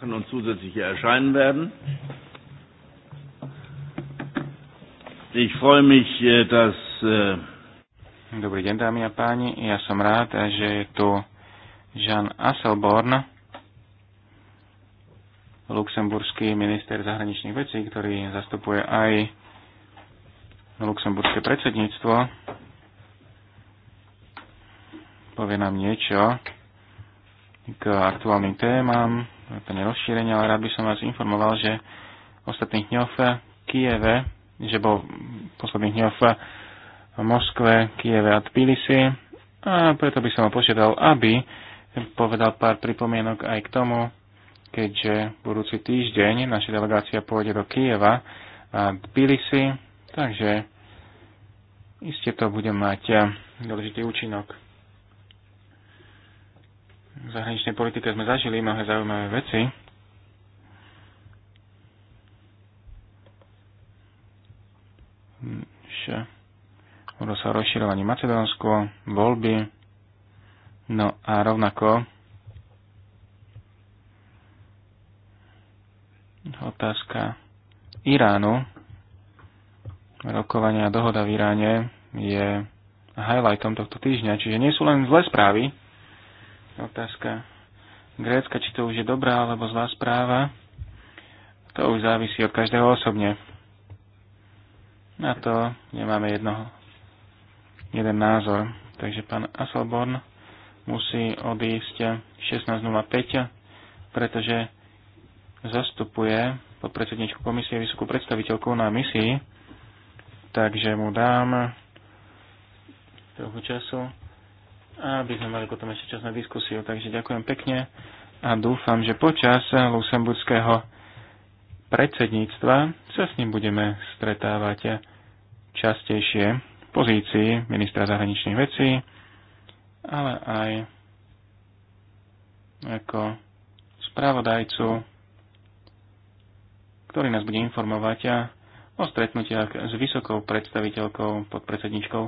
machen und zusätzliche erscheinen werden. Ich freue mich, äh, dass... Äh, Dobrý deň, dámy a páni. Ja som rád, že je tu Jean Asselborn, luxemburský minister zahraničných vecí, ktorý zastupuje aj luxemburské predsedníctvo. Povie nám niečo k aktuálnym témam, úplne rozšírenia, ale rád by som vás informoval, že v ostatných dňoch v Kieve, že bol v posledných dňoch v Moskve, Kieve a Tbilisi a preto by som ho požiadal, aby povedal pár pripomienok aj k tomu, keďže budúci týždeň naša delegácia pôjde do Kieva a Tbilisi, takže iste to bude mať dôležitý účinok v zahraničnej politike sme zažili mnohé zaujímavé veci. Hovorilo sa o rozširovaní Macedónsko, voľby, no a rovnako otázka Iránu. Rokovania a dohoda v Iráne je highlightom tohto týždňa, čiže nie sú len zlé správy, otázka Grécka, či to už je dobrá alebo zlá správa, to už závisí od každého osobne. Na to nemáme jednoho, jeden názor. Takže pán Asselborn musí odísť 16.05, pretože zastupuje predsedničku komisie vysokú predstaviteľku na misii, takže mu dám trochu času a aby sme mali potom ešte čas na diskusiu. Takže ďakujem pekne a dúfam, že počas luxemburského predsedníctva sa s ním budeme stretávať častejšie v pozícii ministra zahraničných vecí, ale aj ako spravodajcu, ktorý nás bude informovať o stretnutiach s vysokou predstaviteľkou, podpredsedničkou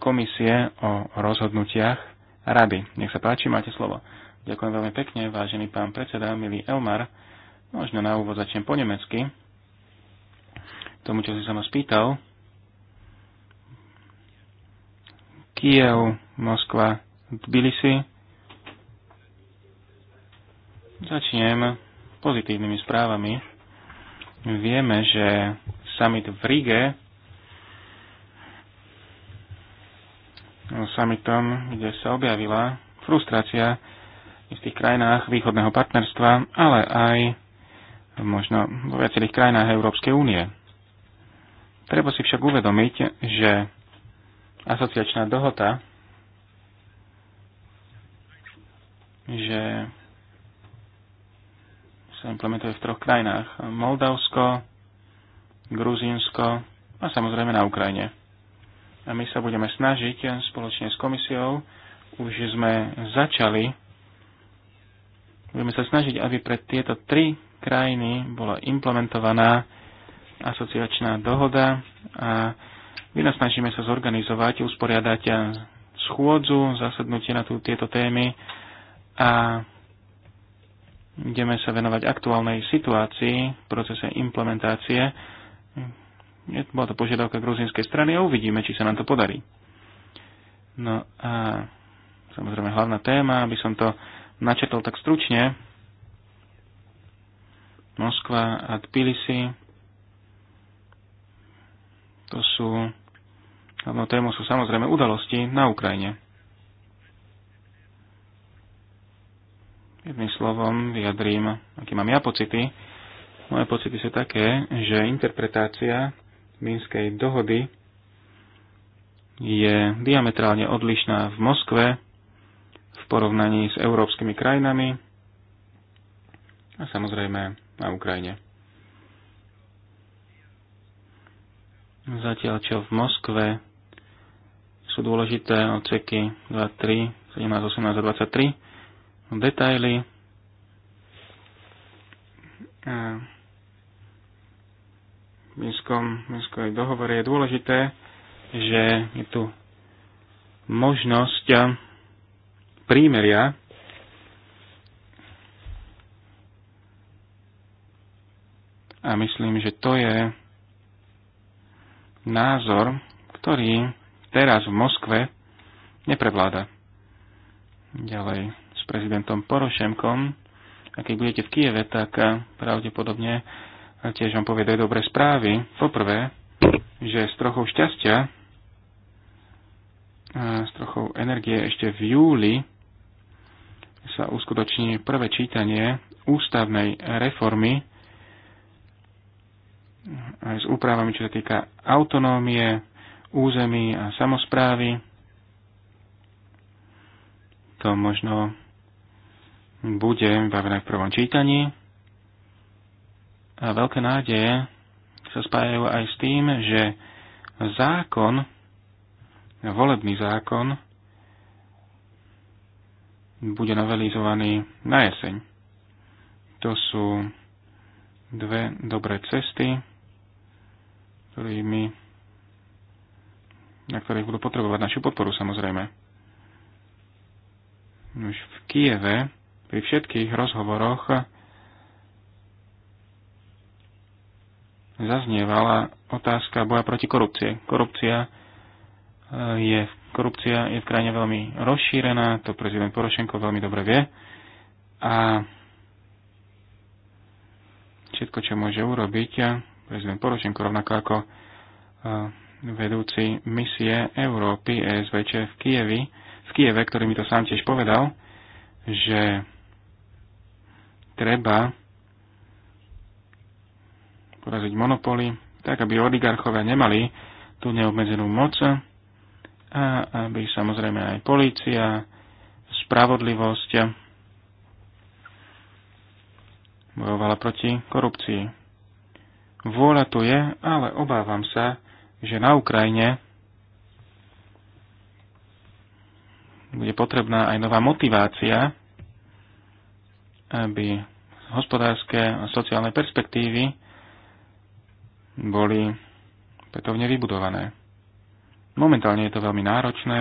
komisie o rozhodnutiach rady. Nech sa páči, máte slovo. Ďakujem veľmi pekne, vážený pán predseda, milý Elmar. Možno na úvod začnem po nemecky. Tomu, čo si sa ma spýtal. Kiev, Moskva, Tbilisi. Začnem pozitívnymi správami. Vieme, že summit v Rige summitom, kde sa objavila frustrácia v tých krajinách východného partnerstva, ale aj možno vo viacerých krajinách Európskej únie. Treba si však uvedomiť, že asociačná dohoda, že sa implementuje v troch krajinách. Moldavsko, Gruzínsko a samozrejme na Ukrajine a my sa budeme snažiť spoločne s komisiou, už sme začali, budeme sa snažiť, aby pre tieto tri krajiny bola implementovaná asociačná dohoda a snažíme sa zorganizovať, usporiadať schôdzu, zasadnutie na tú, tieto témy a budeme sa venovať aktuálnej situácii v procese implementácie bola to požiadavka gruzinskej strany a uvidíme, či sa nám to podarí. No a samozrejme hlavná téma, aby som to načetol tak stručne, Moskva a Tbilisi, to sú, hlavnou témou sú samozrejme udalosti na Ukrajine. Jedným slovom vyjadrím, aký mám ja pocity. Moje pocity sú také, že interpretácia Minskej dohody je diametrálne odlišná v Moskve v porovnaní s európskymi krajinami a samozrejme na Ukrajine. Zatiaľ čo v Moskve sú dôležité odseky 2, 3, 17, 18 a 23, detaily. Minskom, Minskoj dohovore je dôležité, že je tu možnosť prímeria a myslím, že to je názor, ktorý teraz v Moskve neprevláda. Ďalej s prezidentom Porošenkom, a keď budete v Kieve, tak pravdepodobne a tiež vám povie dve dobré správy. Poprvé, že s trochou šťastia, a s trochou energie ešte v júli sa uskutoční prvé čítanie ústavnej reformy aj s úpravami, čo sa týka autonómie, území a samozprávy. To možno bude v prvom čítaní a veľké nádeje sa spájajú aj s tým, že zákon, volebný zákon, bude novelizovaný na jeseň. To sú dve dobré cesty, ktorými, na ktorých budú potrebovať našu podporu samozrejme. Už v Kieve pri všetkých rozhovoroch zaznievala otázka boja proti korupcie. Korupcia eh, je, korupcia je v krajine veľmi rozšírená, to prezident Porošenko veľmi dobre vie. A všetko, čo môže urobiť prezident Porošenko, rovnako ako eh, vedúci misie Európy SVČ v Kijevi, v Kieve, ktorý mi to sám tiež povedal, že treba poraziť monopoly, tak aby oligarchovia nemali tú neobmedzenú moc a aby samozrejme aj polícia, spravodlivosť bojovala proti korupcii. Vôľa tu je, ale obávam sa, že na Ukrajine bude potrebná aj nová motivácia, aby hospodárske a sociálne perspektívy boli petovne vybudované. Momentálne je to veľmi náročné.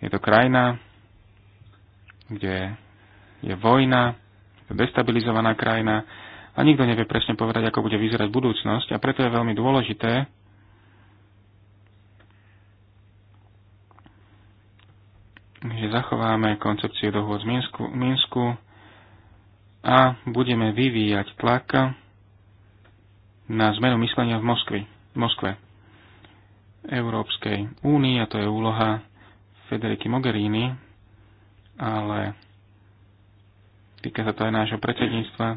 Je to krajina, kde je vojna, je destabilizovaná krajina a nikto nevie presne povedať, ako bude vyzerať budúcnosť a preto je veľmi dôležité, že zachováme koncepciu dohôd z Minsku, Minsku a budeme vyvíjať tlak na zmenu myslenia v Moskvi, Moskve, Európskej únii, a to je úloha Federiky Mogherini, ale týka sa to aj nášho predsedníctva.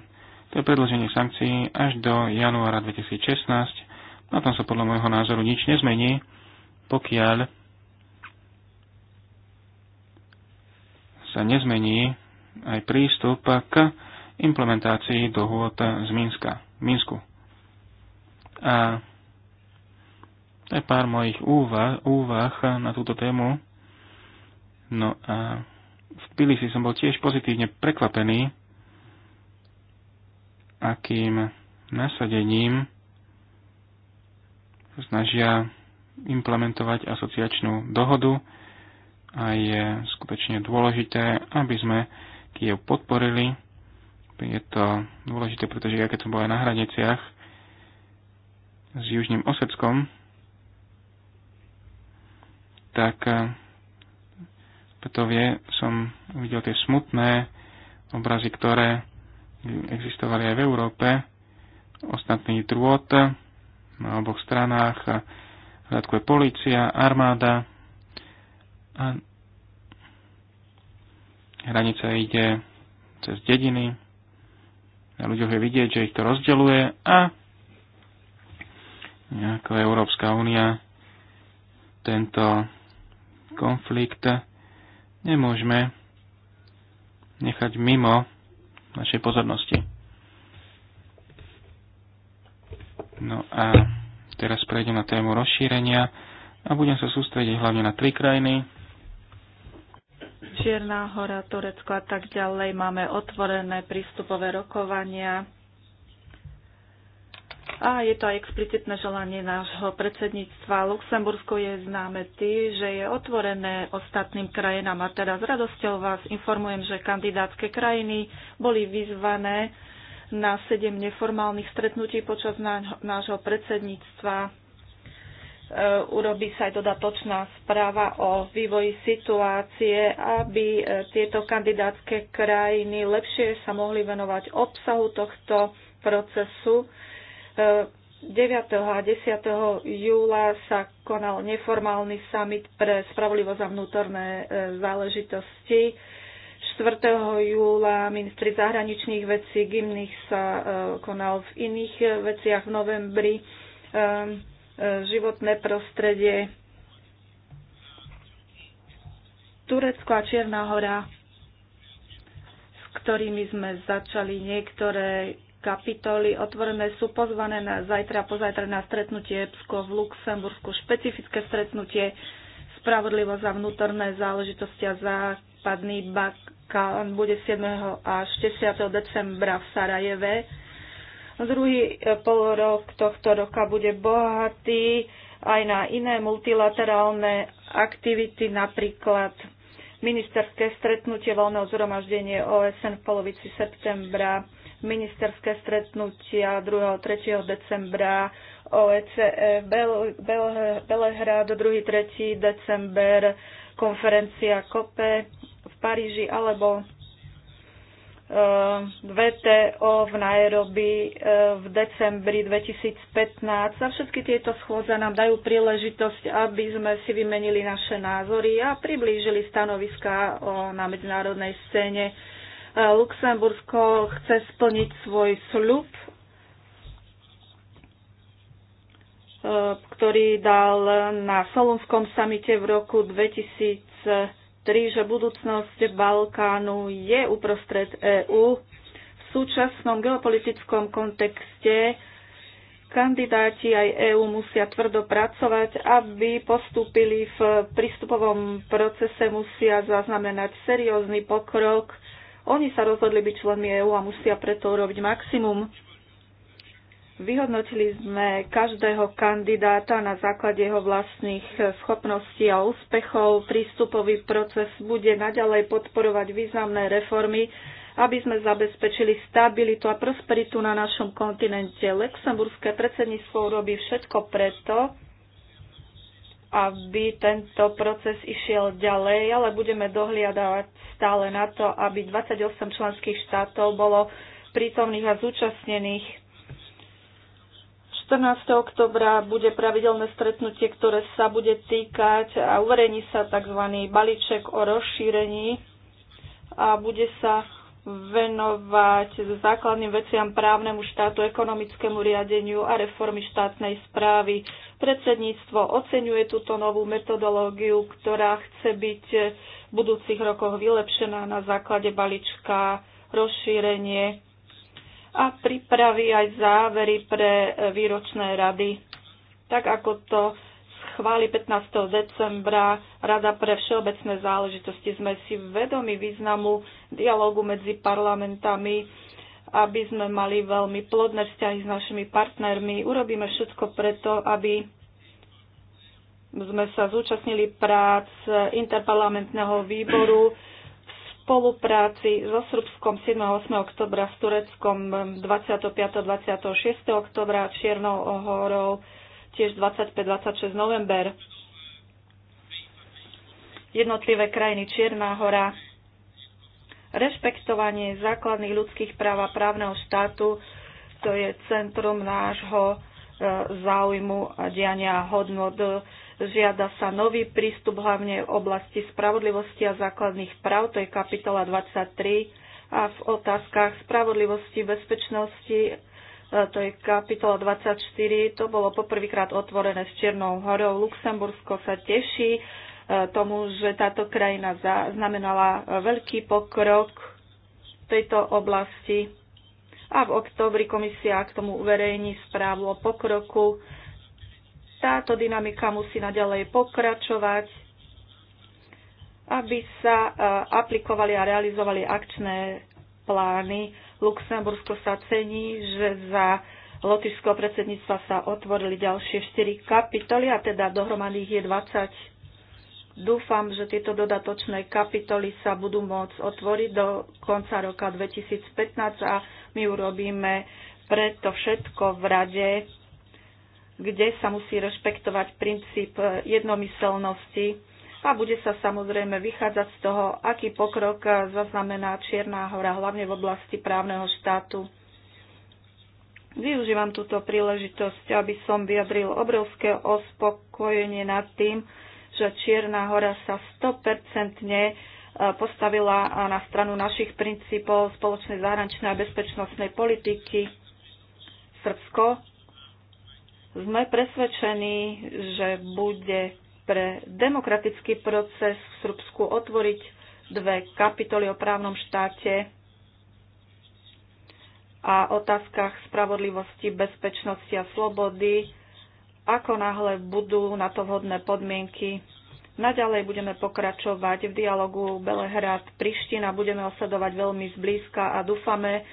To je predloženie sankcií až do januára 2016. Na tom sa podľa môjho názoru nič nezmení, pokiaľ sa nezmení aj prístup k implementácii dohôd z Minska. Minsku. A to je pár mojich úvah, úvah na túto tému. No a v Pilisi som bol tiež pozitívne prekvapený, akým nasadením snažia implementovať asociačnú dohodu a je skutočne dôležité, aby sme Kiev podporili. Je to dôležité, pretože ja keď som bol aj na hraniciach s Južným Oseckom, tak eh, to vie, som videl tie smutné obrazy, ktoré existovali aj v Európe. Ostatný trôd eh, na oboch stranách, eh, hľadkuje policia, armáda a hranica ide cez dediny. Na ľuďoch je vidieť, že ich to rozdeluje a ako Európska únia tento konflikt nemôžeme nechať mimo našej pozornosti. No a teraz prejdem na tému rozšírenia a budem sa sústrediť hlavne na tri krajiny. Čierna hora, Turecko a tak ďalej. Máme otvorené prístupové rokovania a je to aj explicitné želanie nášho predsedníctva. Luxembursko je známe tým, že je otvorené ostatným krajinám. A teda s radosťou vás informujem, že kandidátske krajiny boli vyzvané na sedem neformálnych stretnutí počas nášho predsedníctva e, urobí sa aj dodatočná správa o vývoji situácie, aby e, tieto kandidátske krajiny lepšie sa mohli venovať obsahu tohto procesu 9. a 10. júla sa konal neformálny summit pre spravodlivosť a vnútorné e, záležitosti. 4. júla ministri zahraničných vecí gymných sa e, konal v iných e, veciach v novembri. Životné prostredie Turecko a Čierna hora, s ktorými sme začali niektoré kapitoly otvorené sú pozvané na zajtra a pozajtra na stretnutie EPSCO v Luxembursku, špecifické stretnutie spravodlivosť za vnútorné záležitosti a západný Balkán bude 7. až 10. decembra v Sarajeve. Druhý e, polorok tohto roka bude bohatý aj na iné multilaterálne aktivity, napríklad ministerské stretnutie voľného zhromaždenie OSN v polovici septembra ministerské stretnutia 2. 3. decembra OECE e, Bel, Bel, Belehrad 2. 3. december konferencia COPE v Paríži alebo e, VTO v Nairobi e, v decembri 2015 a všetky tieto schôdze nám dajú príležitosť, aby sme si vymenili naše názory a priblížili stanoviska na medzinárodnej scéne Luxembursko chce splniť svoj sľub, e, ktorý dal na Solunskom samite v roku 2003, že budúcnosť Balkánu je uprostred EÚ. V súčasnom geopolitickom kontexte kandidáti aj EÚ musia tvrdo pracovať, aby postúpili v prístupovom procese, musia zaznamenať seriózny pokrok oni sa rozhodli byť členmi EÚ a musia preto urobiť maximum. Vyhodnotili sme každého kandidáta na základe jeho vlastných schopností a úspechov. Prístupový proces bude naďalej podporovať významné reformy, aby sme zabezpečili stabilitu a prosperitu na našom kontinente. Luxemburské predsedníctvo urobí všetko preto, aby tento proces išiel ďalej, ale budeme dohliadať stále na to, aby 28 členských štátov bolo prítomných a zúčastnených. 14. oktobra bude pravidelné stretnutie, ktoré sa bude týkať a uverejní sa tzv. balíček o rozšírení a bude sa venovať základným veciam právnemu štátu, ekonomickému riadeniu a reformy štátnej správy. Predsedníctvo oceňuje túto novú metodológiu, ktorá chce byť v budúcich rokoch vylepšená na základe balíčka rozšírenie a pripraví aj závery pre výročné rady. Tak ako to schváli 15. decembra Rada pre všeobecné záležitosti, sme si vedomi významu dialogu medzi parlamentami aby sme mali veľmi plodné vzťahy s našimi partnermi. Urobíme všetko preto, aby sme sa zúčastnili prác interparlamentného výboru v spolupráci so Srbskom 7. a 8. oktobra, s Tureckom 25. a 26. oktobra, Čiernou horou tiež 25-26 november. Jednotlivé krajiny Čierna hora, Rešpektovanie základných ľudských práv a právneho štátu to je centrum nášho e, záujmu a diania hodnot. Žiada sa nový prístup hlavne v oblasti spravodlivosti a základných práv, to je kapitola 23, a v otázkach spravodlivosti, bezpečnosti, e, to je kapitola 24, to bolo poprvýkrát otvorené s Černou horou. Luxembursko sa teší tomu, že táto krajina znamenala e, veľký pokrok v tejto oblasti a v oktobri komisia k tomu uverejní správu o pokroku. Táto dynamika musí naďalej pokračovať, aby sa e, aplikovali a realizovali akčné plány. Luxembursko sa cení, že za lotišského predsedníctva sa otvorili ďalšie 4 kapitoly a teda dohromady ich je 20 Dúfam, že tieto dodatočné kapitoly sa budú môcť otvoriť do konca roka 2015 a my urobíme preto všetko v rade, kde sa musí rešpektovať princíp jednomyselnosti a bude sa samozrejme vychádzať z toho, aký pokrok zaznamená Čierna hora, hlavne v oblasti právneho štátu. Využívam túto príležitosť, aby som vyjadril obrovské ospokojenie nad tým, že Čierna hora sa 100% e, postavila na stranu našich princípov spoločnej zahraničnej a bezpečnostnej politiky. Srbsko sme presvedčení, že bude pre demokratický proces v Srbsku otvoriť dve kapitoly o právnom štáte a otázkach spravodlivosti, bezpečnosti a slobody ako náhle budú na to vhodné podmienky. Naďalej budeme pokračovať v dialogu Belehrad-Priština, budeme osledovať veľmi zblízka a dúfame,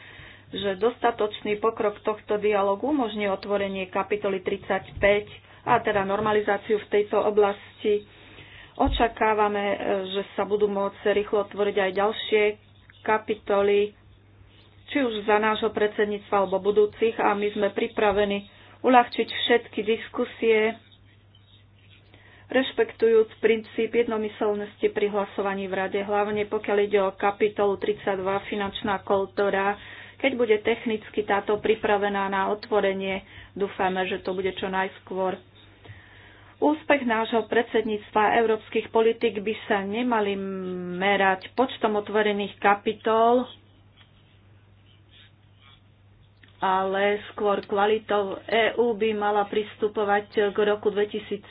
že dostatočný pokrok tohto dialogu umožní otvorenie kapitoly 35 a teda normalizáciu v tejto oblasti. Očakávame, že sa budú môcť rýchlo otvoriť aj ďalšie kapitoly, či už za nášho predsedníctva alebo budúcich a my sme pripravení uľahčiť všetky diskusie, rešpektujúc princíp jednomyselnosti pri hlasovaní v Rade, hlavne pokiaľ ide o kapitolu 32 finančná kultúra. Keď bude technicky táto pripravená na otvorenie, dúfame, že to bude čo najskôr. Úspech nášho predsedníctva európskych politik by sa nemali merať počtom otvorených kapitol, ale skôr kvalitou EÚ by mala pristupovať k roku 2015,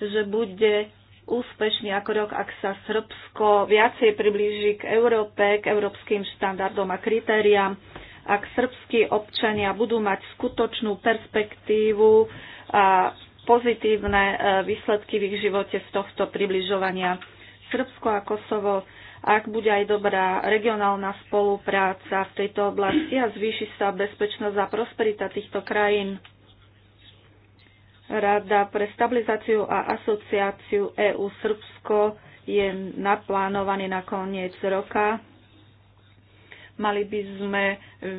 že bude úspešný ako rok, ak sa Srbsko viacej priblíži k Európe, k európskym štandardom a kritériám, ak srbskí občania budú mať skutočnú perspektívu a pozitívne e, výsledky v ich živote z tohto približovania. Srbsko a Kosovo ak bude aj dobrá regionálna spolupráca v tejto oblasti a zvýši sa bezpečnosť a prosperita týchto krajín. Rada pre stabilizáciu a asociáciu EU Srbsko je naplánovaný na koniec roka. Mali by sme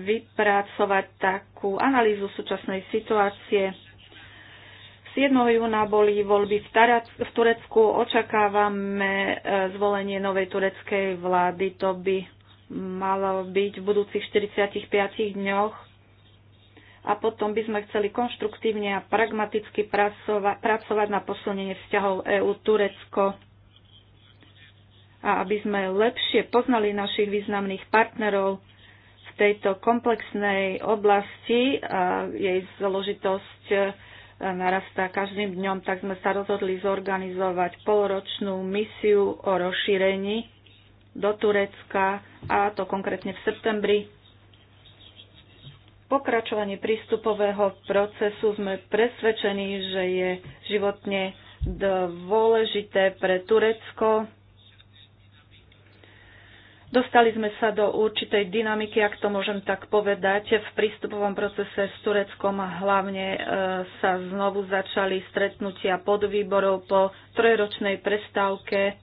vypracovať takú analýzu súčasnej situácie 7. júna boli voľby v, v Turecku. Očakávame e, zvolenie novej tureckej vlády. To by malo byť v budúcich 45 dňoch. A potom by sme chceli konštruktívne a pragmaticky pracovať na posunenie vzťahov EU-Turecko a aby sme lepšie poznali našich významných partnerov v tejto komplexnej oblasti a jej zložitosť narastá každým dňom, tak sme sa rozhodli zorganizovať poloročnú misiu o rozšírení do Turecka a to konkrétne v septembri. Pokračovanie prístupového procesu sme presvedčení, že je životne dôležité pre Turecko Dostali sme sa do určitej dynamiky, ak to môžem tak povedať, v prístupovom procese s Tureckom a hlavne e, sa znovu začali stretnutia podvýborov po trojročnej prestávke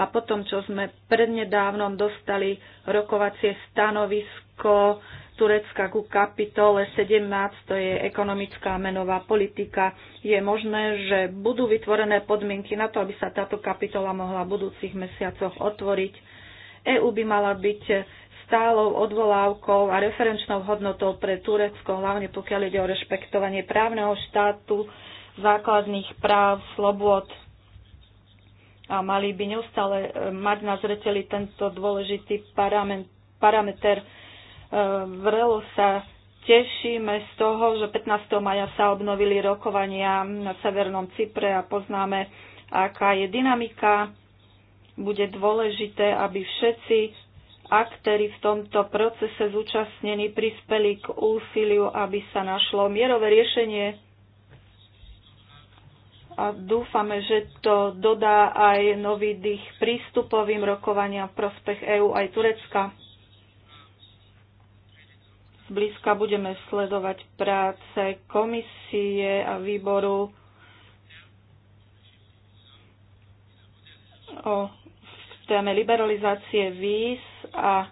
a potom, čo sme prednedávnom dostali rokovacie stanovisko Turecka ku kapitole 17, to je ekonomická menová politika, je možné, že budú vytvorené podmienky na to, aby sa táto kapitola mohla v budúcich mesiacoch otvoriť EÚ by mala byť stálou odvolávkou a referenčnou hodnotou pre Turecko, hlavne pokiaľ ide o rešpektovanie právneho štátu, základných práv, slobod a mali by neustále e, mať na zreteli tento dôležitý parameter. E, vrelo sa tešíme z toho, že 15. maja sa obnovili rokovania na Severnom Cypre a poznáme, aká je dynamika bude dôležité, aby všetci aktéry v tomto procese zúčastnení prispeli k úsiliu, aby sa našlo mierové riešenie. A dúfame, že to dodá aj nový dých prístupovým rokovania v prospech EÚ aj Turecka. Zblízka budeme sledovať práce komisie a výboru o téme liberalizácie víz a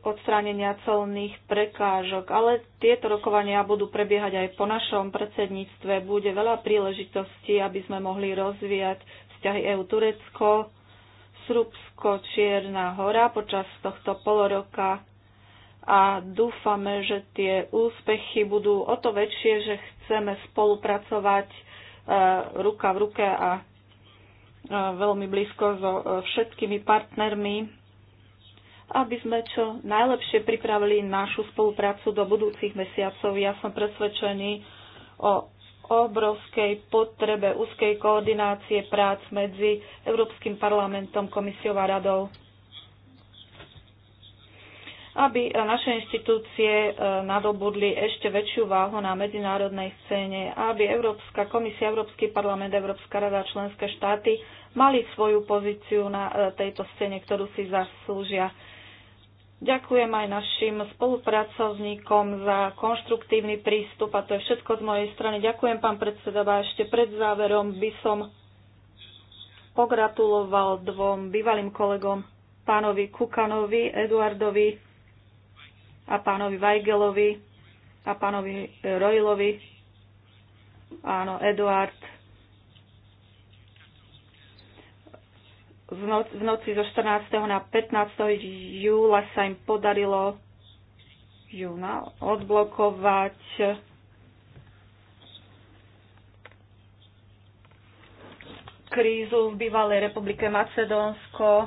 odstránenia celných prekážok. Ale tieto rokovania budú prebiehať aj po našom predsedníctve. Bude veľa príležitostí, aby sme mohli rozvíjať vzťahy EU-Turecko, Srubsko, Čierna hora počas tohto poloroka a dúfame, že tie úspechy budú o to väčšie, že chceme spolupracovať e, ruka v ruke a veľmi blízko so e, všetkými partnermi, aby sme čo najlepšie pripravili našu spoluprácu do budúcich mesiacov. Ja som presvedčený o obrovskej potrebe úzkej koordinácie prác medzi Európskym parlamentom, komisiou a radou aby naše inštitúcie e, nadobudli ešte väčšiu váhu na medzinárodnej scéne, aby Európska komisia, Európsky parlament, Európska rada a členské štáty mali svoju pozíciu na e, tejto scéne, ktorú si zaslúžia. Ďakujem aj našim spolupracovníkom za konštruktívny prístup a to je všetko z mojej strany. Ďakujem, pán predseda, a ešte pred záverom by som pogratuloval dvom bývalým kolegom, pánovi Kukanovi, Eduardovi a pánovi Weigelovi a pánovi Roilovi. Áno, Eduard v noci zo 14. na 15. júla sa im podarilo júna odblokovať krízu v bývalej republike Macedónsko.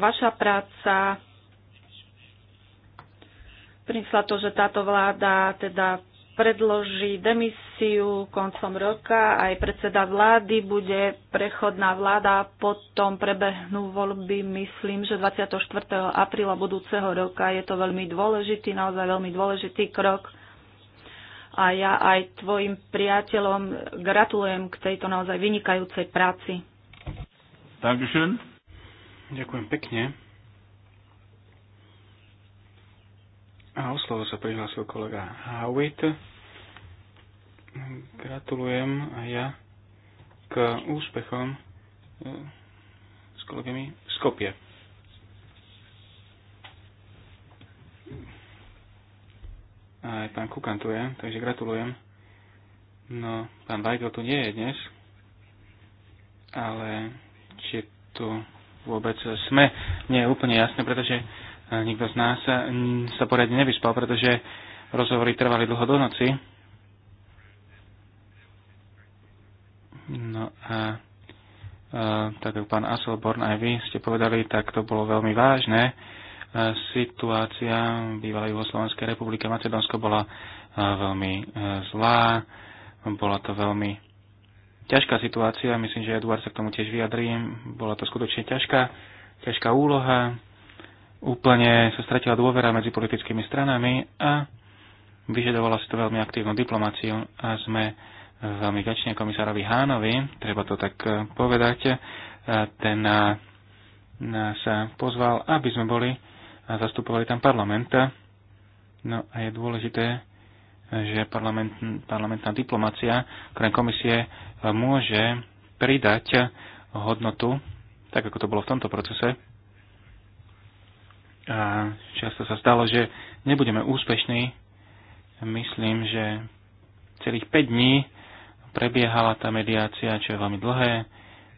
Vaša práca priniesla to, že táto vláda teda predloží demisiu koncom roka, aj predseda vlády bude prechodná vláda, potom prebehnú voľby, myslím, že 24. apríla budúceho roka. Je to veľmi dôležitý, naozaj veľmi dôležitý krok. A ja aj tvojim priateľom gratulujem k tejto naozaj vynikajúcej práci. Takže. Ďakujem pekne. A o slovo sa prihlásil kolega Howitt. Gratulujem aj ja k úspechom eh, s kolegami v Skopie. Aj pán Kukan tu je, takže gratulujem. No, pán Weigl tu nie je dnes, ale či tu vôbec sme, nie je úplne jasné, pretože eh, nikto z nás sa, eh, sa poriadne nevyspal, pretože rozhovory trvali dlho do noci a, a teda pán Asselborn, aj vy ste povedali, tak to bolo veľmi vážne. Situácia v bývalej Jugoslovenskej republike Macedónsko bola veľmi e, zlá, bola to veľmi ťažká situácia, myslím, že Eduard sa k tomu tiež vyjadrí, bola to skutočne ťažká, ťažká úloha, úplne sa stratila dôvera medzi politickými stranami a vyžadovala si to veľmi aktívnu diplomáciu a sme veľmi vďačne komisárovi Hánovi, treba to tak eh, povedať, eh, ten eh, nás pozval, aby sme boli a zastupovali tam parlament. No a je dôležité, že parlament, parlamentná diplomacia, krem komisie, môže pridať hodnotu, tak ako to bolo v tomto procese. A často sa stalo, že nebudeme úspešní. Myslím, že celých 5 dní prebiehala tá mediácia, čo je veľmi dlhé,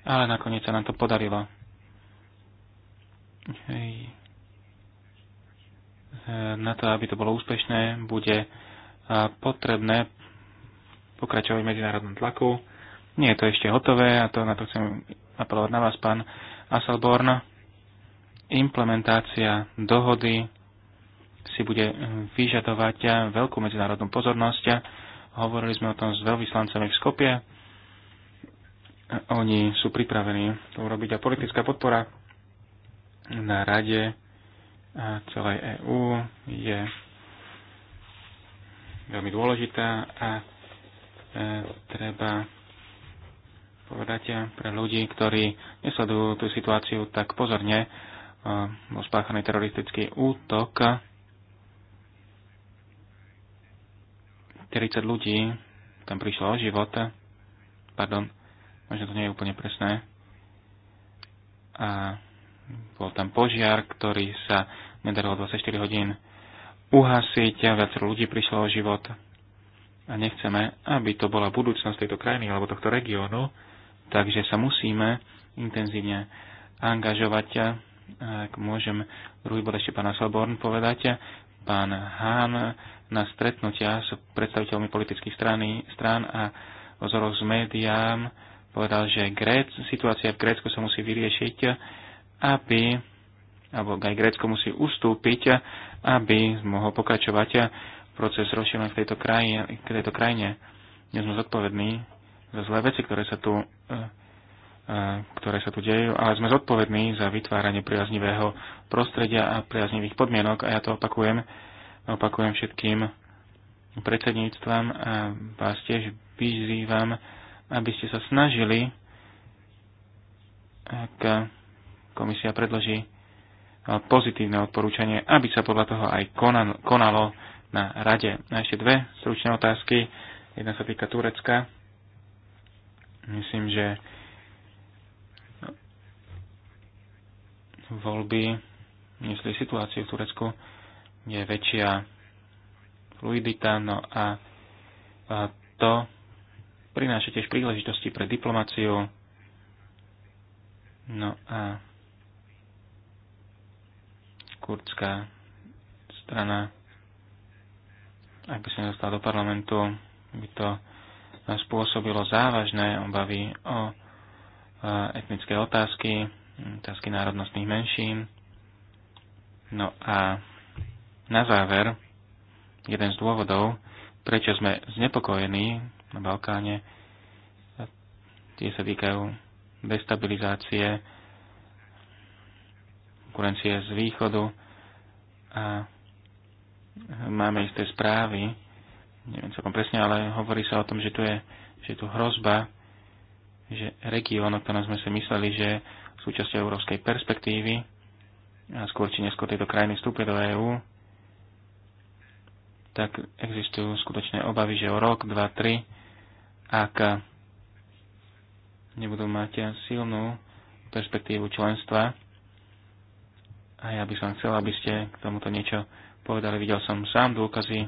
ale nakoniec sa nám to podarilo. Hej. Na to, aby to bolo úspešné, bude potrebné pokračovať v medzinárodnom tlaku. Nie je to ešte hotové a to na to chcem apelovať na vás, pán Asselborn. Implementácia dohody si bude vyžadovať veľkú medzinárodnú pozornosť Hovorili sme o tom s veľvyslancami v Skopie. Oni sú pripravení to urobiť a politická podpora na rade a celej EÚ je veľmi dôležitá a e, treba povedať pre ľudí, ktorí nesledujú tú situáciu tak pozorne, e, bol spáchaný teroristický útok 40 ľudí tam prišlo o život. Pardon, možno to nie je úplne presné. A bol tam požiar, ktorý sa nedarilo 24 hodín uhasiť a viacero ľudí prišlo o život. A nechceme, aby to bola budúcnosť tejto krajiny alebo tohto regiónu, takže sa musíme intenzívne angažovať ak môžem druhý bod ešte pána Soborn povedať, pán Hán na stretnutia s predstaviteľmi politických strany, strán a rozhovoroch s médiám povedal, že Gréc, situácia v Grécku sa musí vyriešiť, aby, alebo aj Grécko musí ustúpiť, aby mohol pokračovať proces rozširovania v tejto krajine. V tejto krajine. Dnes sme zodpovední za zlé veci, ktoré sa tu eh, E, ktoré sa tu dejú, ale sme zodpovední za vytváranie priaznivého prostredia a priaznivých podmienok a ja to opakujem, opakujem všetkým predsedníctvam a vás tiež vyzývam, aby ste sa snažili, ak komisia predloží pozitívne odporúčanie, aby sa podľa toho aj konalo na rade. A ešte dve stručné otázky. Jedna sa týka Turecka. Myslím, že voľby nesli situáciu v Turecku, je väčšia fluidita, no a, a to prináša tiež príležitosti pre diplomáciu, no a kurdská strana, ak by sa nedostal do parlamentu, by to spôsobilo závažné obavy o etnické otázky, Mm, otázky národnostných menšín. No a na záver, jeden z dôvodov, prečo sme znepokojení na Balkáne, tie sa týkajú destabilizácie, konkurencie z východu a máme isté správy, neviem celkom presne, ale hovorí sa o tom, že tu je že tu hrozba, že región, o ktorom sme si mysleli, že súčasťou európskej perspektívy a skôr či neskôr tejto krajiny vstúpia do EÚ, tak existujú skutočné obavy, že o rok, dva, tri, ak nebudú mať silnú perspektívu členstva. A ja by som chcel, aby ste k tomuto niečo povedali. Videl som sám dôkazy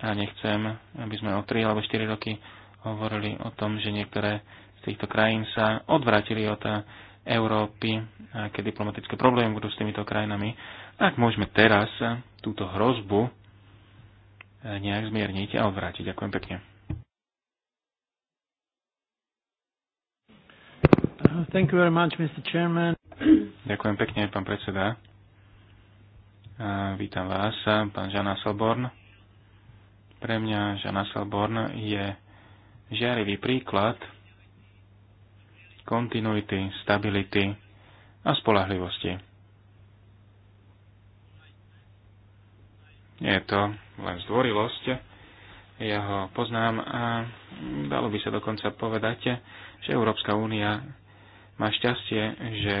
a nechcem, aby sme o 3 alebo 4 roky hovorili o tom, že niektoré z týchto krajín sa odvrátili od Európy, aké diplomatické problémy budú s týmito krajinami, tak môžeme teraz túto hrozbu nejak zmierniť a odvrátiť. Ďakujem pekne. Thank you very much, Mr. Chairman. Ďakujem pekne, pán predseda. Vítam vás, pán Žana Selborn. Pre mňa Žana Selborn je žiarivý príklad kontinuity, stability a spolahlivosti. Nie je to len zdvorilosť, ja ho poznám a dalo by sa dokonca povedať, že Európska únia má šťastie, že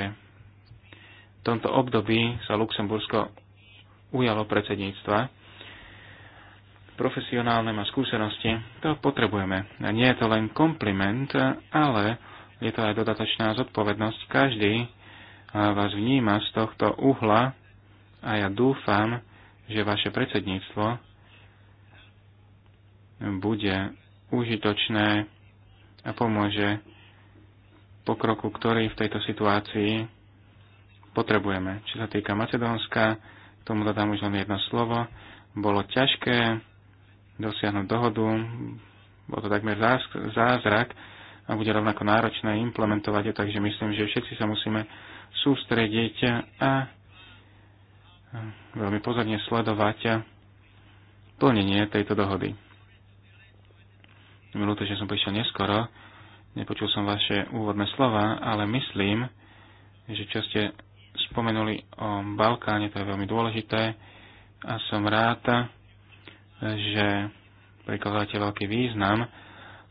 v tomto období sa Luxembursko ujalo predsedníctva profesionálne má skúsenosti, to potrebujeme. A nie je to len kompliment, ale je to aj dodatočná zodpovednosť. Každý eh, vás vníma z tohto uhla a ja dúfam, že vaše predsedníctvo bude užitočné a pomôže pokroku, ktorý v tejto situácii potrebujeme. Čo sa týka Macedónska, k tomu dodám už len jedno slovo. Bolo ťažké dosiahnuť dohodu, bol to takmer zázrak, a bude rovnako náročné implementovať, takže myslím, že všetci sa musíme sústrediť a veľmi pozorne sledovať plnenie tejto dohody. Mi že som prišiel neskoro, nepočul som vaše úvodné slova, ale myslím, že čo ste spomenuli o Balkáne, to je veľmi dôležité a som rád, že prikladáte veľký význam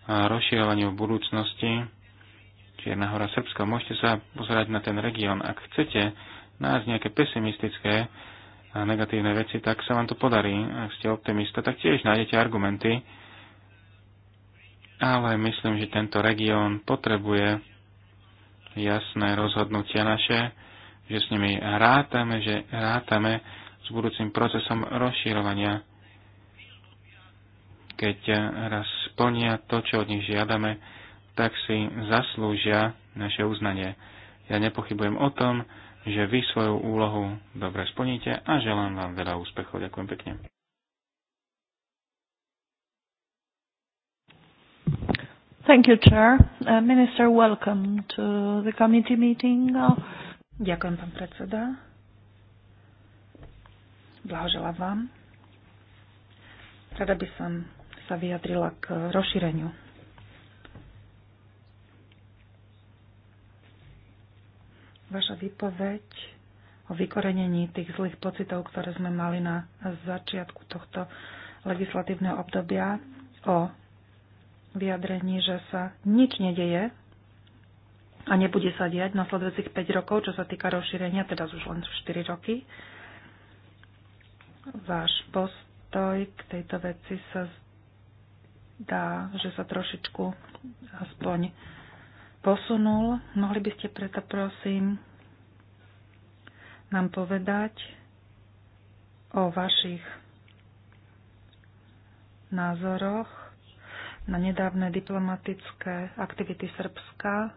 rozširovaniu v budúcnosti. Čierna hora Srbska. Môžete sa pozerať na ten región. Ak chcete nájsť nejaké pesimistické a negatívne veci, tak sa vám to podarí. Ak ste optimista, tak tiež nájdete argumenty. Ale myslím, že tento región potrebuje jasné rozhodnutia naše, že s nimi rátame, že rátame s budúcim procesom rozširovania. Keď raz plnia to, čo od nich žiadame, tak si zaslúžia naše uznanie. Ja nepochybujem o tom, že vy svoju úlohu dobre splníte a želám vám veľa úspechov. Ďakujem pekne. Thank you, Chair. Uh, Minister, welcome to the committee meeting. Ďakujem, pán predseda. Blahoželám vám. Rada by som sa vyjadrila k rozšíreniu. Vaša výpoveď o vykorenení tých zlých pocitov, ktoré sme mali na začiatku tohto legislatívneho obdobia, o vyjadrení, že sa nič nedeje a nebude sa diať nasledujúcich 5 rokov, čo sa týka rozšírenia, teda už len 4 roky. Váš postoj k tejto veci sa dá, že sa trošičku aspoň posunul. Mohli by ste preto, prosím, nám povedať o vašich názoroch na nedávne diplomatické aktivity Srbska,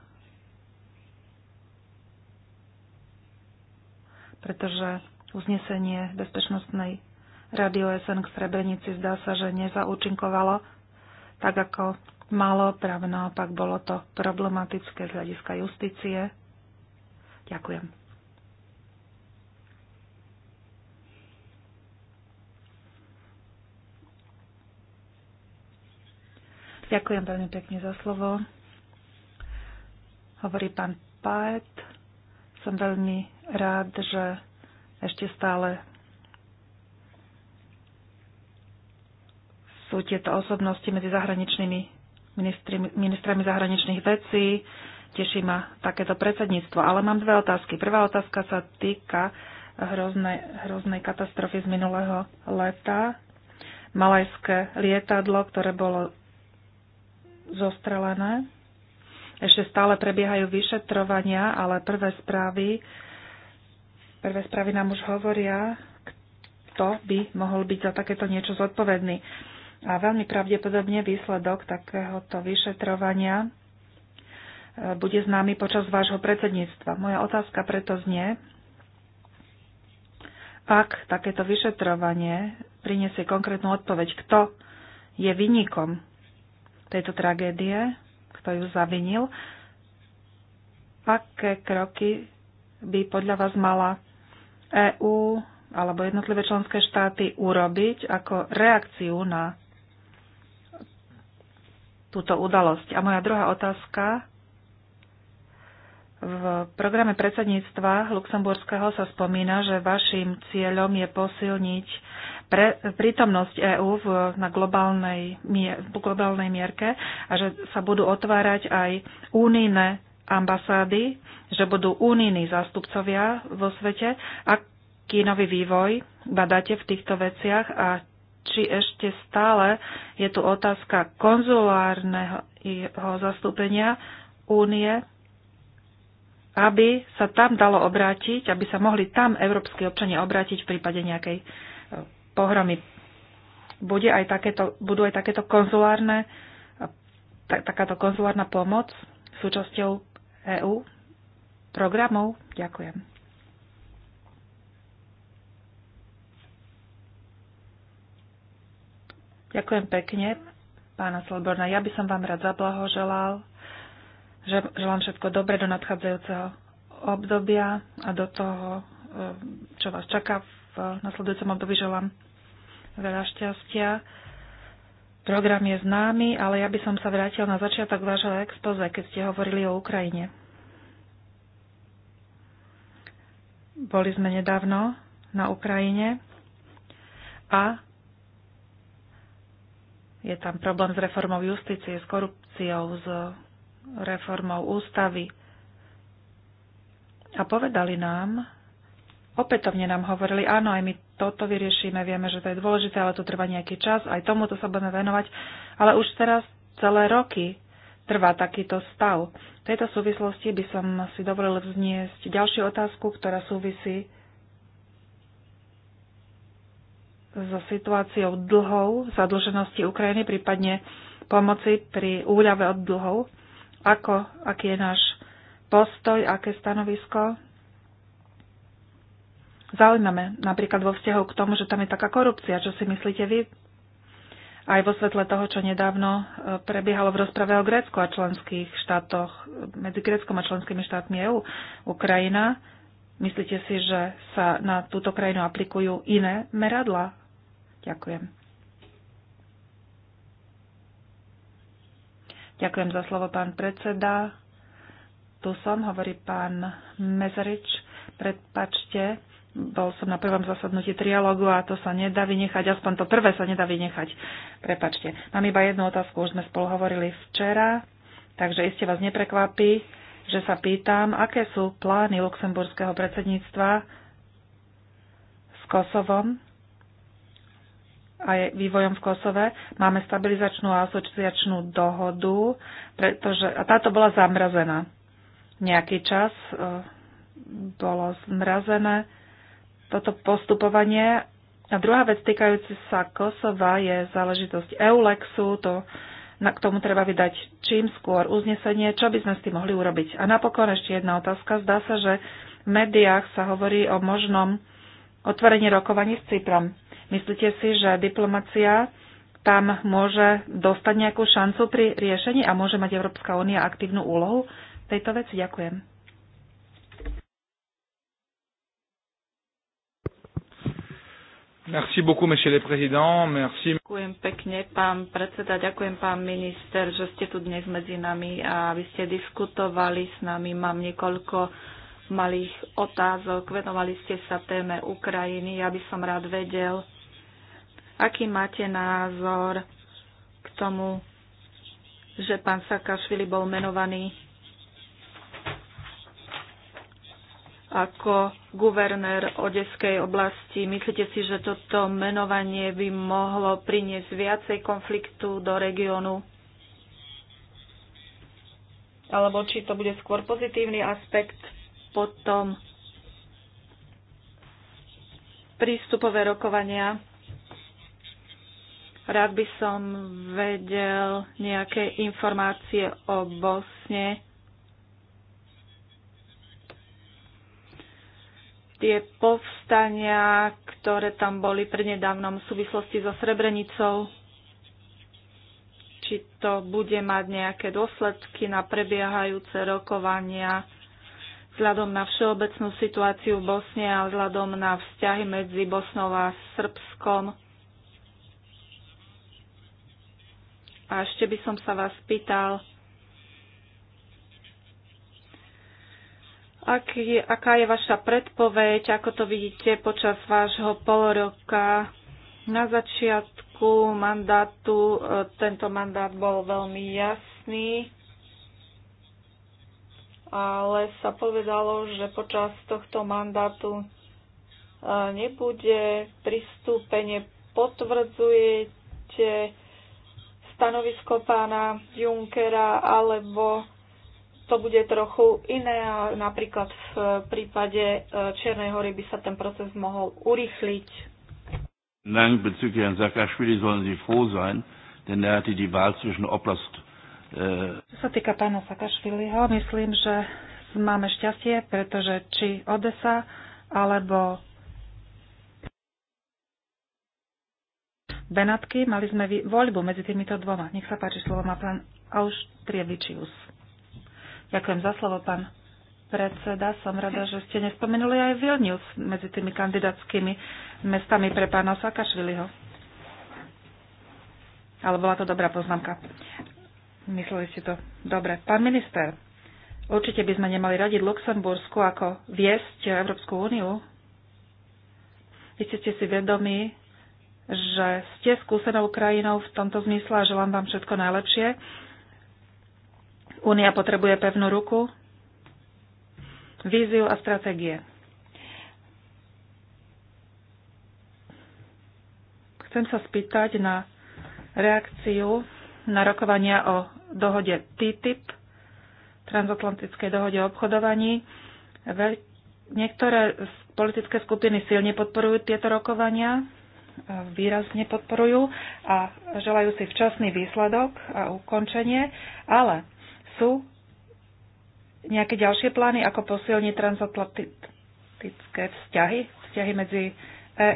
pretože uznesenie Bezpečnostnej rady OSN k Srebrenici zdá sa, že nezaúčinkovalo tak ako malo, práve naopak bolo to problematické z hľadiska justície. Ďakujem. Ďakujem veľmi pekne za slovo. Hovorí pán Paet. Som veľmi rád, že ešte stále sú tieto osobnosti medzi zahraničnými ministri, ministrami zahraničných vecí. Teší ma takéto predsedníctvo. Ale mám dve otázky. Prvá otázka sa týka hroznej, hroznej katastrofy z minulého leta. Malajské lietadlo, ktoré bolo zostrelené. Ešte stále prebiehajú vyšetrovania, ale prvé správy, prvé správy nám už hovoria, kto by mohol byť za takéto niečo zodpovedný. A veľmi pravdepodobne výsledok takéhoto vyšetrovania e, bude známy počas vášho predsedníctva. Moja otázka preto znie, ak takéto vyšetrovanie priniesie konkrétnu odpoveď, kto je vynikom tejto tragédie, kto ju zavinil, aké kroky by podľa vás mala EÚ alebo jednotlivé členské štáty urobiť ako reakciu na túto udalosť. A moja druhá otázka. V programe predsedníctva Luxemburského sa spomína, že vašim cieľom je posilniť pre, prítomnosť EÚ v, na globálnej, mier, globálnej mierke a že sa budú otvárať aj únijné ambasády, že budú únijní zástupcovia vo svete. Aký nový vývoj badáte v týchto veciach a či ešte stále je tu otázka konzulárneho zastúpenia únie, aby sa tam dalo obrátiť, aby sa mohli tam európsky občania obrátiť v prípade nejakej e, pohromy. Bude aj takéto, budú aj takéto konzulárne, e, tak, takáto konzulárna pomoc súčasťou EÚ programov? Ďakujem. Ďakujem pekne, pána Slborna. Ja by som vám rád zablahoželal. Želám všetko dobre do nadchádzajúceho obdobia a do toho, e, čo vás čaká v nasledujúcom období. Želám veľa šťastia. Program je známy, ale ja by som sa vrátil na začiatok vášho expoze, keď ste hovorili o Ukrajine. Boli sme nedávno na Ukrajine a je tam problém s reformou justície, s korupciou, s reformou ústavy. A povedali nám, opätovne nám hovorili, áno, aj my toto vyriešime, vieme, že to je dôležité, ale to trvá nejaký čas, aj tomuto sa budeme venovať, ale už teraz celé roky trvá takýto stav. V tejto súvislosti by som si dovolil vzniesť ďalšiu otázku, ktorá súvisí so situáciou dlhov, zadlženosti Ukrajiny, prípadne pomoci pri úľave od dlhov. Ako, aký je náš postoj, aké stanovisko? Zaujímame napríklad vo vzťahu k tomu, že tam je taká korupcia. Čo si myslíte vy? Aj vo svetle toho, čo nedávno e, prebiehalo v rozprave o Grécku a členských štátoch, e, medzi Gréckom a členskými štátmi EU Ukrajina Myslíte si, že sa na túto krajinu aplikujú iné meradla Ďakujem. Ďakujem za slovo, pán predseda. Tu som, hovorí pán Mezerič. Prepačte, bol som na prvom zasadnutí trialógu a to sa nedá vynechať, aspoň to prvé sa nedá vynechať. Prepačte. Mám iba jednu otázku, už sme spolu hovorili včera, takže iste vás neprekvapí, že sa pýtam, aké sú plány luxemburského predsedníctva s Kosovom aj vývojom v Kosove. Máme stabilizačnú a asociačnú dohodu, pretože, a táto bola zamrazená. Nejaký čas e, bolo zmrazené toto postupovanie. A druhá vec týkajúca sa Kosova je záležitosť EULEXu, to na k tomu treba vydať čím skôr uznesenie, čo by sme s tým mohli urobiť. A napokon ešte jedna otázka. Zdá sa, že v médiách sa hovorí o možnom otvorení rokovaní s Cyprom. Myslíte si, že diplomacia tam môže dostať nejakú šancu pri riešení a môže mať Európska únia aktívnu úlohu v tejto veci? Ďakujem. Merci beaucoup, monsieur le président. Merci. Ďakujem pekne, pán predseda, ďakujem, pán minister, že ste tu dnes medzi nami a aby ste diskutovali s nami. Mám niekoľko malých otázok. Venovali ste sa téme Ukrajiny. Ja by som rád vedel, Aký máte názor k tomu, že pán Sakašvili bol menovaný ako guvernér Odeskej oblasti. Myslíte si, že toto menovanie by mohlo priniesť viacej konfliktu do regiónu? Alebo či to bude skôr pozitívny aspekt? Potom prístupové rokovania Rád by som vedel nejaké informácie o Bosne. Tie povstania, ktoré tam boli prednedávnom v súvislosti so Srebrenicou, či to bude mať nejaké dôsledky na prebiehajúce rokovania vzhľadom na všeobecnú situáciu v Bosne a vzhľadom na vzťahy medzi Bosnou a Srbskom A ešte by som sa vás pýtal, Ak je, aká je vaša predpoveď, ako to vidíte počas vášho poloroka. Na začiatku mandátu e, tento mandát bol veľmi jasný, ale sa povedalo, že počas tohto mandátu e, nebude pristúpenie. Potvrdzujete stanovisko pána Junkera, alebo to bude trochu iné napríklad v prípade e, Čiernej hory by sa ten proces mohol urychliť. Nein, bezüglich Herrn Saakashvili sollen Sie froh sein, denn er hatte die Wahl zwischen Oblast äh, čo sa týka pána Sakašviliho, myslím, že máme šťastie, pretože či Odesa alebo Benatky. Mali sme voľbu medzi týmito dvoma. Nech sa páči, slovo má pán Auštrievičius. Ďakujem za slovo, pán predseda. Som rada, že ste nespomenuli aj Vilnius medzi tými kandidátskými mestami pre pána Sakašviliho. Ale bola to dobrá poznámka. Mysleli ste to. Dobre. Pán minister, určite by sme nemali radiť Luxembursku, ako viesť Európsku úniu. Vy ste si vedomi že ste skúsenou krajinou v tomto zmysle a želám vám všetko najlepšie. Únia potrebuje pevnú ruku, víziu a stratégie. Chcem sa spýtať na reakciu na rokovania o dohode TTIP, transatlantickej dohode o obchodovaní. Niektoré politické skupiny silne podporujú tieto rokovania, výrazne podporujú a želajú si včasný výsledok a ukončenie, ale sú nejaké ďalšie plány, ako posilniť transatlantické vzťahy, vzťahy medzi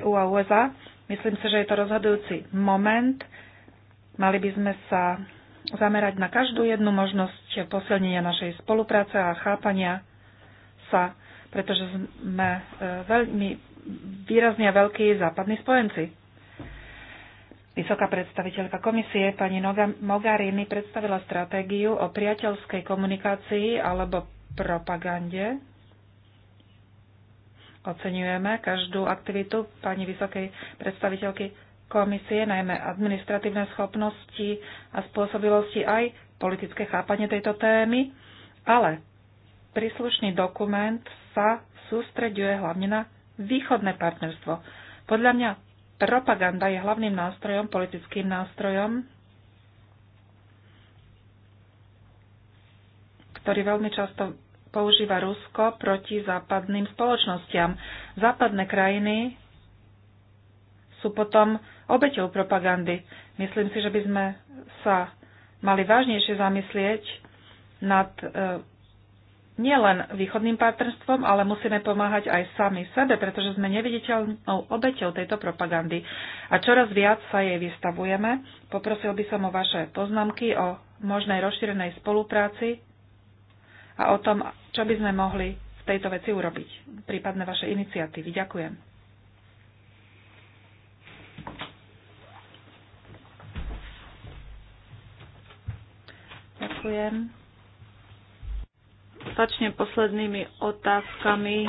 EU a USA. Myslím si, že je to rozhodujúci moment. Mali by sme sa zamerať na každú jednu možnosť posilnenia našej spolupráce a chápania sa, pretože sme e, veľmi výrazne veľkí západní spojenci. Vysoká predstaviteľka komisie pani Mogarini predstavila stratégiu o priateľskej komunikácii alebo propagande. Oceňujeme každú aktivitu pani vysokej predstaviteľky komisie, najmä administratívne schopnosti a spôsobilosti aj politické chápanie tejto témy, ale príslušný dokument sa sústreďuje hlavne na východné partnerstvo. Podľa mňa propaganda je hlavným nástrojom, politickým nástrojom, ktorý veľmi často používa Rusko proti západným spoločnostiam. Západné krajiny sú potom obeťou propagandy. Myslím si, že by sme sa mali vážnejšie zamyslieť nad e, nielen východným partnerstvom, ale musíme pomáhať aj sami sebe, pretože sme neviditeľnou obeťou tejto propagandy a čoraz viac sa jej vystavujeme. Poprosil by som o vaše poznámky o možnej rozšírenej spolupráci a o tom, čo by sme mohli v tejto veci urobiť, prípadne vaše iniciatívy. Ďakujem. Ďakujem. Začnem poslednými otázkami.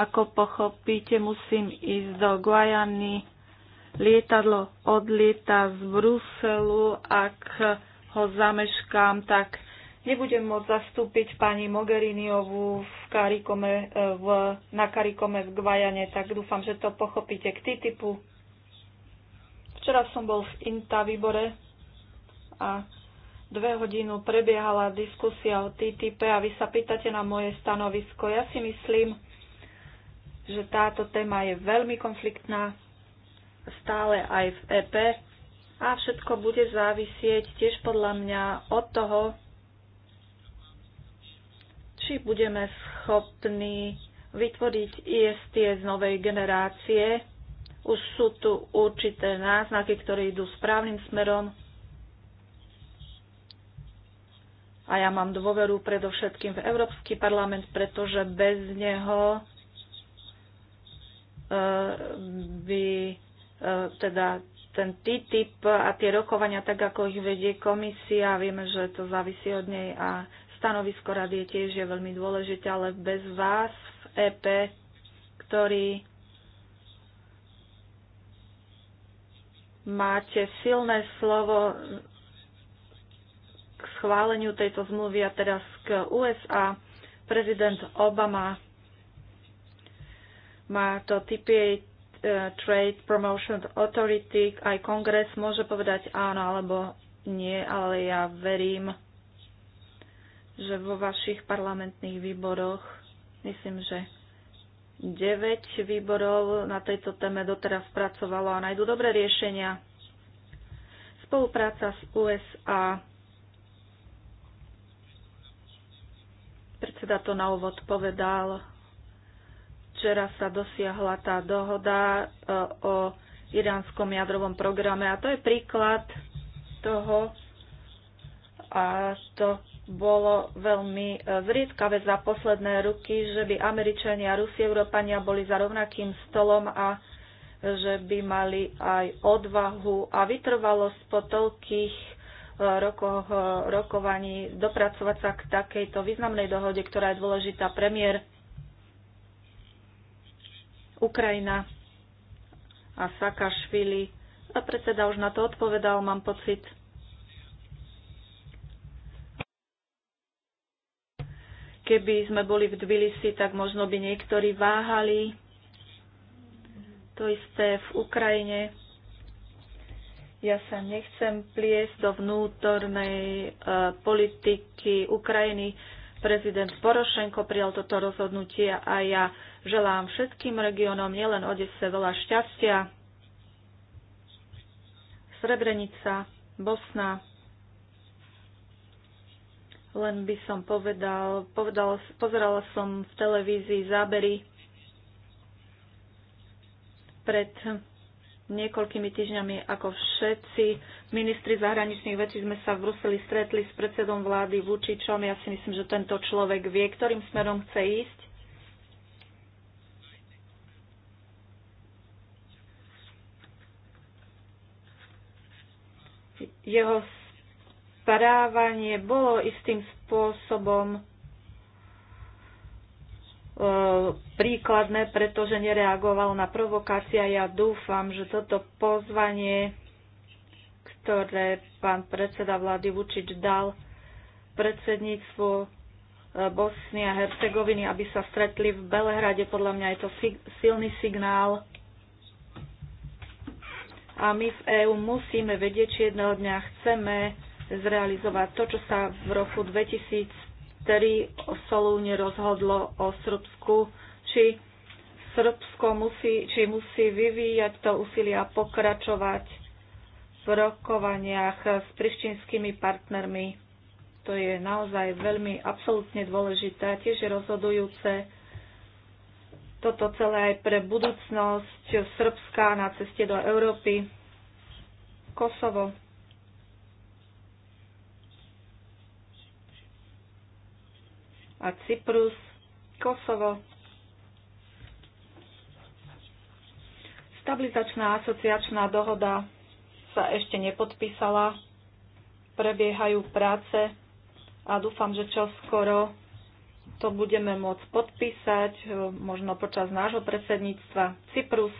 Ako pochopíte, musím ísť do Guajany. Lietadlo odlieta z Bruselu. Ak ho zameškám, tak nebudem môcť zastúpiť pani Mogheriniovú v Karikome, e, v, na Karikome v Guajane, tak dúfam, že to pochopíte k TTIPu. Včera som bol v INTA výbore a dve hodinu prebiehala diskusia o TTIP a vy sa pýtate na moje stanovisko. Ja si myslím, že táto téma je veľmi konfliktná stále aj v EP a všetko bude závisieť tiež podľa mňa od toho, či budeme schopní vytvoriť ISTS novej generácie. Už sú tu určité náznaky, ktoré idú správnym smerom a ja mám dôveru predovšetkým v Európsky parlament, pretože bez neho e, by e, teda ten TTIP a tie rokovania, tak ako ich vedie komisia, vieme, že to závisí od nej a stanovisko rady je tiež je veľmi dôležité, ale bez vás v EP, ktorý máte silné slovo schváleniu tejto zmluvy a teraz k USA. Prezident Obama má to TPA e, Trade Promotion Authority, aj kongres môže povedať áno alebo nie, ale ja verím, že vo vašich parlamentných výboroch, myslím, že 9 výborov na tejto téme doteraz pracovalo a nájdú dobré riešenia. Spolupráca s USA teda to na úvod povedal. Včera sa dosiahla tá dohoda eh, o iránskom jadrovom programe a to je príklad toho, a to bolo veľmi eh, zriedkavé za posledné roky, že by Američania a Rusie Európania boli za rovnakým stolom a že by mali aj odvahu a vytrvalosť po toľkých rokoch, eh, rokovaní dopracovať sa k takejto významnej dohode, ktorá je dôležitá. Premiér Ukrajina a Sakašvili. A predseda už na to odpovedal, mám pocit. Keby sme boli v Tbilisi, tak možno by niektorí váhali. To isté v Ukrajine ja sa nechcem pliesť do vnútornej e, politiky Ukrajiny. Prezident Porošenko prijal toto rozhodnutie a ja želám všetkým regiónom, nielen Odese, veľa šťastia. Srebrenica, Bosna. Len by som povedal, povedal pozerala som v televízii zábery pred niekoľkými týždňami, ako všetci ministri zahraničných vecí sme sa v Bruseli stretli s predsedom vlády Vučičom. Ja si myslím, že tento človek vie, ktorým smerom chce ísť. Jeho správanie bolo istým spôsobom E, príkladné, pretože nereagovalo na provokácia. Ja dúfam, že toto pozvanie, ktoré pán predseda vlády Vučič dal predsedníctvu e, Bosny a Hercegoviny, aby sa stretli v Belehrade, podľa mňa je to silný signál. A my v EÚ musíme vedieť, či jedného dňa chceme zrealizovať to, čo sa v roku 2000 ktorý o Solúne rozhodlo o Srbsku, či Srbsko musí, či musí vyvíjať to úsilie a pokračovať v rokovaniach s prištinskými partnermi. To je naozaj veľmi absolútne dôležité a tiež rozhodujúce toto celé aj pre budúcnosť Srbska na ceste do Európy. Kosovo a Cyprus, Kosovo. Stabilizačná asociačná dohoda sa ešte nepodpísala. Prebiehajú práce a dúfam, že čoskoro to budeme môcť podpísať, eh, možno počas nášho predsedníctva Cyprus.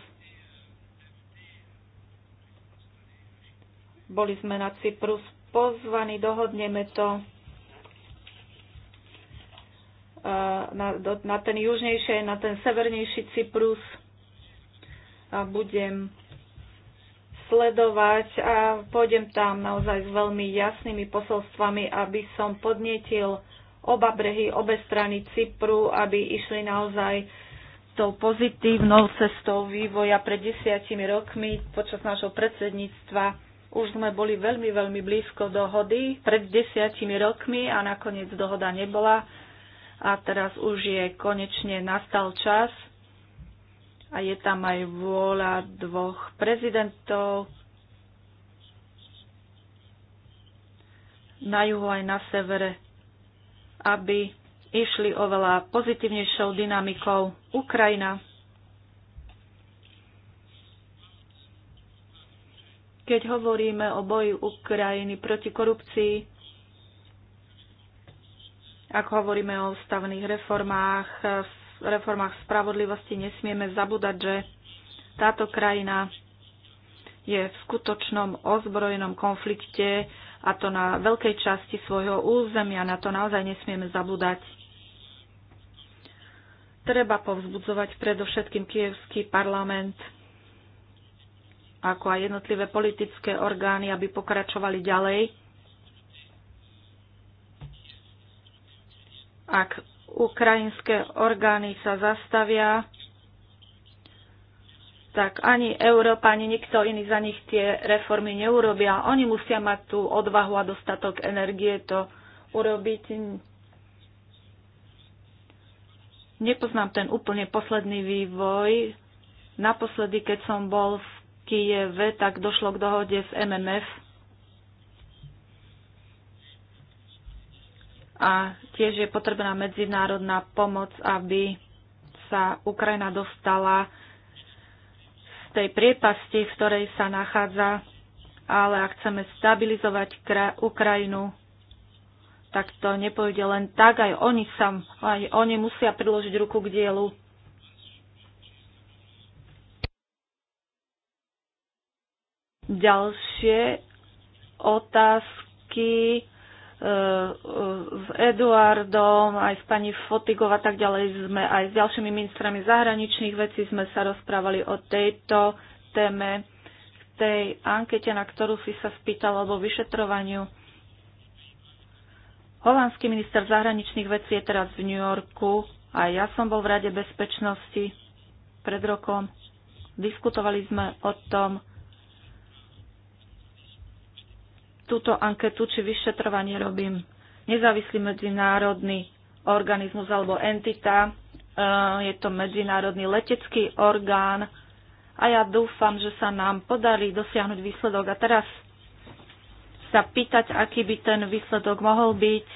Boli sme na Cyprus pozvaní, dohodneme to Eh, na, na ten južnejšie, na ten severnejší Cyprus a budem sledovať a pôjdem tam naozaj s veľmi jasnými posolstvami, aby som podnetil oba brehy, obe strany Cypru, aby išli naozaj tou pozitívnou cestou vývoja pred desiatimi rokmi počas nášho predsedníctva. Už sme boli veľmi, veľmi blízko dohody pred desiatimi rokmi a nakoniec dohoda nebola a teraz už je konečne nastal čas a je tam aj vôľa dvoch prezidentov na juhu aj na severe, aby išli oveľa pozitívnejšou dynamikou Ukrajina. Keď hovoríme o boji Ukrajiny proti korupcii, ako hovoríme o ústavných reformách, reformách spravodlivosti, nesmieme zabúdať, že táto krajina je v skutočnom ozbrojenom konflikte a to na veľkej časti svojho územia. Na to naozaj nesmieme zabúdať. Treba povzbudzovať predovšetkým kievský parlament, ako aj jednotlivé politické orgány, aby pokračovali ďalej Ak ukrajinské orgány sa zastavia, tak ani Európa, ani nikto iný za nich tie reformy neurobia. Oni musia mať tú odvahu a dostatok energie to urobiť. Nepoznám ten úplne posledný vývoj. Naposledy, keď som bol v Kieve, tak došlo k dohode s MMF a tiež je potrebná medzinárodná pomoc, aby sa Ukrajina dostala z tej priepasti, v ktorej sa nachádza. Ale ak chceme stabilizovať Ukrajinu, tak to nepôjde len tak, aj oni, sam, aj oni musia priložiť ruku k dielu. Ďalšie otázky s Eduardom, aj s pani Fotigov a tak ďalej sme aj s ďalšími ministrami zahraničných vecí sme sa rozprávali o tejto téme, v tej ankete, na ktorú si sa spýtal, alebo vyšetrovaniu. Holandský minister zahraničných vecí je teraz v New Yorku a ja som bol v Rade bezpečnosti pred rokom. Diskutovali sme o tom, túto anketu či vyšetrovanie robím nezávislý medzinárodný organizmus alebo entita. E, je to medzinárodný letecký orgán a ja dúfam, že sa nám podarí dosiahnuť výsledok. A teraz sa pýtať, aký by ten výsledok mohol byť,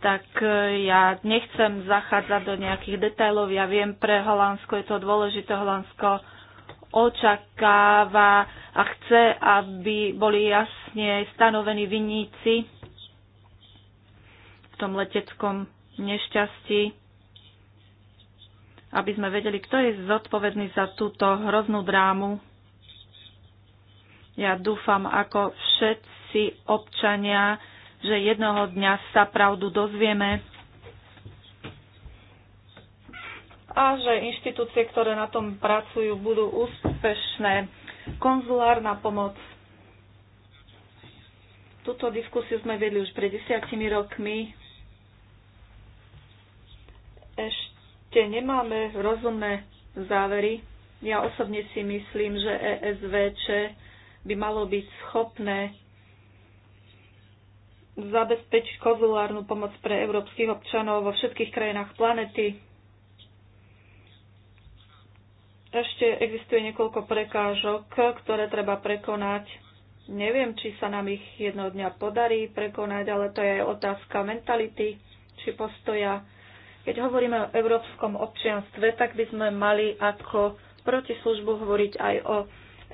tak e, ja nechcem zachádzať do nejakých detajlov. Ja viem, pre Holandsko je to dôležité. Holandsko očakáva a chce, aby boli jasne stanovení vinníci v tom leteckom nešťastí, aby sme vedeli, kto je zodpovedný za túto hroznú drámu. Ja dúfam, ako všetci občania, že jednoho dňa sa pravdu dozvieme a že inštitúcie, ktoré na tom pracujú, budú úspešné. Konzulárna pomoc. Tuto diskusiu sme vedli už pred desiatimi rokmi. Ešte nemáme rozumné závery. Ja osobne si myslím, že ESVČ by malo byť schopné zabezpečiť konzulárnu pomoc pre európskych občanov vo všetkých krajinách planety ešte existuje niekoľko prekážok, ktoré treba prekonať. Neviem, či sa nám ich jednoho dňa podarí prekonať, ale to je otázka mentality či postoja. Keď hovoríme o európskom občianstve, tak by sme mali ako protislužbu hovoriť aj o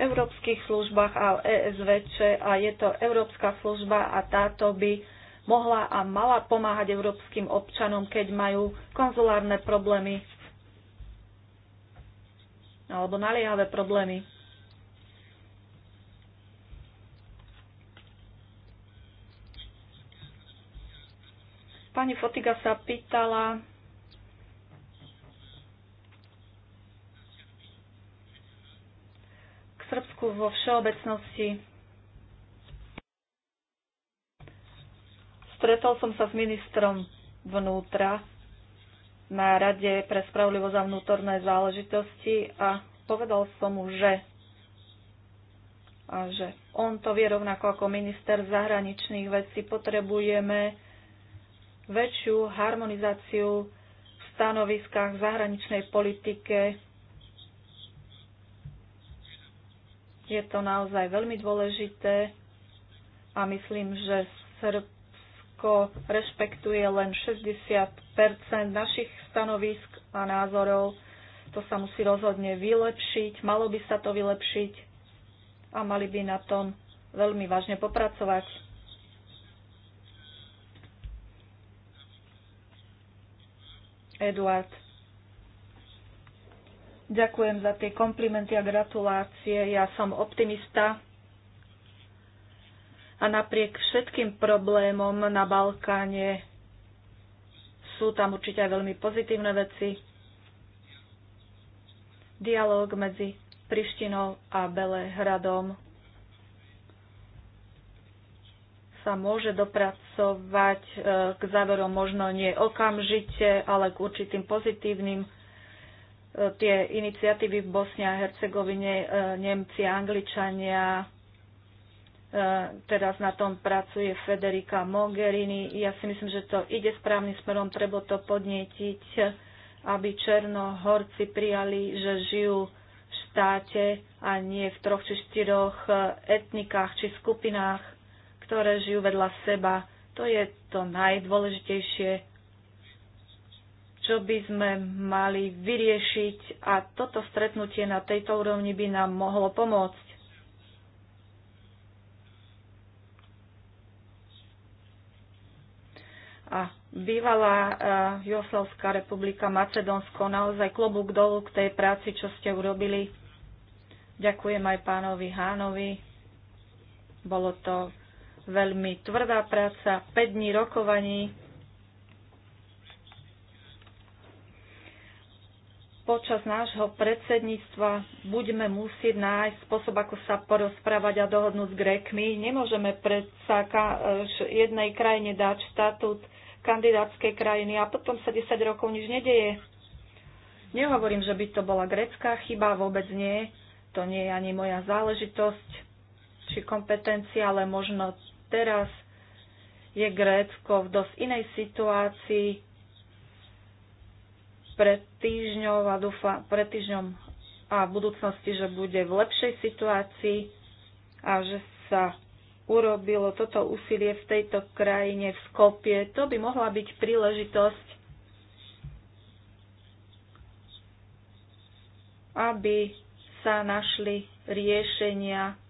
európskych službách a o ESVČ a je to európska služba a táto by mohla a mala pomáhať európskym občanom, keď majú konzulárne problémy alebo naliehavé problémy. Pani Fotiga sa pýtala, k Srbsku vo všeobecnosti. Stretol som sa s ministrom vnútra na Rade pre spravlivosť a vnútorné záležitosti a povedal som mu, že, a že on to vie rovnako ako minister zahraničných vecí. Potrebujeme väčšiu harmonizáciu v stanoviskách v zahraničnej politike. Je to naozaj veľmi dôležité a myslím, že Srbsko rešpektuje len 60 našich stanovisk a názorov. To sa musí rozhodne vylepšiť, malo by sa to vylepšiť a mali by na tom veľmi vážne popracovať. Eduard. Ďakujem za tie komplimenty a gratulácie. Ja som optimista a napriek všetkým problémom na Balkáne sú tam určite aj veľmi pozitívne veci. Dialóg medzi Prištinou a Belehradom sa môže dopracovať e, k záverom možno nie okamžite, ale k určitým pozitívnym e, tie iniciatívy v Bosne a Hercegovine, e, Nemci, Angličania, E, teraz na tom pracuje Federica Mogherini. Ja si myslím, že to ide správnym smerom, treba to podnietiť, aby Černohorci prijali, že žijú v štáte a nie v troch či štyroch e, etnikách či skupinách, ktoré žijú vedľa seba. To je to najdôležitejšie, čo by sme mali vyriešiť a toto stretnutie na tejto úrovni by nám mohlo pomôcť. A bývalá uh, eh, Joslovská republika Macedónsko, naozaj klobúk dolu k tej práci, čo ste urobili. Ďakujem aj pánovi Hánovi. Bolo to veľmi tvrdá práca, 5 dní rokovaní. Počas nášho predsedníctva budeme musieť nájsť spôsob, ako sa porozprávať a dohodnúť s Grékmi. Nemôžeme predsa eh, jednej krajine dať štatút kandidátske krajiny a potom sa 10 rokov nič nedeje. Nehovorím, že by to bola grecká chyba, vôbec nie. To nie je ani moja záležitosť či kompetencia, ale možno teraz je Grécko v dosť inej situácii. Pred týždňom a, dúfa, pred týždňom a v budúcnosti, že bude v lepšej situácii a že sa urobilo toto úsilie v tejto krajine v Skopie. To by mohla byť príležitosť, aby sa našli riešenia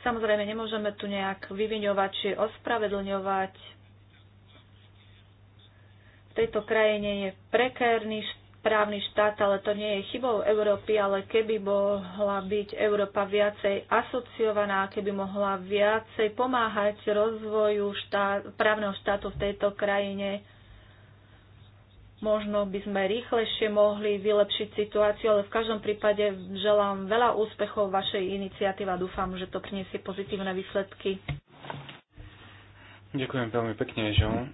Samozrejme, nemôžeme tu nejak vyviňovať či ospravedlňovať. V tejto krajine je prekérny právny štát, ale to nie je chybou Európy, ale keby mohla byť Európa viacej asociovaná, keby mohla viacej pomáhať rozvoju štát, právneho štátu v tejto krajine, možno by sme rýchlejšie mohli vylepšiť situáciu, ale v každom prípade želám veľa úspechov vašej iniciatíve a dúfam, že to priniesie pozitívne výsledky. Ďakujem veľmi pekne, Žon,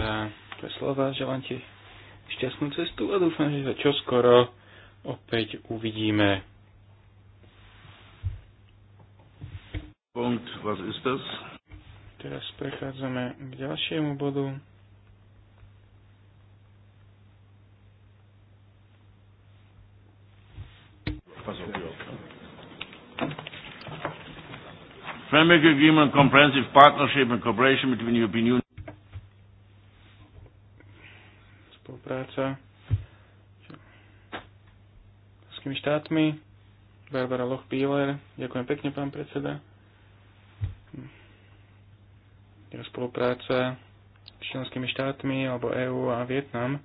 za tie slova. Želám ti šťastnú cestu a dúfam, že sa čoskoro opäť uvidíme. Punkt, was ist das? Teraz prechádzame k ďalšiemu bodu. Framework Agreement on Comprehensive Partnership and Cooperation between European Union spolupráca s tými štátmi. Barbara Loch-Bieler, ďakujem pekne, pán predseda. Jeho spolupráca s členskými štátmi alebo EÚ a Vietnam.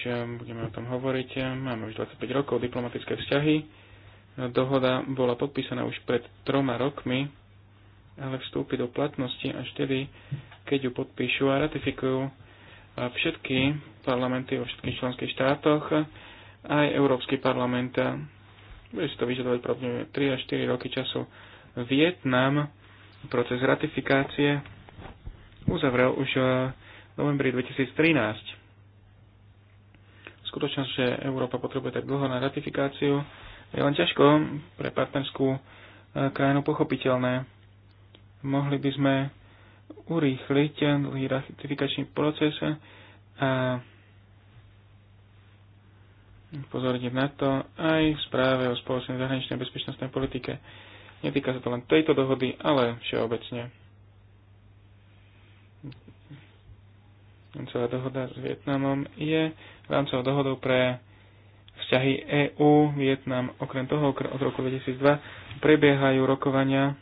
že budeme o tom hovoriť. Máme už 25 rokov diplomatické vzťahy. Dohoda bola podpísaná už pred troma rokmi, ale vstúpi do platnosti až vtedy, keď ju podpíšu a ratifikujú všetky parlamenty vo všetkých členských štátoch, aj Európsky parlament. Bude si to vyžadovať pravdne 3 až 4 roky času. Vietnam proces ratifikácie uzavrel už e, v novembri 2013. Skutočnosť, že Európa potrebuje tak dlho na ratifikáciu, je len ťažko pre partnerskú e, krajinu pochopiteľné. Mohli by sme urýchliť dlhý ratifikačný proces a pozorniť na to aj v správe o spoločnej zahraničnej bezpečnostnej politike. Netýka sa to len tejto dohody, ale všeobecne. Rámcová dohoda s Vietnamom je rámcovou dohodou pre vzťahy EU, Vietnam. Okrem toho, od roku 2002 prebiehajú rokovania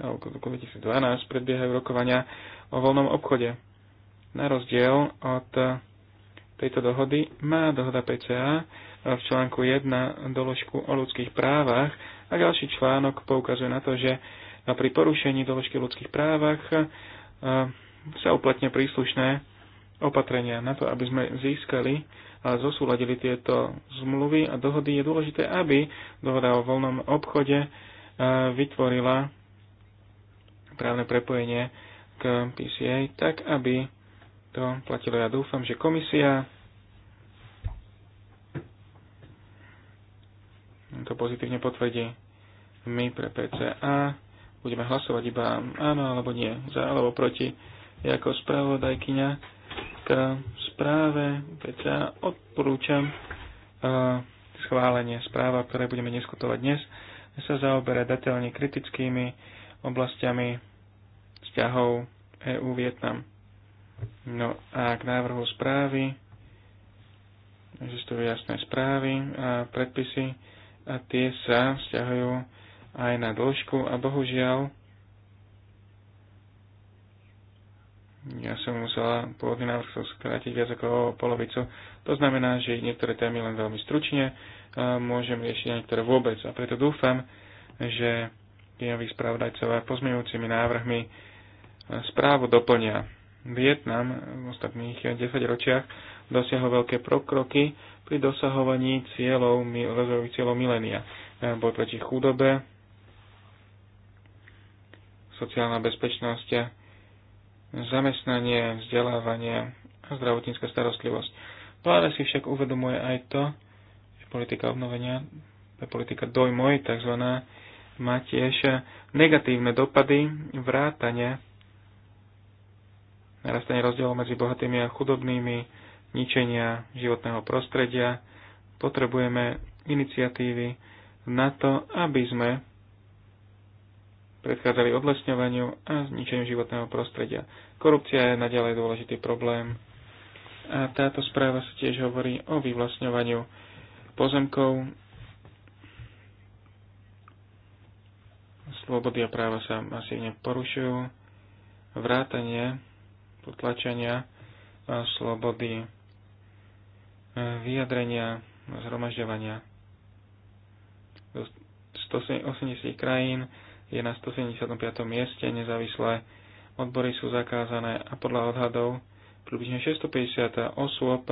roku 2012 predbiehajú rokovania o voľnom obchode. Na rozdiel od tejto dohody má dohoda PCA v článku 1 doložku o ľudských právach a ďalší článok poukazuje na to, že pri porušení doložky o ľudských právach eh, sa uplatne príslušné opatrenia na to, aby sme získali a zosúladili tieto zmluvy a dohody. Je dôležité, aby dohoda o voľnom obchode eh, vytvorila právne prepojenie k PCA, tak aby to platilo. Ja dúfam, že komisia to pozitívne potvrdí. My pre PCA budeme hlasovať iba áno alebo nie, za alebo proti. Ja ako spravodajkyňa k správe PCA odporúčam e, schválenie správa, ktoré budeme diskutovať dnes, sa zaoberá detailne kritickými oblastiami vzťahov EU-Vietnam. No a k návrhu správy existujú jasné správy a predpisy a tie sa vzťahujú aj na dĺžku a bohužiaľ ja som musela pôvodný návrh sa skrátiť viac ako polovicu. To znamená, že niektoré témy len veľmi stručne môžem riešiť a niektoré vôbec. A preto dúfam, že tieňových spravodajcov a pozmejúcimi návrhmi správu doplnia. Vietnam v ostatných 10 ročiach dosiahol veľké prokroky pri dosahovaní cieľov, rozvojových cieľov milénia. Boj proti chudobe, sociálna bezpečnosť, zamestnanie, vzdelávanie a zdravotnícka starostlivosť. Vláda si však uvedomuje aj to, že politika obnovenia, politika dojmoj, tzv má tiež negatívne dopady vrátane narastanie rozdielov medzi bohatými a chudobnými, ničenia životného prostredia. Potrebujeme iniciatívy na to, aby sme predchádzali odlesňovaniu a zničeniu životného prostredia. Korupcia je naďalej dôležitý problém a táto správa sa tiež hovorí o vyvlastňovaniu pozemkov slobody a práva sa masívne porušujú, vrátanie, potlačania slobody e, vyjadrenia, zhromažďovania. Z 180 krajín je na 175. mieste, nezávislé odbory sú zakázané a podľa odhadov približne 650 osôb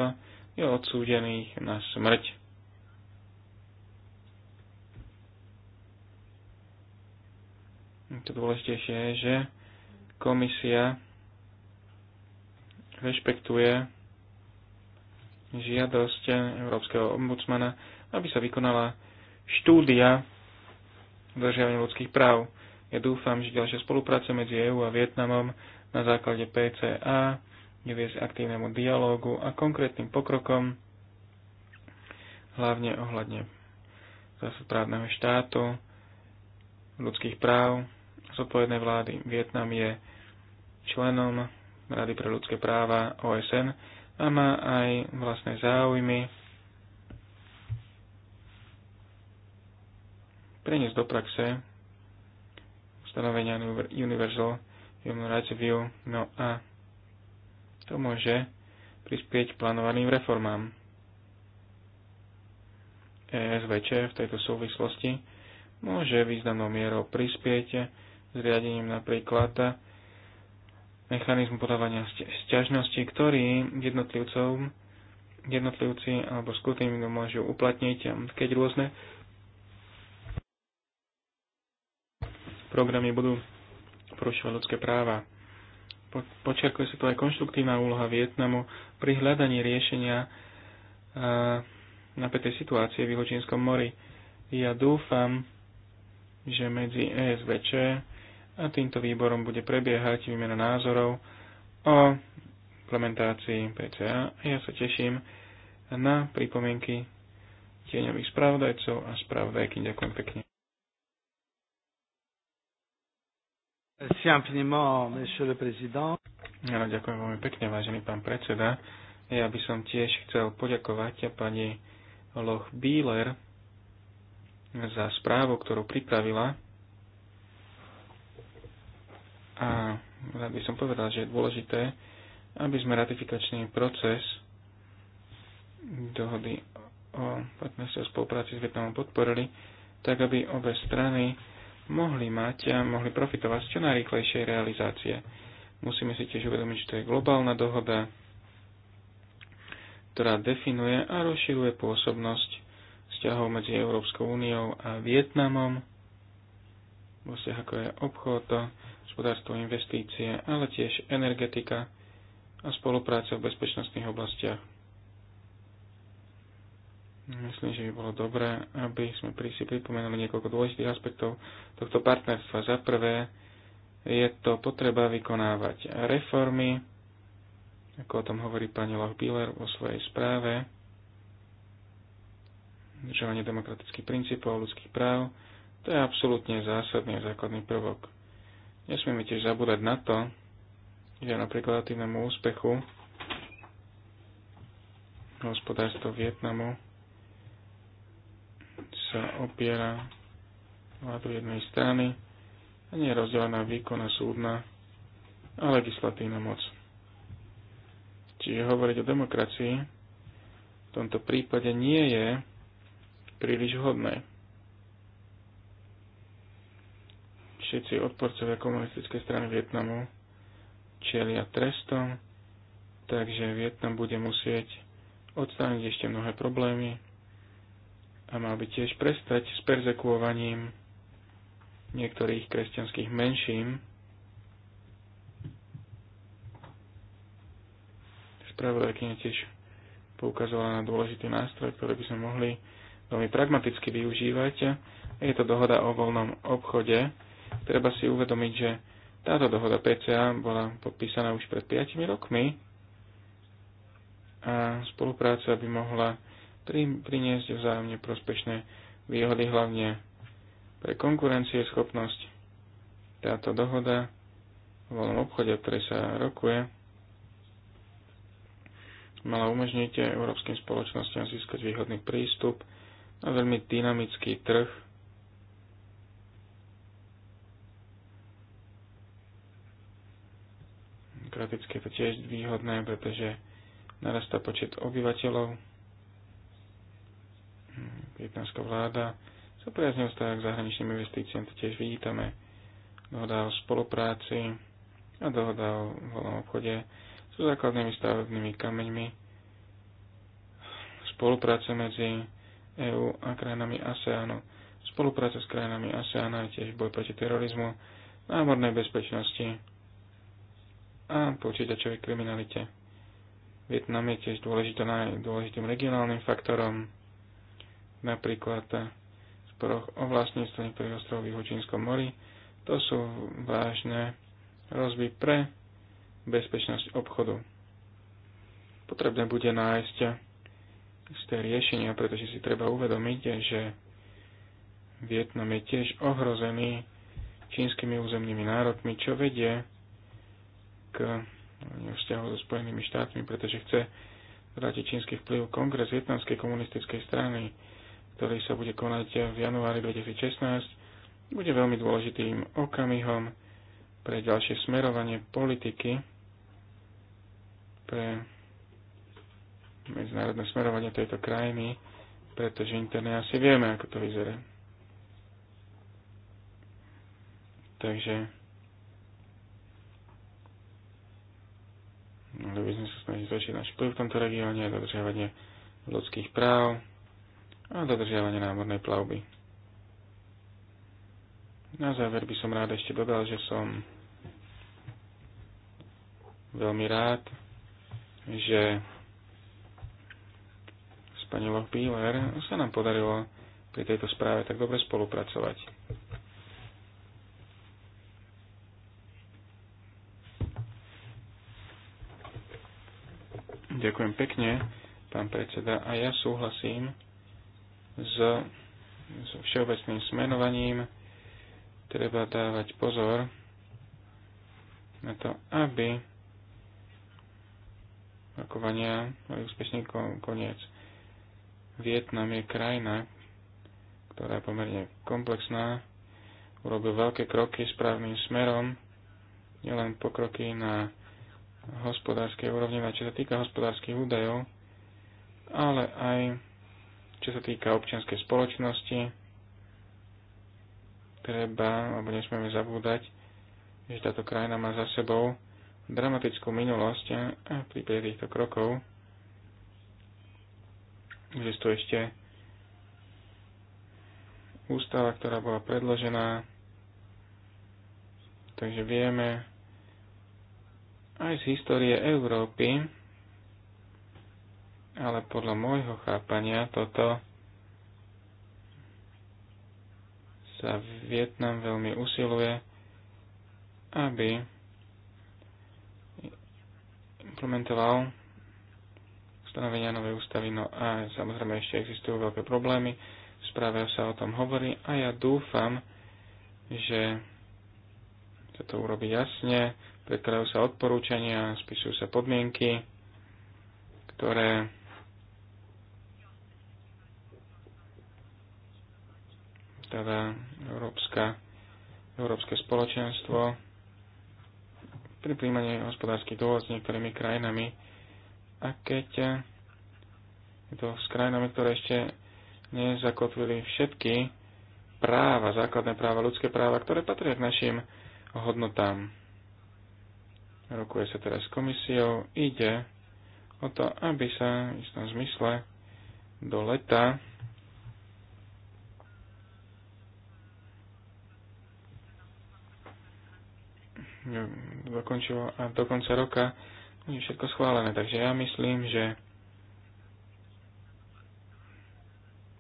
je odsúdených na smrť. to dôležitejšie je, že komisia rešpektuje žiadosť Európskeho ombudsmana, aby sa vykonala štúdia dodržiavania ľudských práv. Ja dúfam, že ďalšia spolupráca medzi EÚ a Vietnamom na základe PCA je viesť aktívnemu dialógu a konkrétnym pokrokom, hlavne ohľadne zásad právneho štátu, ľudských práv, zodpovednej vlády. Vietnam je členom Rady pre ľudské práva OSN a má aj vlastné záujmy preniesť do praxe ustanovenia Universal Human Rights View, no a to môže prispieť plánovaným reformám. ESVČ v tejto súvislosti môže významnou mierou prispieť zriadením napríklad mechanizmu podávania sťažnosti, ktorý jednotlivcov, jednotlivci alebo skutným môžu uplatniť, keď rôzne programy budú porušovať ľudské práva. počiarkuje sa to aj konštruktívna úloha Vietnamu pri hľadaní riešenia napätej situácie v Juhočínskom mori. Ja dúfam, že medzi ESVČ a týmto výborom bude prebiehať výmena názorov o implementácii PCA ja sa teším na pripomienky tieňových spravodajcov a spravodajky. Ďakujem pekne. Áno, ďakujem veľmi pekne, vážený pán predseda. Ja by som tiež chcel poďakovať pani Loch Bieler za správu, ktorú pripravila a rád by som povedal, že je dôležité, aby sme ratifikačný proces dohody o partnerstve a spolupráci s Vietnamom podporili, tak aby obe strany mohli mať a mohli profitovať z čo najrýchlejšej realizácie. Musíme si tiež uvedomiť, že to je globálna dohoda, ktorá definuje a rozširuje pôsobnosť vzťahov medzi Európskou úniou a Vietnamom, vo vzťah ako je obchod, hospodárstvo, investície, ale tiež energetika a spolupráca v bezpečnostných oblastiach. Myslím, že by bolo dobré, aby sme pri si pripomenuli niekoľko dôležitých aspektov tohto partnerstva. Za prvé je to potreba vykonávať reformy, ako o tom hovorí pani Lochbíler vo svojej správe, držovanie demokratických princípov, ľudských práv, to je absolútne zásadný a základný prvok. Nesmieme tiež zabúdať na to, že napríklad relatívnemu úspechu hospodárstvo Vietnamu sa opiera vládu jednej strany a nie je rozdelená výkonná súdna a legislatívna moc. Čiže hovoriť o demokracii v tomto prípade nie je príliš vhodné. všetci odporcovia komunistickej strany Vietnamu čelia trestom, takže Vietnam bude musieť odstrániť ešte mnohé problémy a mal by tiež prestať s perzekuovaním niektorých kresťanských menšín. Spravodajkynia tiež poukazovala na dôležitý nástroj, ktorý by sme mohli veľmi pragmaticky využívať. Je to dohoda o voľnom obchode treba si uvedomiť, že táto dohoda PCA bola podpísaná už pred 5 rokmi a spolupráca by mohla priniesť vzájomne prospešné výhody hlavne pre schopnosť, Táto dohoda v voľnom obchode, o sa rokuje, mala umožniť európskym spoločnosťam získať výhodný prístup na veľmi dynamický trh demokraticky je to tiež výhodné, pretože narastá počet obyvateľov. Vietnamská vláda sa priazne ostáva k zahraničným investíciám, to tiež vidíme. Dohoda o spolupráci a dohoda o voľnom obchode so základnými stavebnými kameňmi spolupráca medzi EÚ a krajinami ASEANu. Spolupráca s krajinami ASEANu je tiež boj proti terorizmu, námornej bezpečnosti, a počítačovej kriminalite. Vietnam je tiež dôležitým, dôležitým regionálnym faktorom, napríklad eh, sporoch o vlastníctve niektorých ostrovov v Čínskom mori. To sú vážne rozby pre bezpečnosť obchodu. Potrebné bude nájsť eh, tej riešenia, pretože si treba uvedomiť, že Vietnam je tiež ohrozený čínskymi územnými národmi, čo vedie E, vzťahu so Spojenými štátmi, pretože chce vrátiť čínsky vplyv kongres vietnamskej komunistickej strany, ktorý sa bude konať v januári 2016, bude veľmi dôležitým okamihom pre ďalšie smerovanie politiky, pre medzinárodné smerovanie tejto krajiny, pretože interne asi vieme, ako to vyzerá. Takže do biznisu snaží zväčšiť náš vplyv v tomto regióne, dodržiavanie ľudských práv a dodržiavanie námornej plavby. Na záver by som rád ešte dodal, že som veľmi rád, že s pani Loch sa nám podarilo pri tejto správe tak dobre spolupracovať. Ďakujem pekne, pán predseda. A ja súhlasím s, s všeobecným smenovaním. Treba dávať pozor na to, aby rokovania mali úspešný koniec. Vietnam je krajina, ktorá je pomerne komplexná, urobil veľké kroky správnym smerom, nielen pokroky na hospodárskej úrovne, čo sa týka hospodárskych údajov, ale aj čo sa týka občianskej spoločnosti, treba, alebo nesmieme zabúdať, že táto krajina má za sebou dramatickú minulosť a v prípade týchto krokov existuje ešte ústava, ktorá bola predložená, takže vieme, aj z histórie Európy, ale podľa môjho chápania toto sa Vietnam veľmi usiluje, aby implementoval stanovenia novej ústavy. No a samozrejme ešte existujú veľké problémy, v správe sa o tom hovorí a ja dúfam, že sa to urobí jasne, predkladajú sa odporúčania, spisujú sa podmienky, ktoré teda Európska, Európske spoločenstvo pri príjmaní hospodárskych dôvod s niektorými krajinami a keď je to s krajinami, ktoré ešte nezakotvili všetky práva, základné práva, ľudské práva, ktoré patria k našim hodnotám rokuje sa teraz s komisiou, ide o to, aby sa v istom zmysle do leta dokončilo a do konca roka je všetko schválené. Takže ja myslím, že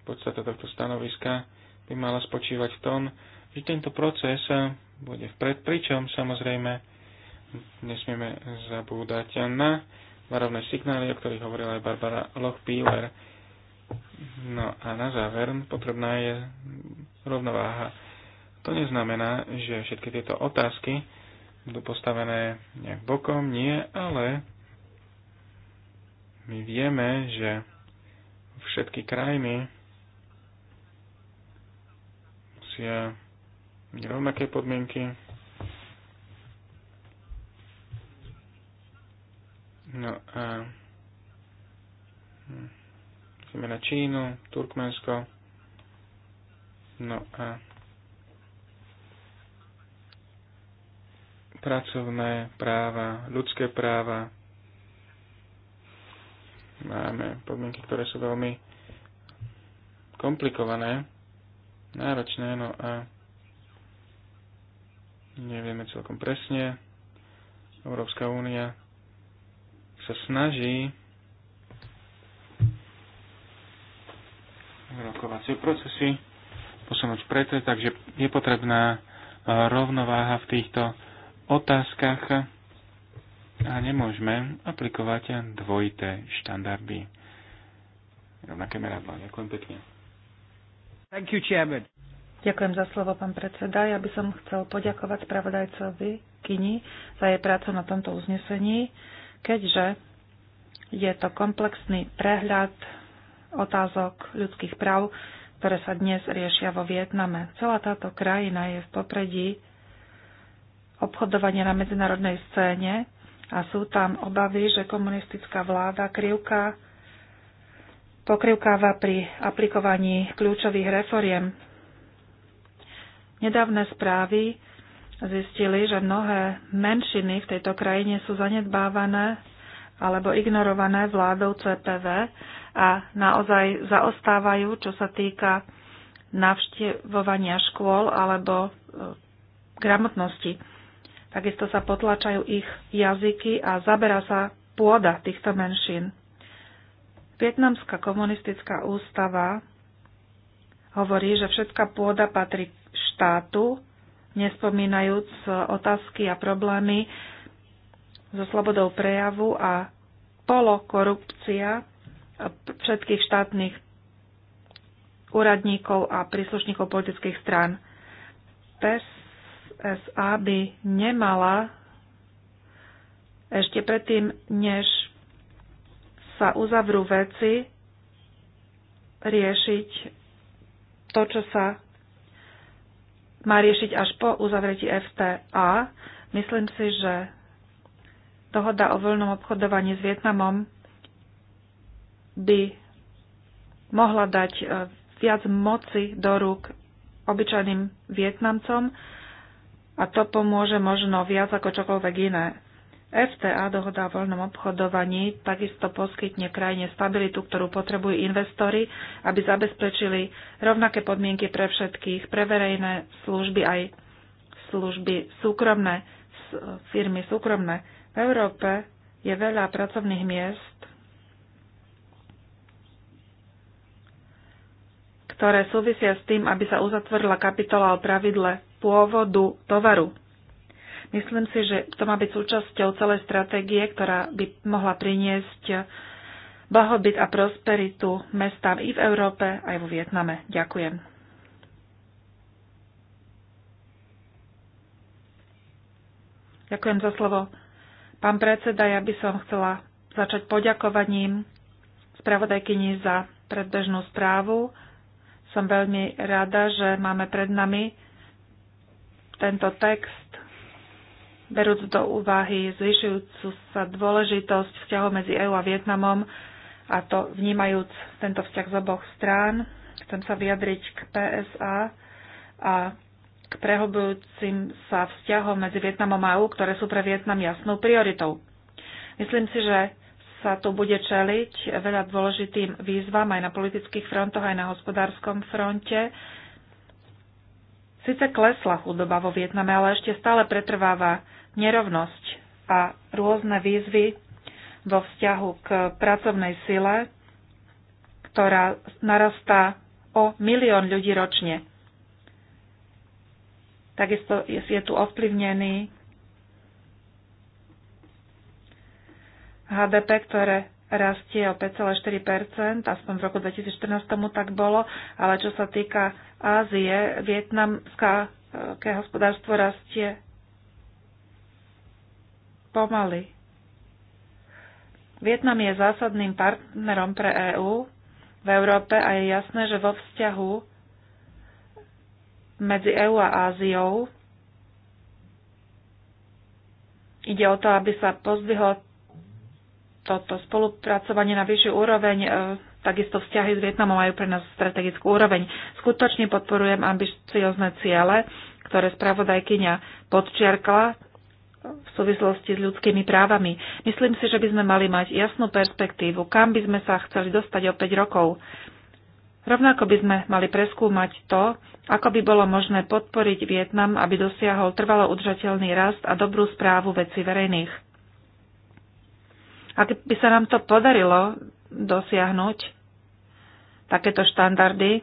podstata tohto stanoviska by mala spočívať v tom, že tento proces bude vpred, pričom samozrejme nesmieme zabúdať na varovné signály, o ktorých hovorila aj Barbara loch No a na záver potrebná je rovnováha. To neznamená, že všetky tieto otázky budú postavené nejak bokom, nie, ale my vieme, že všetky krajiny musia rovnaké podmienky, No a musíme hm, na Čínu, Turkmensko. No a pracovné práva, ľudské práva. Máme podmienky, ktoré sú veľmi komplikované, náročné, no a nevieme celkom presne. Európska únia sa snaží rokovacie procesy posunúť preto, takže je potrebná e, rovnováha v týchto otázkach a nemôžeme aplikovať dvojité štandardy. Rovnaké meradlo. Ďakujem pekne. Thank you, Chairman. Ďakujem za slovo, pán predseda. Ja by som chcel poďakovať spravodajcovi Kini za jej prácu na tomto uznesení keďže je to komplexný prehľad otázok ľudských práv, ktoré sa dnes riešia vo Vietname. Celá táto krajina je v popredí obchodovania na medzinárodnej scéne a sú tam obavy, že komunistická vláda krivka pokrivkáva pri aplikovaní kľúčových reforiem. Nedávne správy zistili, že mnohé menšiny v tejto krajine sú zanedbávané alebo ignorované vládou CPV a naozaj zaostávajú, čo sa týka navštevovania škôl alebo e, gramotnosti. Takisto sa potlačajú ich jazyky a zaberá sa pôda týchto menšín. Vietnamská komunistická ústava hovorí, že všetká pôda patrí štátu nespomínajúc eh, otázky a problémy so slobodou prejavu a polokorupcia eh, všetkých štátnych úradníkov a príslušníkov politických strán. PSA by nemala ešte predtým, než sa uzavrú veci, riešiť to, čo sa má riešiť až po uzavretí FTA. Myslím si, že dohoda o voľnom obchodovaní s Vietnamom by mohla dať e, viac moci do rúk obyčajným Vietnamcom a to pomôže možno viac ako čokoľvek iné. FTA, dohoda o voľnom obchodovaní, takisto poskytne krajine stabilitu, ktorú potrebujú investori, aby zabezpečili rovnaké podmienky pre všetkých, pre verejné služby aj služby súkromné, firmy súkromné. V Európe je veľa pracovných miest, ktoré súvisia s tým, aby sa uzatvorila kapitola o pravidle pôvodu tovaru. Myslím si, že to má byť súčasťou celej stratégie, ktorá by mohla priniesť blahobyt a prosperitu mestám i v Európe, aj vo Vietname. Ďakujem. Ďakujem za slovo. Pán predseda, ja by som chcela začať poďakovaním spravodajkyni za predbežnú správu. Som veľmi rada, že máme pred nami tento text berúc do úvahy zvyšujúcu sa dôležitosť vzťahu medzi EÚ a Vietnamom a to vnímajúc tento vzťah z oboch strán, chcem sa vyjadriť k PSA a k prehobujúcim sa vzťahom medzi Vietnamom a EÚ, ktoré sú pre Vietnam jasnou prioritou. Myslím si, že sa tu bude čeliť veľa dôležitým výzvam aj na politických frontoch, aj na hospodárskom fronte Sice klesla chudoba vo Vietname, ale ešte stále pretrváva nerovnosť a rôzne výzvy vo vzťahu k pracovnej sile, ktorá narastá o milión ľudí ročne. Takisto je tu ovplyvnený HDP, ktoré rastie o 5,4%, aspoň v roku 2014 tomu tak bolo, ale čo sa týka Ázie, vietnamské hospodárstvo rastie pomaly. Vietnam je zásadným partnerom pre EÚ v Európe a je jasné, že vo vzťahu medzi EÚ a Áziou ide o to, aby sa pozdvihol toto spolupracovanie na vyššiu úroveň, e, takisto vzťahy s Vietnamom majú pre nás strategickú úroveň. Skutočne podporujem ambiciozne ciele, ktoré spravodajkyňa podčiarkla v súvislosti s ľudskými právami. Myslím si, že by sme mali mať jasnú perspektívu, kam by sme sa chceli dostať o 5 rokov. Rovnako by sme mali preskúmať to, ako by bolo možné podporiť Vietnam, aby dosiahol trvalo udržateľný rast a dobrú správu veci verejných. Ak by sa nám to podarilo dosiahnuť, takéto štandardy,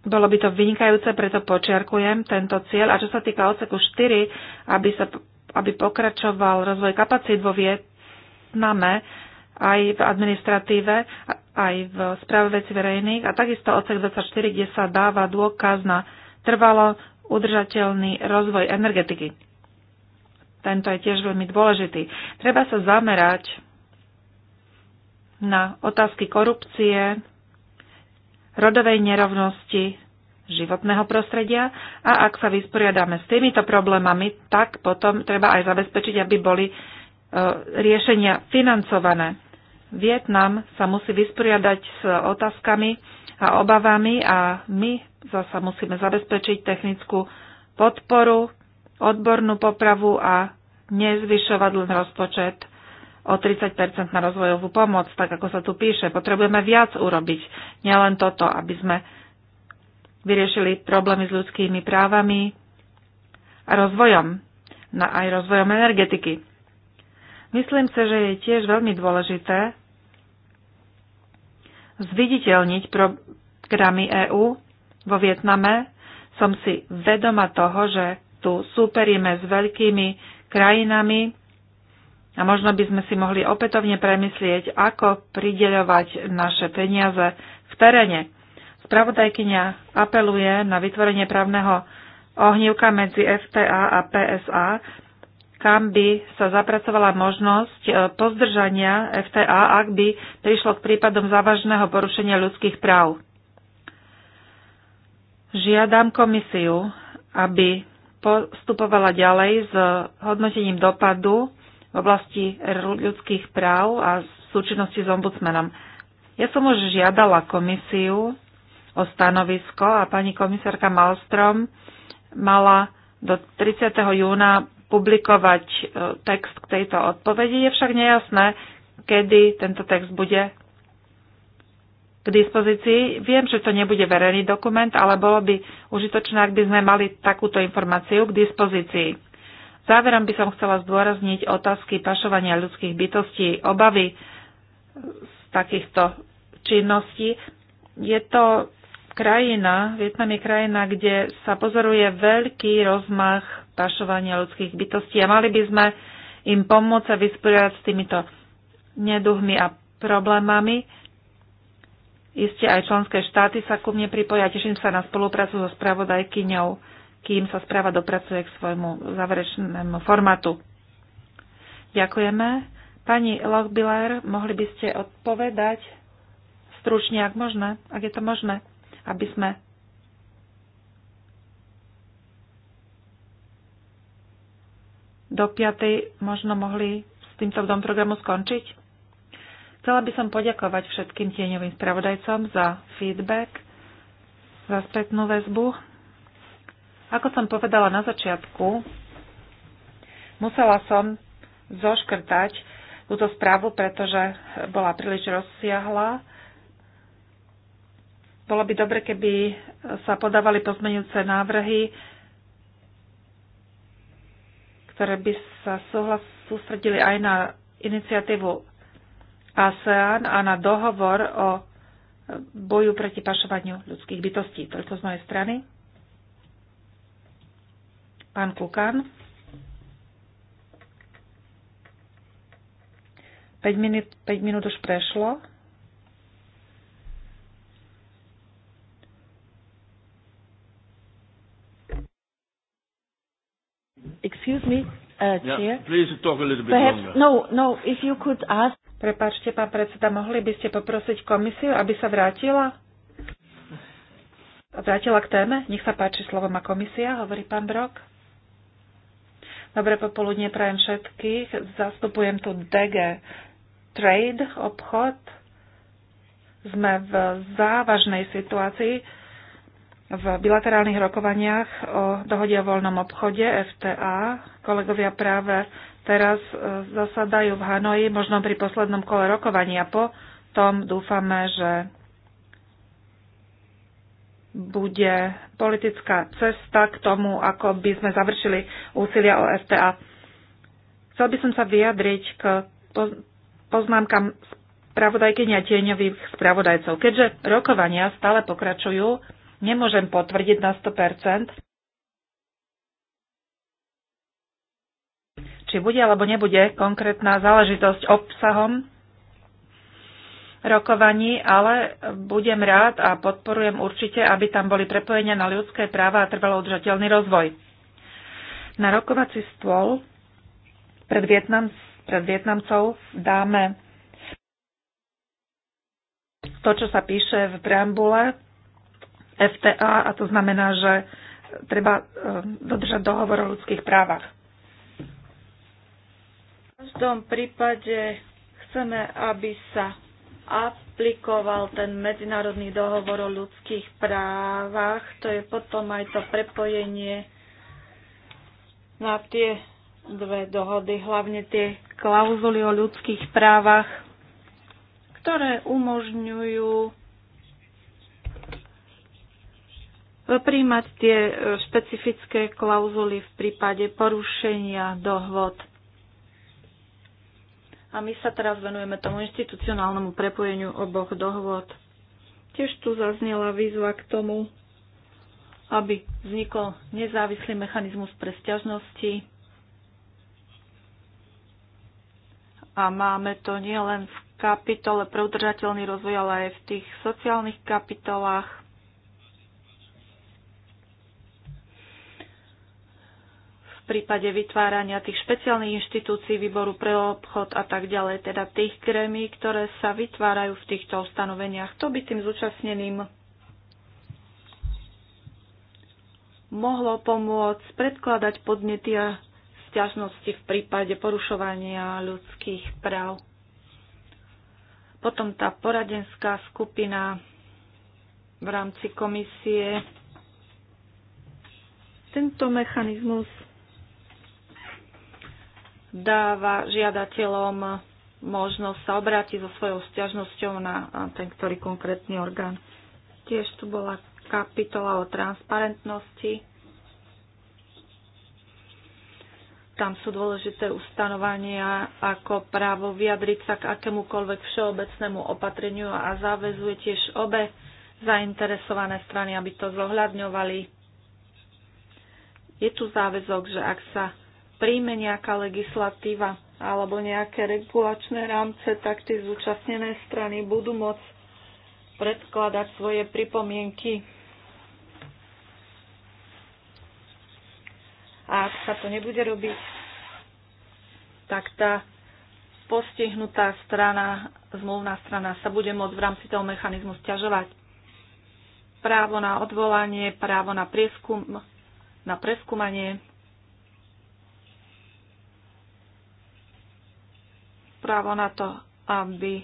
bolo by to vynikajúce, preto počiarkujem tento cieľ. A čo sa týka odseku 4, aby, sa, aby pokračoval rozvoj kapacít vo Vietname, aj v administratíve, aj v správe veci verejných a takisto odsek 24, kde sa dáva dôkaz na trvalo udržateľný rozvoj energetiky tento je tiež veľmi dôležitý. Treba sa zamerať na otázky korupcie, rodovej nerovnosti, životného prostredia a ak sa vysporiadame s týmito problémami, tak potom treba aj zabezpečiť, aby boli e, riešenia financované. Vietnam sa musí vysporiadať s otázkami a obavami a my zasa musíme zabezpečiť technickú podporu odbornú popravu a nezvyšovať len rozpočet o 30 na rozvojovú pomoc, tak ako sa tu píše. Potrebujeme viac urobiť, nielen toto, aby sme vyriešili problémy s ľudskými právami a rozvojom, na aj rozvojom energetiky. Myslím si, že je tiež veľmi dôležité zviditeľniť programy EÚ vo Vietname. Som si vedoma toho, že tu súperíme s veľkými krajinami a možno by sme si mohli opätovne premyslieť, ako prideľovať naše peniaze v teréne. Spravodajkynia apeluje na vytvorenie právneho ohnívka medzi FTA a PSA, kam by sa zapracovala možnosť e, pozdržania FTA, ak by prišlo k prípadom závažného porušenia ľudských práv. Žiadam komisiu, aby postupovala ďalej s hodnotením dopadu v oblasti ľudských práv a v súčinnosti s ombudsmenom. Ja som už žiadala komisiu o stanovisko a pani komisárka Malstrom mala do 30. júna publikovať e, text k tejto odpovedi. Je však nejasné, kedy tento text bude k dispozícii. Viem, že to nebude verejný dokument, ale bolo by užitočné, ak by sme mali takúto informáciu k dispozícii. Záverom by som chcela zdôrazniť otázky pašovania ľudských bytostí, obavy z takýchto činností. Je to krajina, Vietnam je krajina, kde sa pozoruje veľký rozmach pašovania ľudských bytostí a mali by sme im pomôcť sa vysporiadať s týmito neduhmi a problémami. Iste aj členské štáty sa ku mne pripoja. Teším sa na spoluprácu so spravodajkyňou, kým sa správa dopracuje k svojmu záverečnému formátu. Ďakujeme. Pani Lochbiller, mohli by ste odpovedať stručne, ak možné, ak je to možné, aby sme do piatej možno mohli s týmto dom programu skončiť? Chcela by som poďakovať všetkým tieňovým spravodajcom za feedback, za spätnú väzbu. Ako som povedala na začiatku, musela som zoškrtať túto správu, pretože bola príliš rozsiahla. Bolo by dobre, keby sa podávali pozmeňujúce návrhy, ktoré by sa súhlas sústredili aj na iniciatívu ASEAN a na dohovor o boju proti pašovaniu ľudských bytostí. Toľko z mojej strany. Pán Kukan. 5 minút, 5 minút už prešlo. Excuse me, uh, chair. Yeah, please talk a little bit Perhaps, longer. No, no, if you could ask Prepačte, pán predseda, mohli by ste poprosiť komisiu, aby sa vrátila? Vrátila k téme? Nech sa páči slovo má komisia, hovorí pán Brok. Dobre popoludne prajem všetkých. Zastupujem tu DG Trade, obchod. Sme v závažnej situácii v bilaterálnych rokovaniach o dohode o voľnom obchode FTA. Kolegovia práve teraz e, zasadajú v Hanoji, možno pri poslednom kole rokovania. Po tom dúfame, že bude politická cesta k tomu, ako by sme završili úsilia o FTA. Chcel by som sa vyjadriť k poznámkam spravodajkyni a tieňových spravodajcov. Keďže rokovania stále pokračujú, nemôžem potvrdiť na 100%, či bude alebo nebude konkrétna záležitosť obsahom rokovaní, ale budem rád a podporujem určite, aby tam boli prepojenia na ľudské práva a trvalo udržateľný rozvoj. Na rokovací stôl pred, Vietnam, pred Vietnamcov dáme to, čo sa píše v preambule FTA, a to znamená, že treba eh, dodržať dohovor o ľudských právach každom prípade chceme, aby sa aplikoval ten medzinárodný dohovor o ľudských právach. To je potom aj to prepojenie na tie dve dohody, hlavne tie klauzuly o ľudských právach, ktoré umožňujú príjmať tie špecifické klauzuly v prípade porušenia dohod. A my sa teraz venujeme tomu inštitucionálnemu prepojeniu oboch dohôd. Tiež tu zaznela výzva k tomu, aby vznikol nezávislý mechanizmus pre sťažnosti. A máme to nielen v kapitole pre udržateľný rozvoj, ale aj v tých sociálnych kapitolách. prípade vytvárania tých špeciálnych inštitúcií, výboru pre obchod a tak ďalej, teda tých krémy, ktoré sa vytvárajú v týchto ustanoveniach. To by tým zúčastneným mohlo pomôcť predkladať podnety a stiažnosti v prípade porušovania ľudských práv. Potom tá poradenská skupina v rámci komisie. Tento mechanizmus dáva žiadateľom možnosť sa obrátiť so svojou stiažnosťou na ten ktorý konkrétny orgán. Tiež tu bola kapitola o transparentnosti. Tam sú dôležité ustanovania ako právo vyjadriť sa k akémukoľvek všeobecnému opatreniu a záväzuje tiež obe zainteresované strany, aby to zohľadňovali. Je tu záväzok, že ak sa príjme nejaká legislatíva alebo nejaké regulačné rámce, tak tie zúčastnené strany budú môcť predkladať svoje pripomienky. A ak sa to nebude robiť, tak tá postihnutá strana, zmluvná strana sa bude môcť v rámci toho mechanizmu stiažovať. Právo na odvolanie, právo na prieskum, na preskúmanie právo na to, aby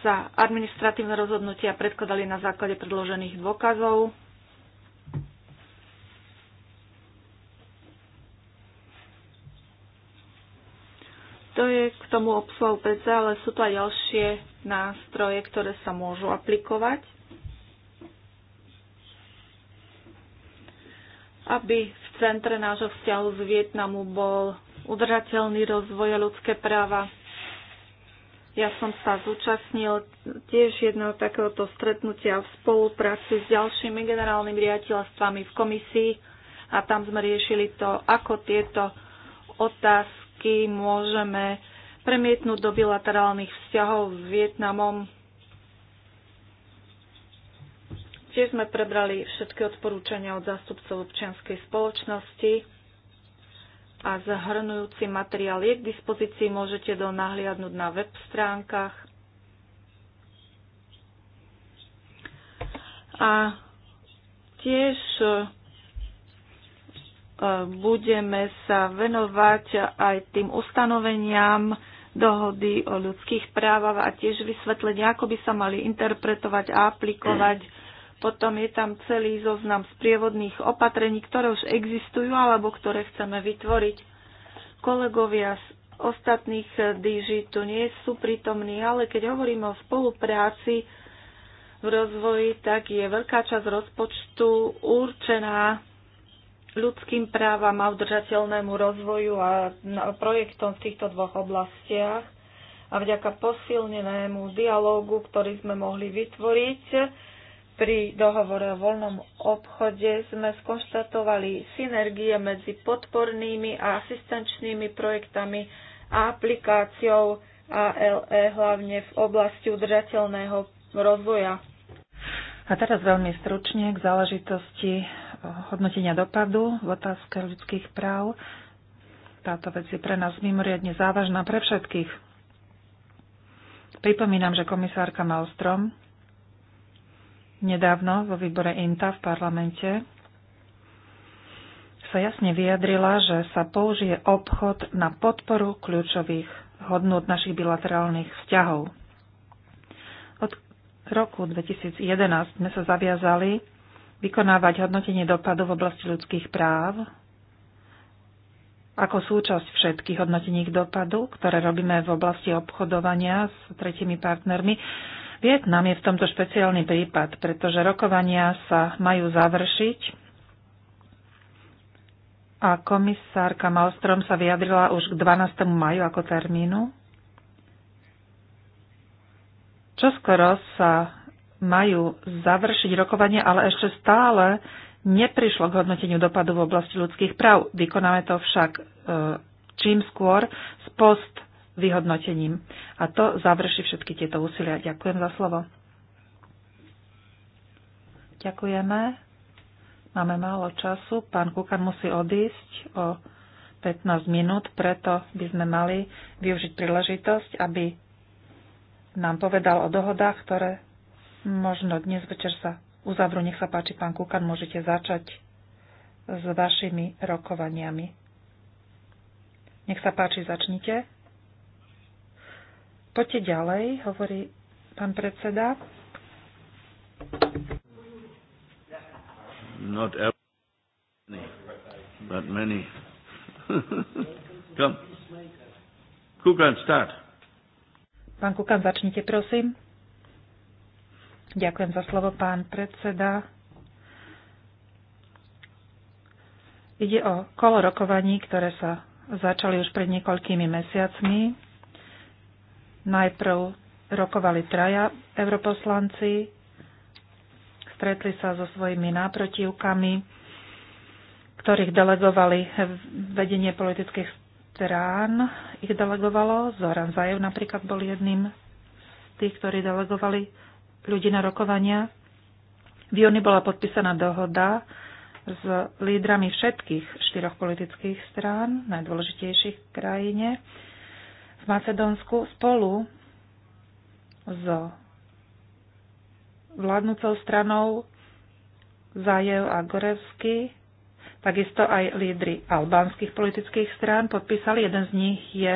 sa administratívne rozhodnutia predkladali na základe predložených dôkazov. To je k tomu obsahu PC, ale sú to aj ďalšie nástroje, ktoré sa môžu aplikovať, aby v centre nášho vzťahu z Vietnamu bol udržateľný rozvoj a ľudské práva. Ja som sa zúčastnil tiež jedného takéhoto stretnutia v spolupráci s ďalšími generálnymi riaditeľstvami v komisii a tam sme riešili to, ako tieto otázky môžeme premietnúť do bilaterálnych vzťahov s Vietnamom. Tiež sme prebrali všetky odporúčania od zástupcov občianskej spoločnosti a zahrnujúci materiál je k dispozícii, môžete do nahliadnúť na web stránkach. A tiež e, budeme sa venovať aj tým ustanoveniam dohody o ľudských právach a tiež vysvetlenia, ako by sa mali interpretovať a aplikovať potom je tam celý zoznam sprievodných opatrení, ktoré už existujú alebo ktoré chceme vytvoriť. Kolegovia z ostatných eh, DG tu nie sú prítomní, ale keď hovoríme o spolupráci v rozvoji, tak je veľká časť rozpočtu určená ľudským právam a udržateľnému rozvoju a projektom v týchto dvoch oblastiach. A vďaka posilnenému dialógu, ktorý sme mohli vytvoriť, pri dohovore o voľnom obchode sme skonštatovali synergie medzi podpornými a asistenčnými projektami a aplikáciou ALE hlavne v oblasti udržateľného rozvoja. A teraz veľmi stručne k záležitosti eh, hodnotenia dopadu v otázke ľudských práv. Táto vec je pre nás mimoriadne závažná pre všetkých. Pripomínam, že komisárka Malstrom nedávno vo výbore INTA v parlamente sa jasne vyjadrila, že sa použije obchod na podporu kľúčových hodnot našich bilaterálnych vzťahov. Od roku 2011 sme sa zaviazali vykonávať hodnotenie dopadu v oblasti ľudských práv ako súčasť všetkých hodnotení dopadu, ktoré robíme v oblasti obchodovania s tretimi partnermi Vietnam je v tomto špeciálny prípad, pretože rokovania sa majú završiť a komisárka Malstrom sa vyjadrila už k 12. maju ako termínu. Čoskoro sa majú završiť rokovanie, ale ešte stále neprišlo k hodnoteniu dopadu v oblasti ľudských práv. Vykonáme to však e, čím skôr z post vyhodnotením. A to završi všetky tieto úsilia. Ďakujem za slovo. Ďakujeme. Máme málo času. Pán Kukan musí odísť o 15 minút, preto by sme mali využiť príležitosť, aby nám povedal o dohodách, ktoré možno dnes večer sa uzavrú. Nech sa páči, pán Kukan, môžete začať s vašimi rokovaniami. Nech sa páči, začnite. Poďte ďalej, hovorí pán predseda. Not every, but many. Come. Kukan, start. Pán Kukan, začnite, prosím. Ďakujem za slovo, pán predseda. Ide o kolo rokovaní, ktoré sa začali už pred niekoľkými mesiacmi Najprv rokovali traja europoslanci, stretli sa so svojimi náprotivkami, ktorých delegovali vedenie politických strán. Ich delegovalo, Zoran Zajev napríklad bol jedným z tých, ktorí delegovali ľudí na rokovania. V júni bola podpísaná dohoda s lídrami všetkých štyroch politických strán, najdôležitejších krajine, v Macedónsku spolu s vládnúcou stranou Zajev a Gorevsky, takisto aj lídry albánskych politických strán podpísali. Jeden z nich je,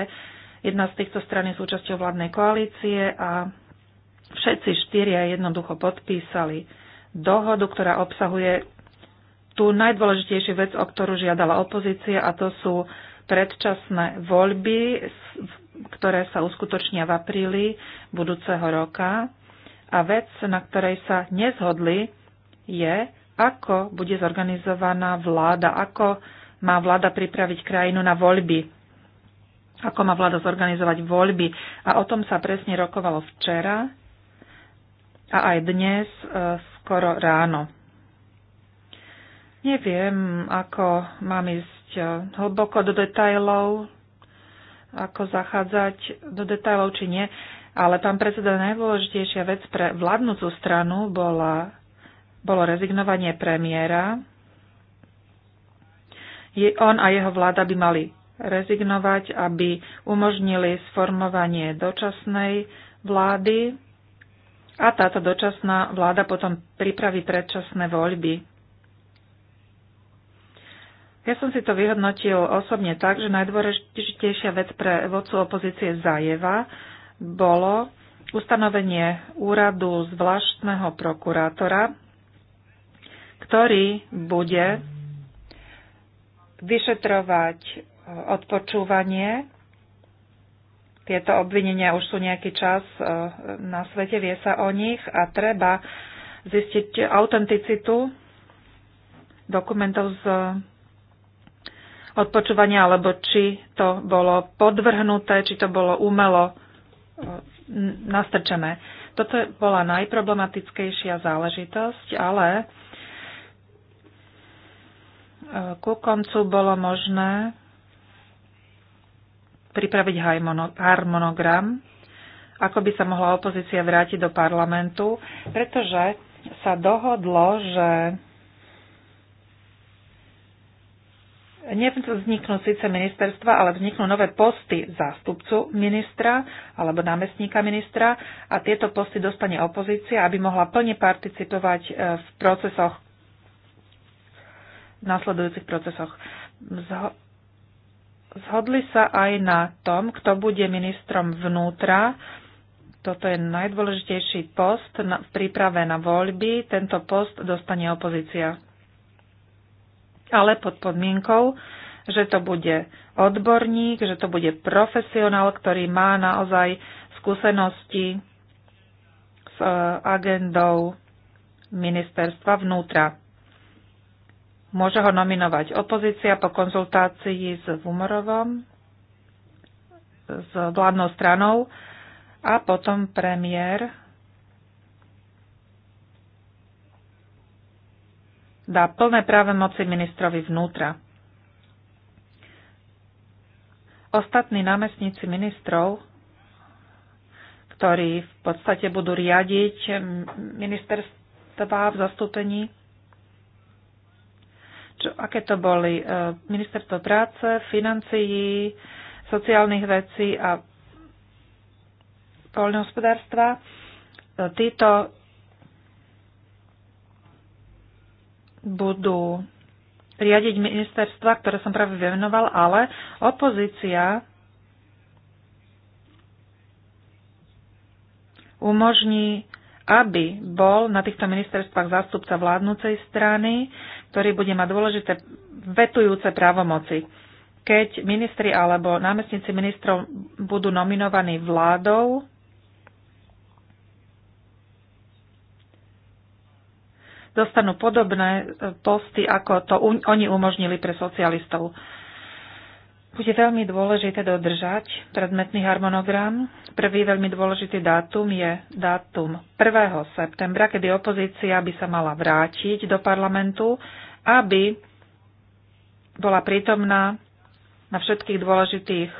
jedna z týchto strany je súčasťou vládnej koalície a všetci štyria jednoducho podpísali dohodu, ktorá obsahuje tú najdôležitejšiu vec, o ktorú žiadala opozícia, a to sú predčasné voľby ktoré sa uskutočnia v apríli budúceho roka. A vec, na ktorej sa nezhodli, je, ako bude zorganizovaná vláda, ako má vláda pripraviť krajinu na voľby, ako má vláda zorganizovať voľby. A o tom sa presne rokovalo včera a aj dnes e, skoro ráno. Neviem, ako mám ísť e, hlboko do detajlov, ako zachádzať do detajlov či nie. Ale pán predseda, najdôležitejšia vec pre vládnúcu stranu bola, bolo rezignovanie premiéra. Je, on a jeho vláda by mali rezignovať, aby umožnili sformovanie dočasnej vlády a táto dočasná vláda potom pripraví predčasné voľby. Ja som si to vyhodnotil osobne tak, že najdôležitejšia vec pre vodcu opozície Zajeva bolo ustanovenie úradu zvláštneho prokurátora, ktorý bude vyšetrovať e, odpočúvanie. Tieto obvinenia už sú nejaký čas e, na svete, vie sa o nich a treba zistiť autenticitu dokumentov z odpočúvania, alebo či to bolo podvrhnuté, či to bolo umelo e, nastrčené. Toto bola najproblematickejšia záležitosť, ale e, ku koncu bolo možné pripraviť harmonogram, ako by sa mohla opozícia vrátiť do parlamentu, pretože sa dohodlo, že nevzniknú síce ministerstva, ale vzniknú nové posty zástupcu ministra alebo námestníka ministra a tieto posty dostane opozícia, aby mohla plne participovať e, v procesoch, v nasledujúcich procesoch. Zhodli sa aj na tom, kto bude ministrom vnútra. Toto je najdôležitejší post v príprave na voľby. Tento post dostane opozícia ale pod podmienkou, že to bude odborník, že to bude profesionál, ktorý má naozaj skúsenosti s e, agendou ministerstva vnútra. Môže ho nominovať opozícia po konzultácii s Vumorovom, s vládnou stranou a potom premiér dá plné moci ministrovi vnútra. Ostatní námestníci ministrov, ktorí v podstate budú riadiť ministerstva v zastúpení, čo, aké to boli e, ministerstvo práce, financií, sociálnych vecí a poľnohospodárstva, e, títo budú riadiť ministerstva, ktoré som práve venoval, ale opozícia umožní, aby bol na týchto ministerstvách zástupca vládnúcej strany, ktorý bude mať dôležité vetujúce právomoci. Keď ministri alebo námestníci ministrov budú nominovaní vládou, dostanú podobné e, posty, ako to oni umožnili pre socialistov. Bude veľmi dôležité dodržať predmetný harmonogram. Prvý veľmi dôležitý dátum je dátum 1. septembra, kedy opozícia by sa mala vrátiť do parlamentu, aby bola prítomná na všetkých dôležitých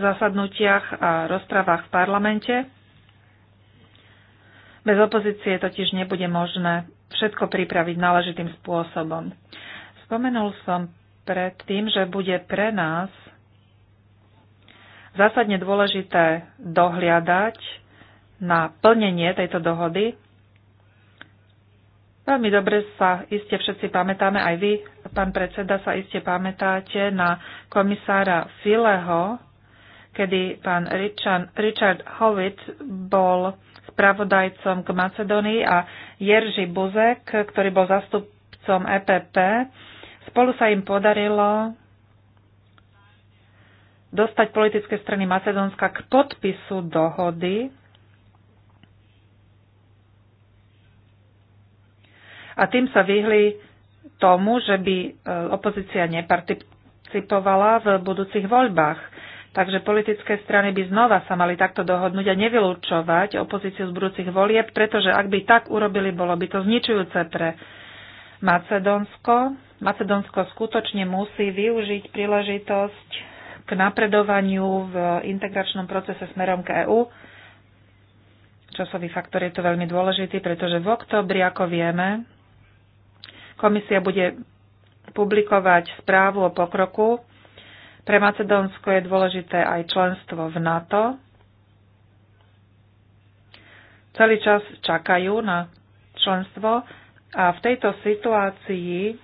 zasadnutiach a rozprávach v parlamente. Bez opozície totiž nebude možné všetko pripraviť náležitým spôsobom. Spomenul som predtým, že bude pre nás zásadne dôležité dohliadať na plnenie tejto dohody. Veľmi dobre sa iste všetci pamätáme, aj vy, pán predseda, sa iste pamätáte na komisára Fileho, kedy pán Richard, Richard Howitt bol spravodajcom k Macedónii a Jerži Buzek, ktorý bol zastupcom EPP. Spolu sa im podarilo dostať politické strany Macedónska k podpisu dohody. A tým sa vyhli tomu, že by e, opozícia neparticipovala v budúcich voľbách. Takže politické strany by znova sa mali takto dohodnúť a nevylúčovať opozíciu z budúcich volieb, pretože ak by tak urobili, bolo by to zničujúce pre Macedónsko. Macedónsko skutočne musí využiť príležitosť k napredovaniu v integračnom procese smerom k EÚ. Časový faktor je to veľmi dôležitý, pretože v oktobri, ako vieme, komisia bude publikovať správu o pokroku pre Macedónsko je dôležité aj členstvo v NATO. Celý čas čakajú na členstvo a v tejto situácii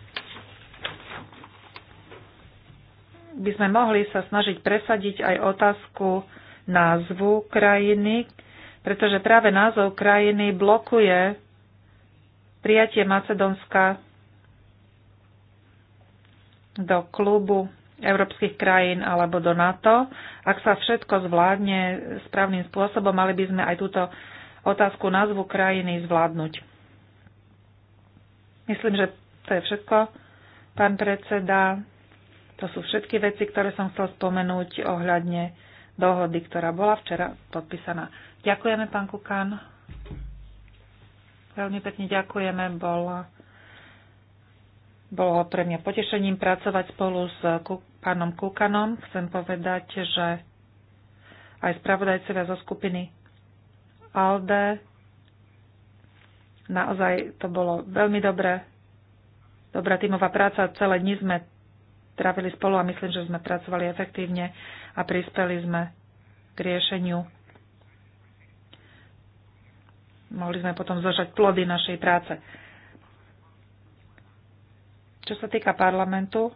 by sme mohli sa snažiť presadiť aj otázku názvu krajiny, pretože práve názov krajiny blokuje prijatie Macedónska do klubu európskych krajín alebo do NATO. Ak sa všetko zvládne správnym spôsobom, mali by sme aj túto otázku názvu krajiny zvládnuť. Myslím, že to je všetko, pán predseda. To sú všetky veci, ktoré som chcel spomenúť ohľadne dohody, ktorá bola včera podpísaná. Ďakujeme, pán Kukan. Veľmi pekne ďakujeme. Bola bolo pre mňa potešením pracovať spolu s pánom Kukanom. Chcem povedať, že aj spravodajcovia zo skupiny ALDE naozaj to bolo veľmi dobré. Dobrá tímová práca, celé dni sme trávili spolu a myslím, že sme pracovali efektívne a prispeli sme k riešeniu. Mohli sme potom zožať plody našej práce. Čo sa týka parlamentu,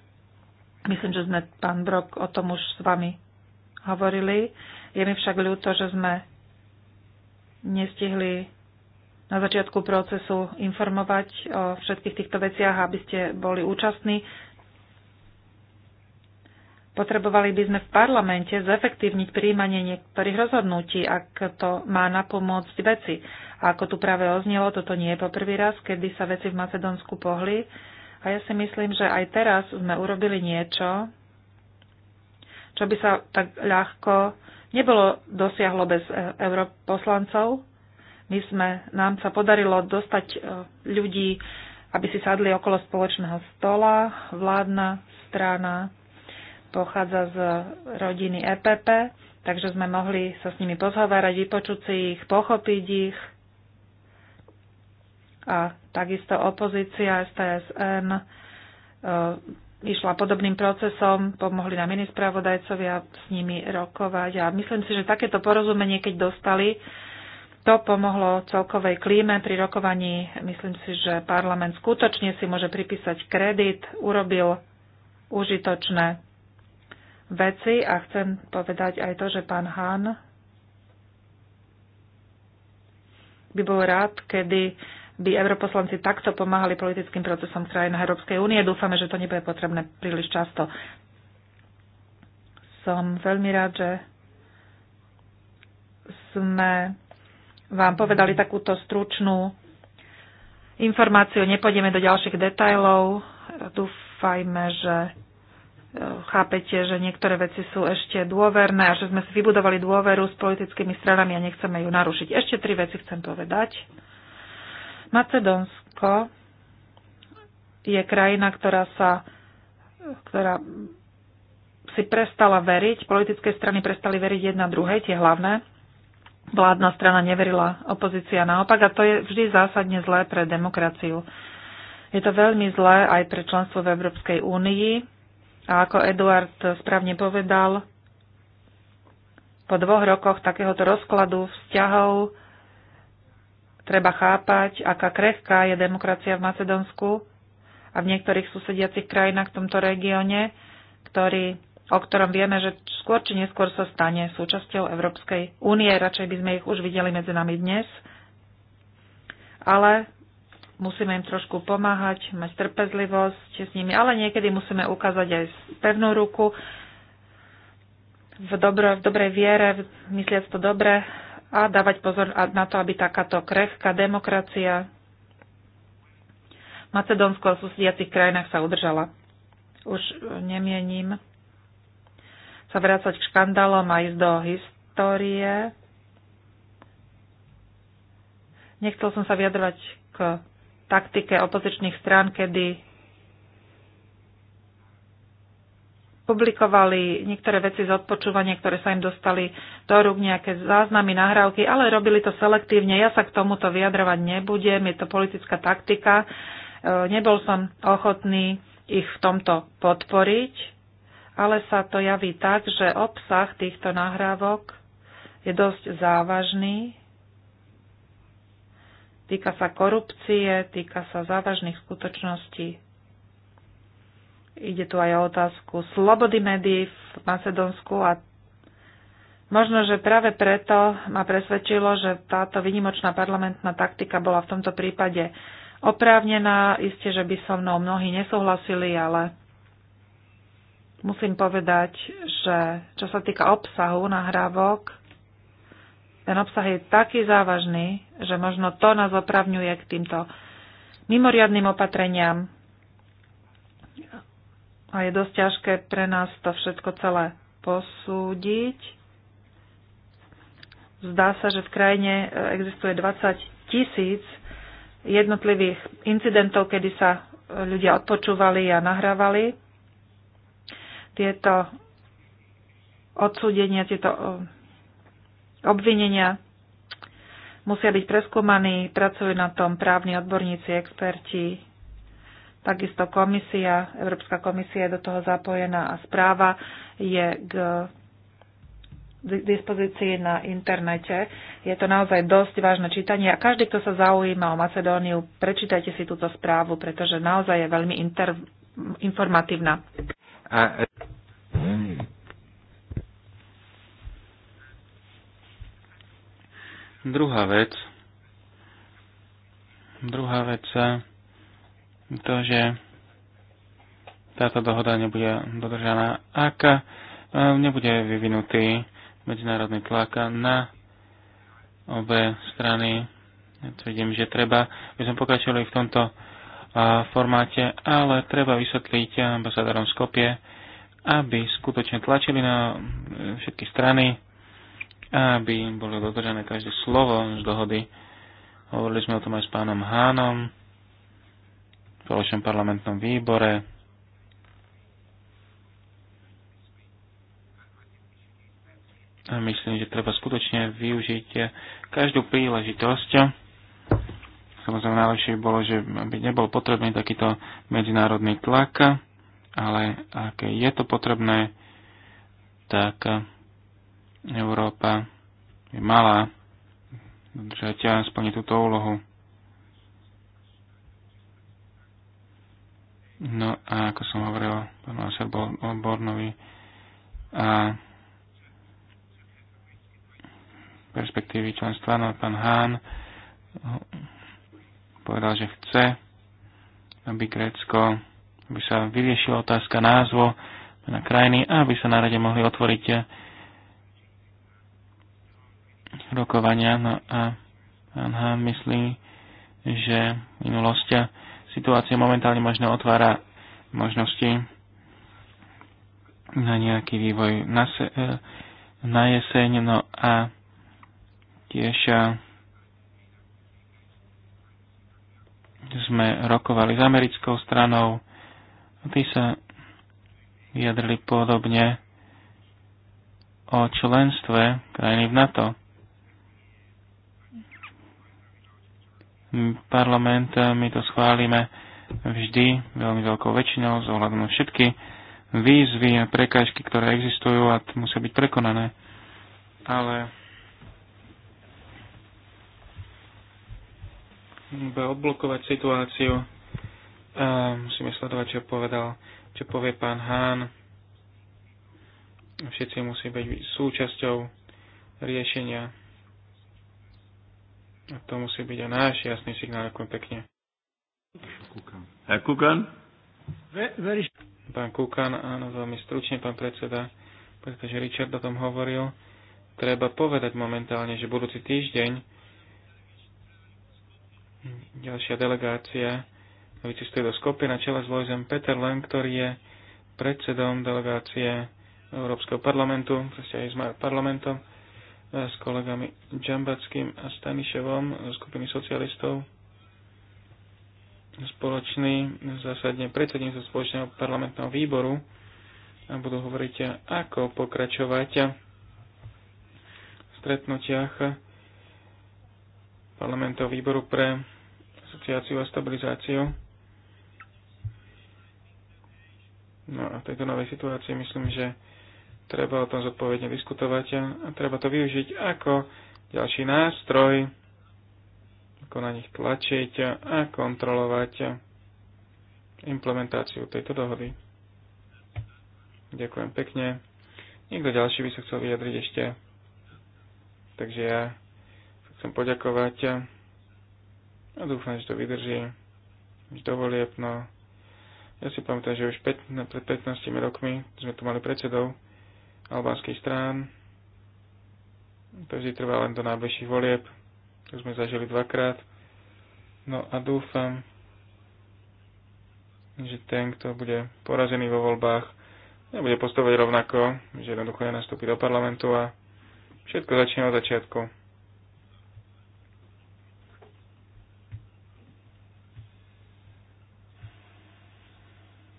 myslím, že sme, pán Brok, o tom už s vami hovorili. Je mi však ľúto, že sme nestihli na začiatku procesu informovať o všetkých týchto veciach, aby ste boli účastní. Potrebovali by sme v parlamente zefektívniť príjmanie niektorých rozhodnutí, ak to má napomôcť veci. A ako tu práve oznelo, toto nie je poprvý raz, kedy sa veci v Macedónsku pohli. A ja si myslím, že aj teraz sme urobili niečo, čo by sa tak ľahko nebolo dosiahlo bez e, europoslancov. My sme, nám sa podarilo dostať e, ľudí, aby si sadli okolo spoločného stola. Vládna strana pochádza z rodiny EPP, takže sme mohli sa s nimi pozhovárať, vypočuť si ich, pochopiť ich, a takisto opozícia STSN e, išla podobným procesom, pomohli nám iní spravodajcovia s nimi rokovať a myslím si, že takéto porozumenie, keď dostali, to pomohlo celkovej klíme pri rokovaní. Myslím si, že parlament skutočne si môže pripísať kredit, urobil užitočné veci a chcem povedať aj to, že pán Hahn by bol rád, kedy by europoslanci takto pomáhali politickým procesom v krajinách Európskej únie. Dúfame, že to nebude potrebné príliš často. Som veľmi rád, že sme vám povedali takúto stručnú informáciu. Nepôjdeme do ďalších detajlov. Dúfajme, že e, chápete, že niektoré veci sú ešte dôverné a že sme si vybudovali dôveru s politickými stranami a nechceme ju narušiť. Ešte tri veci chcem povedať. Macedónsko je krajina, ktorá sa ktorá si prestala veriť, politické strany prestali veriť jedna druhej, tie hlavné. Vládna strana neverila, opozícia naopak a to je vždy zásadne zlé pre demokraciu. Je to veľmi zlé aj pre členstvo v Európskej únii a ako Eduard správne povedal, po dvoch rokoch takéhoto rozkladu vzťahov Treba chápať, aká krehká je demokracia v Macedónsku a v niektorých susediacich krajinách v tomto regióne, ktorý, o ktorom vieme, že skôr či neskôr sa stane súčasťou Európskej únie. Radšej by sme ich už videli medzi nami dnes. Ale musíme im trošku pomáhať, mať trpezlivosť s nimi, ale niekedy musíme ukázať aj pevnú ruku v, dobro, v dobrej viere, mysliac to dobre, a dávať pozor na to, aby takáto krehká demokracia v Macedónsko a susediacich krajinách sa udržala. Už e, nemienim sa vrácať k škandálom a ísť do histórie. Nechcel som sa vyjadrovať k taktike opozičných strán, kedy publikovali niektoré veci z odpočúvania, ktoré sa im dostali do rúk, nejaké záznamy, nahrávky, ale robili to selektívne. Ja sa k tomuto vyjadrovať nebudem, je to politická taktika. E, nebol som ochotný ich v tomto podporiť, ale sa to javí tak, že obsah týchto nahrávok je dosť závažný. Týka sa korupcie, týka sa závažných skutočností Ide tu aj o otázku slobody médií v Macedónsku a možno, že práve preto ma presvedčilo, že táto vynimočná parlamentná taktika bola v tomto prípade oprávnená. Isté, že by so mnou mnohí nesúhlasili, ale musím povedať, že čo sa týka obsahu nahrávok, ten obsah je taký závažný, že možno to nás opravňuje k týmto mimoriadným opatreniam, a je dosť ťažké pre nás to všetko celé posúdiť. Zdá sa, že v krajine e, existuje 20 tisíc jednotlivých incidentov, kedy sa ľudia odpočúvali a nahrávali. Tieto odsúdenia, tieto e, obvinenia musia byť preskúmaní, pracujú na tom právni odborníci, experti, Takisto komisia, Európska komisia je do toho zapojená a správa je k dispozícii na internete. Je to naozaj dosť vážne čítanie a každý, kto sa zaujíma o Macedóniu, prečítajte si túto správu, pretože naozaj je veľmi inter- informatívna. A, Druhá vec. Druhá vec sa eh, to, že táto dohoda nebude dodržaná, ak e, nebude vyvinutý medzinárodný tlak na obe strany. Ja tvrdím, že treba, by sme pokračovali v tomto e, formáte, ale treba vysvetliť ambasádorom Skopie, aby skutočne tlačili na všetky strany, aby bolo dodržané každé slovo z dohody. Hovorili sme o tom aj s pánom Hánom spoločnom parlamentnom výbore. A myslím, že treba skutočne využiť každú príležitosť. Samozrejme, najlepšie by bolo, že by nebol potrebný takýto medzinárodný tlak, ale ak je to potrebné, tak Európa je malá, že ťa splní túto úlohu. No a ako som hovoril pánu Bornovi, a perspektívy členstva, no pán Hán povedal, že chce, aby Grécko, aby sa vyriešila otázka názvo na krajiny a aby sa na rade mohli otvoriť rokovania. No a pán Hán myslí, že minulosť Situácia momentálne možno otvára možnosti na nejaký vývoj na, se, e, na jeseň, no a tiež e, sme rokovali s americkou stranou, tí sa vyjadrili podobne o členstve krajiny v NATO. parlament, e, my to schválime vždy veľmi veľkou väčšinou z ohľadom na všetky výzvy a prekážky, ktoré existujú a musia byť prekonané. Ale iba odblokovať situáciu. E, musíme sledovať, čo povedal, čo povie pán Hán. Všetci musí byť súčasťou riešenia. A to musí byť aj náš jasný signál. ako pekne. Kukan. Pán Kukan, áno, veľmi stručne, pán predseda, pretože Richard o tom hovoril. Treba povedať momentálne, že budúci týždeň ďalšia delegácia vycestuje do Skopy na čele s Lojzem Lang, ktorý je predsedom delegácie Európskeho parlamentu, proste aj s parlamentom E, s kolegami Džambackým a Staniševom zo skupiny socialistov spoločný zásadne zo spoločného parlamentného výboru a budú hovoriť, e, ako pokračovať v stretnutiach parlamentov výboru pre asociáciu a stabilizáciu. No a v tejto novej situácii myslím, že Treba o tom zodpovedne diskutovať a treba to využiť ako ďalší nástroj, ako na nich tlačiť a kontrolovať implementáciu tejto dohody. Ďakujem pekne. Niekto ďalší by sa chcel vyjadriť ešte. Takže ja chcem poďakovať a dúfam, že to vydrží. Už dovolieb, no ja si pamätám, že už 5, pred 15 rokmi sme tu mali predsedov albánskych strán. To vždy trvá len do najbližších volieb. To sme zažili dvakrát. No a dúfam, že ten, kto bude porazený vo voľbách, nebude postovať rovnako, že jednoducho nenastúpi do parlamentu a všetko začne od začiatku.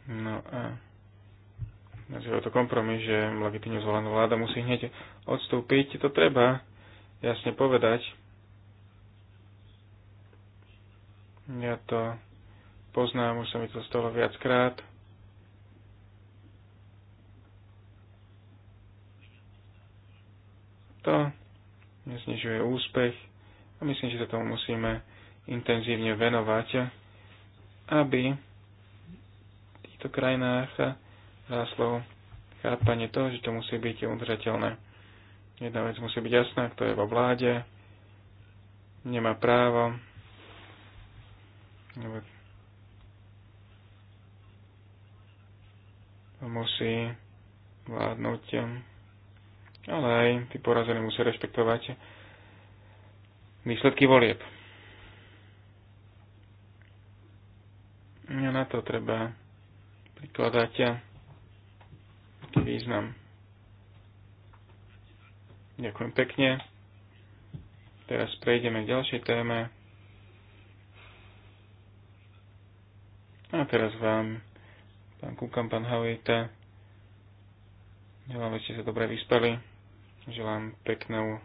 No a nazýva to kompromis, že legitimne zvolená vláda musí hneď odstúpiť. To treba jasne povedať. Ja to poznám, už sa mi to stalo viackrát. To neznižuje úspech a myslím, že sa tomu musíme intenzívne venovať, aby v týchto krajinách záslov chápanie toho, že to musí byť udržateľné. Jedna vec musí byť jasná, kto je vo vláde, nemá právo, musí vládnuť, ale aj tí porazení musia rešpektovať výsledky volieb. A na to treba prikladať význam. Ďakujem pekne. Teraz prejdeme k ďalšej téme. A teraz vám, pán Kukam, pán Havita, želám, aby ste sa dobre vyspali. Želám peknú,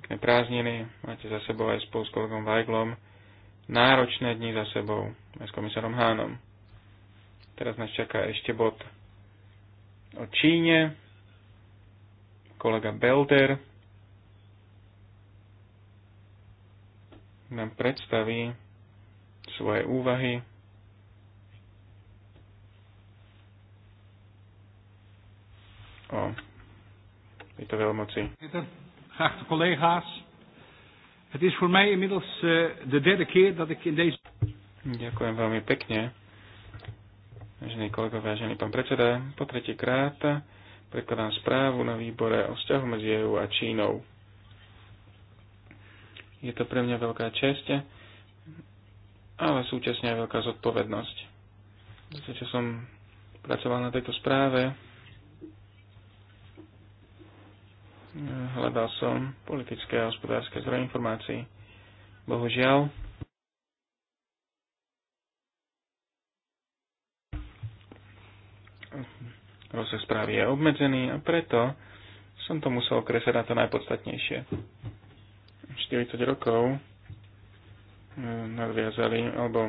pekné prázdniny. Máte za sebou aj spolu s kolegom Vajglom náročné dni za sebou aj s komisárom Hánom. Teraz nás čaká ešte bod o Číne. Kolega Belder nám predstaví svoje úvahy. O je to veľmi de Het is voor mij inmiddels uh, de derde keer dat ik in deze. Ďakujem veľmi pekne. Vážení kolegovia, vážený pán predseda, po krát prekladám správu na výbore o vzťahu medzi EU a Čínou. Je to pre mňa veľká česť, ale súčasne aj veľká zodpovednosť. Zase, čo som pracoval na tejto správe, hľadal som politické a hospodárske zdroje informácií. Bohužiaľ, Rozsah správy je obmedzený a preto som to musel kresať na to najpodstatnejšie. 40 rokov eh, nadviazali, alebo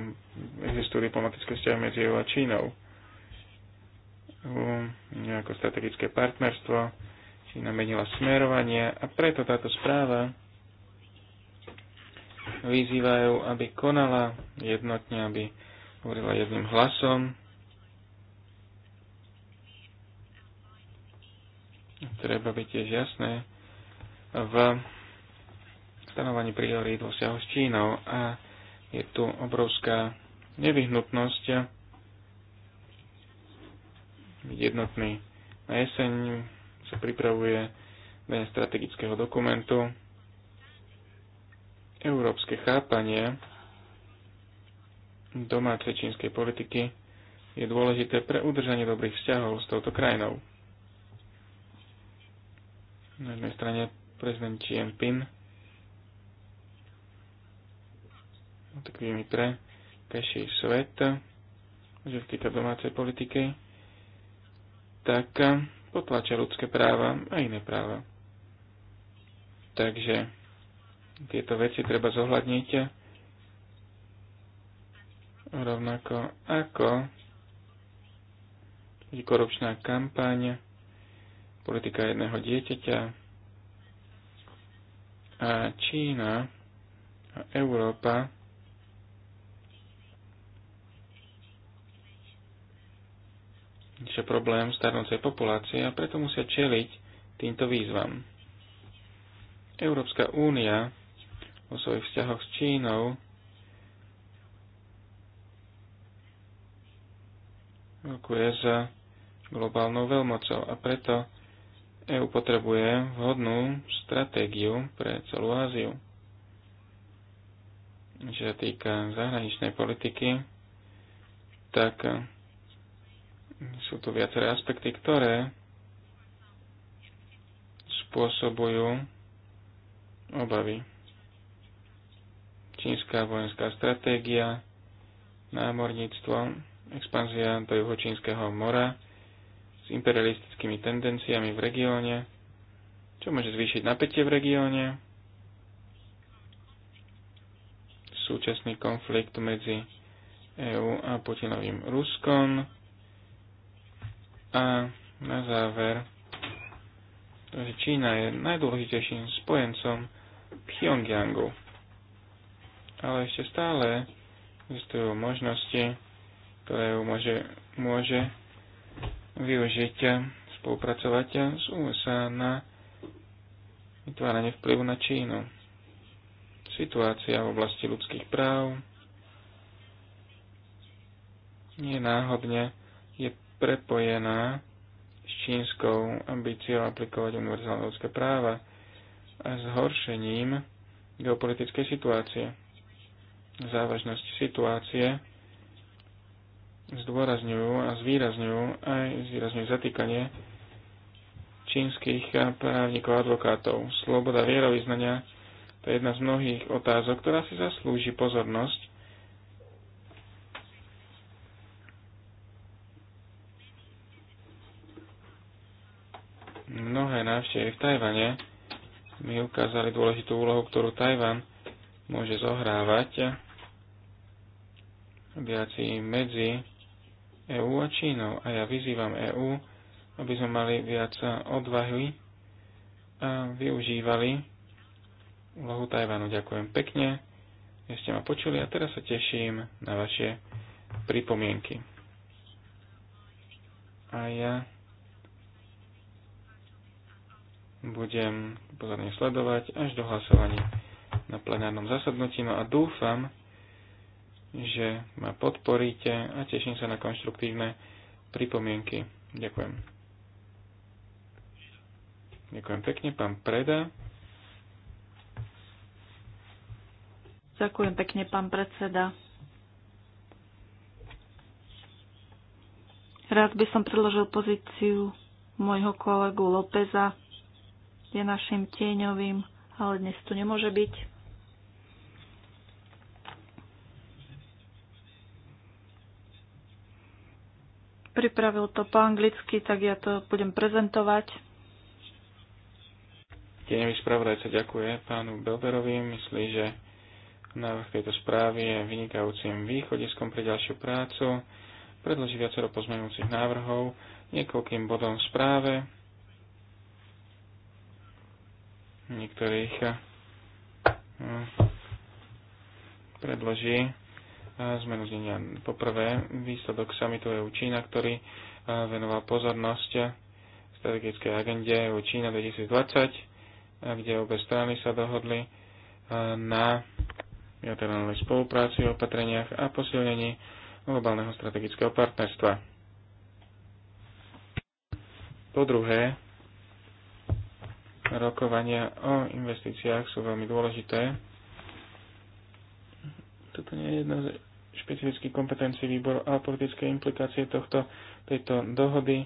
existujú diplomatické vzťahy medzi EU a Čínou. EU eh, strategické partnerstvo, Čína menila smerovanie a preto táto správa vyzývajú, e aby konala jednotne, aby hovorila jedným hlasom, treba byť tiež jasné v stanovaní priorít vo vzťahu s Čínou a je tu obrovská nevyhnutnosť jednotný. Na jeseň sa pripravuje deň strategického dokumentu Európske chápanie domácej čínskej politiky je dôležité pre udržanie dobrých vzťahov s touto krajinou. Na jednej strane prezident Xi Jinping no vidíme pre peší svet, že v tejto domácej politike, tak potlačia ľudské práva a iné práva. Takže tieto veci treba zohľadniť rovnako ako korupčná kampáňa politika jedného dieťaťa a Čína a Európa je problém starnúcej populácie a preto musia čeliť týmto výzvam. Európska únia vo svojich vzťahoch s Čínou rokuje s globálnou veľmocou a preto EÚ potrebuje vhodnú stratégiu pre celú Áziu. Čo sa týka zahraničnej politiky, tak sú tu viaceré aspekty, ktoré spôsobujú obavy. Čínska vojenská stratégia, námorníctvo, expanzia do juhočínskeho mora, s imperialistickými tendenciami v regióne, čo môže zvýšiť napätie v regióne, súčasný konflikt medzi EÚ a Putinovým Ruskom a na záver, že Čína je najdôležitejším spojencom Pyongyangu. Ale ešte stále existujú možnosti, ktoré ju e môže, môže využiť, eh, spolupracovať eh, s USA na vytváranie vplyvu na Čínu. Situácia v oblasti ľudských práv nenáhodne je prepojená s čínskou ambíciou aplikovať univerzálne ľudské práva a zhoršením geopolitickej situácie. Závažnosť situácie zdôrazňujú a zvýrazňujú aj zvýrazňujú zatýkanie čínskych právnikov a advokátov. Sloboda vierovýznania to je jedna z mnohých otázok, ktorá si zaslúži pozornosť. Mnohé návštevy v Tajvane mi ukázali dôležitú úlohu, ktorú Tajvan môže zohrávať v medzi EÚ a Čínou. A ja vyzývam EÚ, aby sme mali viac odvahy a využívali úlohu Tajvanu. Ďakujem pekne, že ste ma počuli a teraz sa teším na vaše pripomienky. A ja budem pozorne sledovať až do hlasovania na plenárnom zasadnutí. No a dúfam, že ma podporíte a teším sa na konštruktívne pripomienky. Ďakujem. Ďakujem pekne, pán Preda. Ďakujem pekne, pán predseda. Rád by som predložil pozíciu môjho kolegu Lópeza. Je našim tieňovým, ale dnes tu nemôže byť. Pripravil to po anglicky, tak ja to budem prezentovať. Tieňový spravodajca ďakuje pánu Belderovi. Myslí, že návrh tejto správy je vynikajúcim východiskom pre ďalšiu prácu. Predloží viacero pozmenujúcich návrhov niekoľkým bodom v správe. Niektorých hm, predloží zmenu znenia. Poprvé, výsledok samitu EU Čína, ktorý e, venoval pozornosť strategickej agende EU Čína 2020, kde obe strany sa dohodli e, na bilaterálnej spolupráci, o opatreniach a posilnení globálneho strategického partnerstva. Po druhé, rokovania o investíciách sú veľmi dôležité. Toto nie je jedna z špecifických kompetencií výboru a politické implikácie tohto, tejto dohody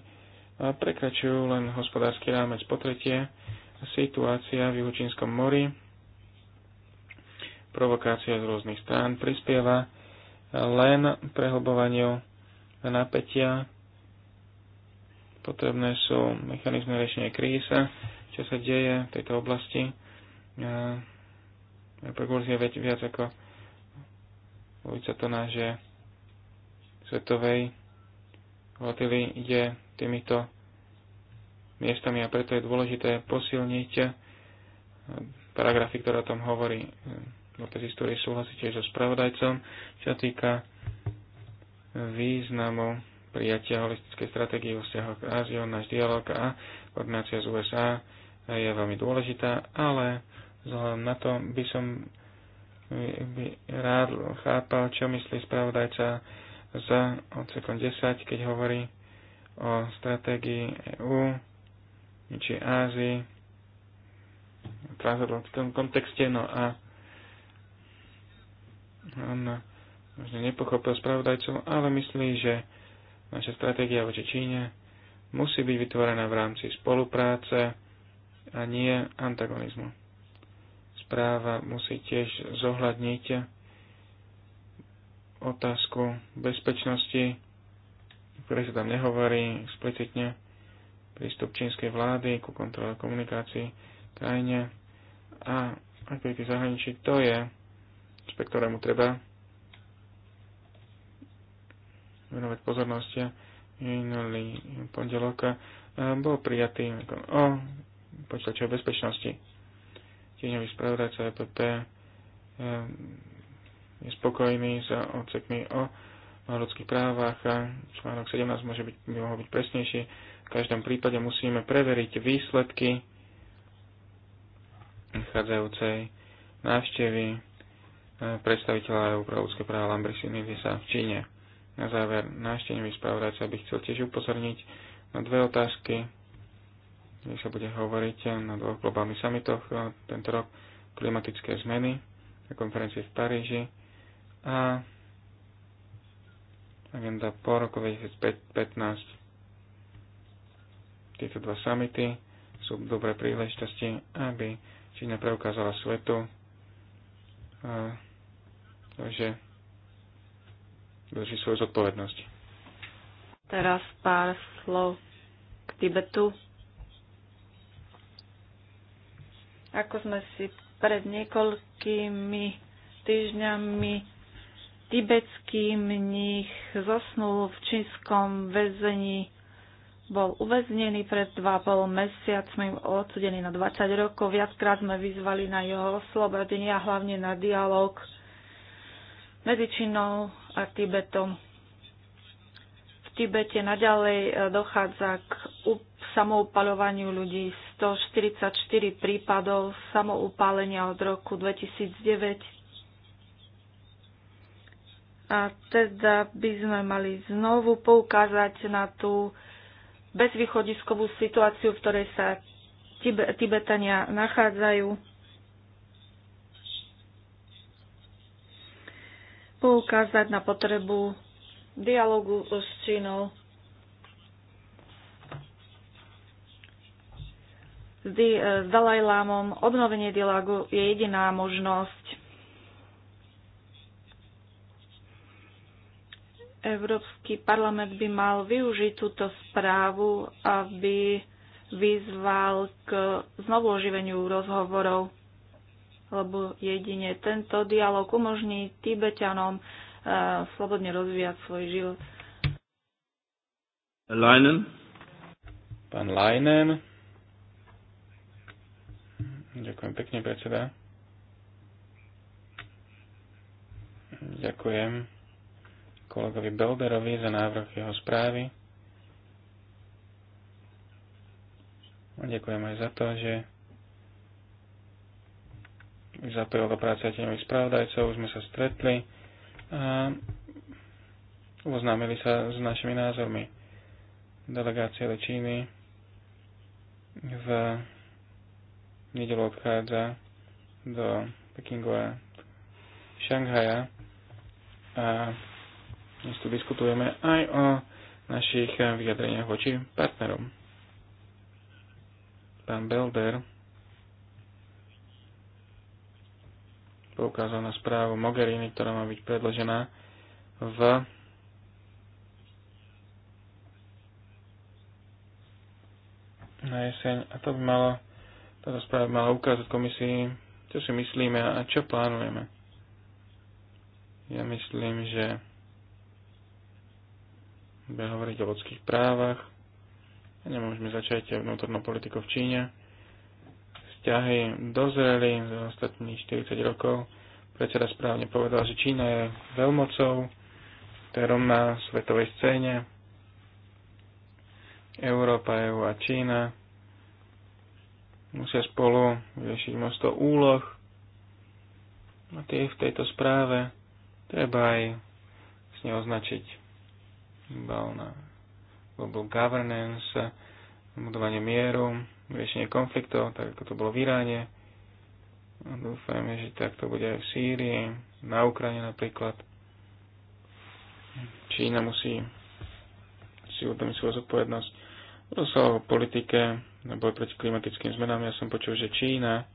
prekračujú len hospodársky rámec. Po tretie, situácia v Juhočínskom mori, provokácia z rôznych strán prispieva len prehlbovaniu napätia. Potrebné sú mechanizmy riešenia kríza, čo sa deje v tejto oblasti. Prekurzie viac ako ulica tonáže svetovej hotely ide týmito miestami a preto je dôležité posilniť eh, paragrafy, ktoré o tom hovorí. O eh, tej histórii súhlasíte so spravodajcom, čo sa týka eh, významu prijatia holistickej stratégie vo vzťahoch k náš dialog a koordinácia z USA je veľmi dôležitá, ale vzhľadom na to by som by rád chápal, čo myslí spravodajca za odsekom 10, keď hovorí o stratégii EÚ či Ázii v transatlantickom kontexte. No a on možno nepochopil spravodajcov, ale myslí, že naša stratégia voči Číne musí byť vytvorená v rámci spolupráce a nie antagonizmu správa musí tiež zohľadniť otázku bezpečnosti, ktoré sa tam nehovorí explicitne, prístup čínskej vlády ku kontrole komunikácií krajine a aktivity zahraničí, to je, aspekt, ktorému treba venovať pozornosti Minulý pondelok eh, bol prijatý o počítačovej bezpečnosti tieňový spravodajca EPP ehm, je spokojný s odsekmi o ľudských právach a článok 17 môže byť, by mohol byť presnejší. V každom prípade musíme preveriť výsledky chádzajúcej návštevy e, predstaviteľa EU pre ľudské práva Lambrisinidisa v Číne. Na záver návštevný spravodajca by chcel tiež upozorniť na dve otázky kde sa bude hovoriť na dvoch globálnych samitoch eh, tento rok klimatické zmeny na konferencii v Paríži a agenda po roku 2015. Tieto dva samity sú dobré príležitosti, aby Čína preukázala svetu, eh, že drží svoju zodpovednosť. Teraz pár slov k Tibetu. Ako sme si pred niekoľkými týždňami tibetský mních zosnul v čínskom väzení. Bol uväznený pred 2,5 mesiacmi, odsudený na 20 rokov. Viackrát sme vyzvali na jeho oslobodenie a hlavne na dialog medzi Čínou a Tibetom. Tibete naďalej e, dochádza k samoupalovaniu ľudí. 144 prípadov samoupálenia od roku 2009. A teda by sme mali znovu poukázať na tú bezvýchodiskovú situáciu, v ktorej sa Tibetania nachádzajú. poukázať na potrebu dialogu s Čínou. S, eh, Dalajlámom obnovenie dialogu je jediná možnosť. Európsky parlament by mal využiť túto správu, aby vyzval k znovu oživeniu rozhovorov, lebo jedine tento dialog umožní Tibetanom slobodne rozvíjať svoj život. Leinen. Pán Leinen. Ďakujem pekne, predseda. Ďakujem kolegovi Belderovi za návrh jeho správy. A ďakujem aj za to, že zapojil do práce tieňových spravodajcov, sme sa stretli a oznámili sa s našimi názormi. Delegácia do Číny v nedelu odchádza do Pekingu a Šanghaja a dnes tu diskutujeme aj o našich vyjadreniach voči partnerom. Pán Belder poukázal na správu Mogherini, ktorá má byť predložená v na jeseň. A to by malo, táto správa by mala ukázať komisii, čo si myslíme a čo plánujeme. Ja myslím, že bude hovoriť o ľudských právach, nemôžeme začať vnútornou politikou v Číne, vzťahy dozreli za ostatných 40 rokov. Predseda správne povedal, že Čína je veľmocou, ktorom na svetovej scéne Európa, EU a Čína musia spolu riešiť množstvo úloh a tie v tejto správe treba aj s označiť global governance, budovanie mieru, riešenie konfliktov, tak ako to bolo v Iráne. Dúfajme, že tak to bude aj v Sýrii, na Ukrajine napríklad. Čína musí si uvedomiť svoju zodpovednosť. Rozsah o politike na boj proti klimatickým zmenám. Ja som počul, že Čína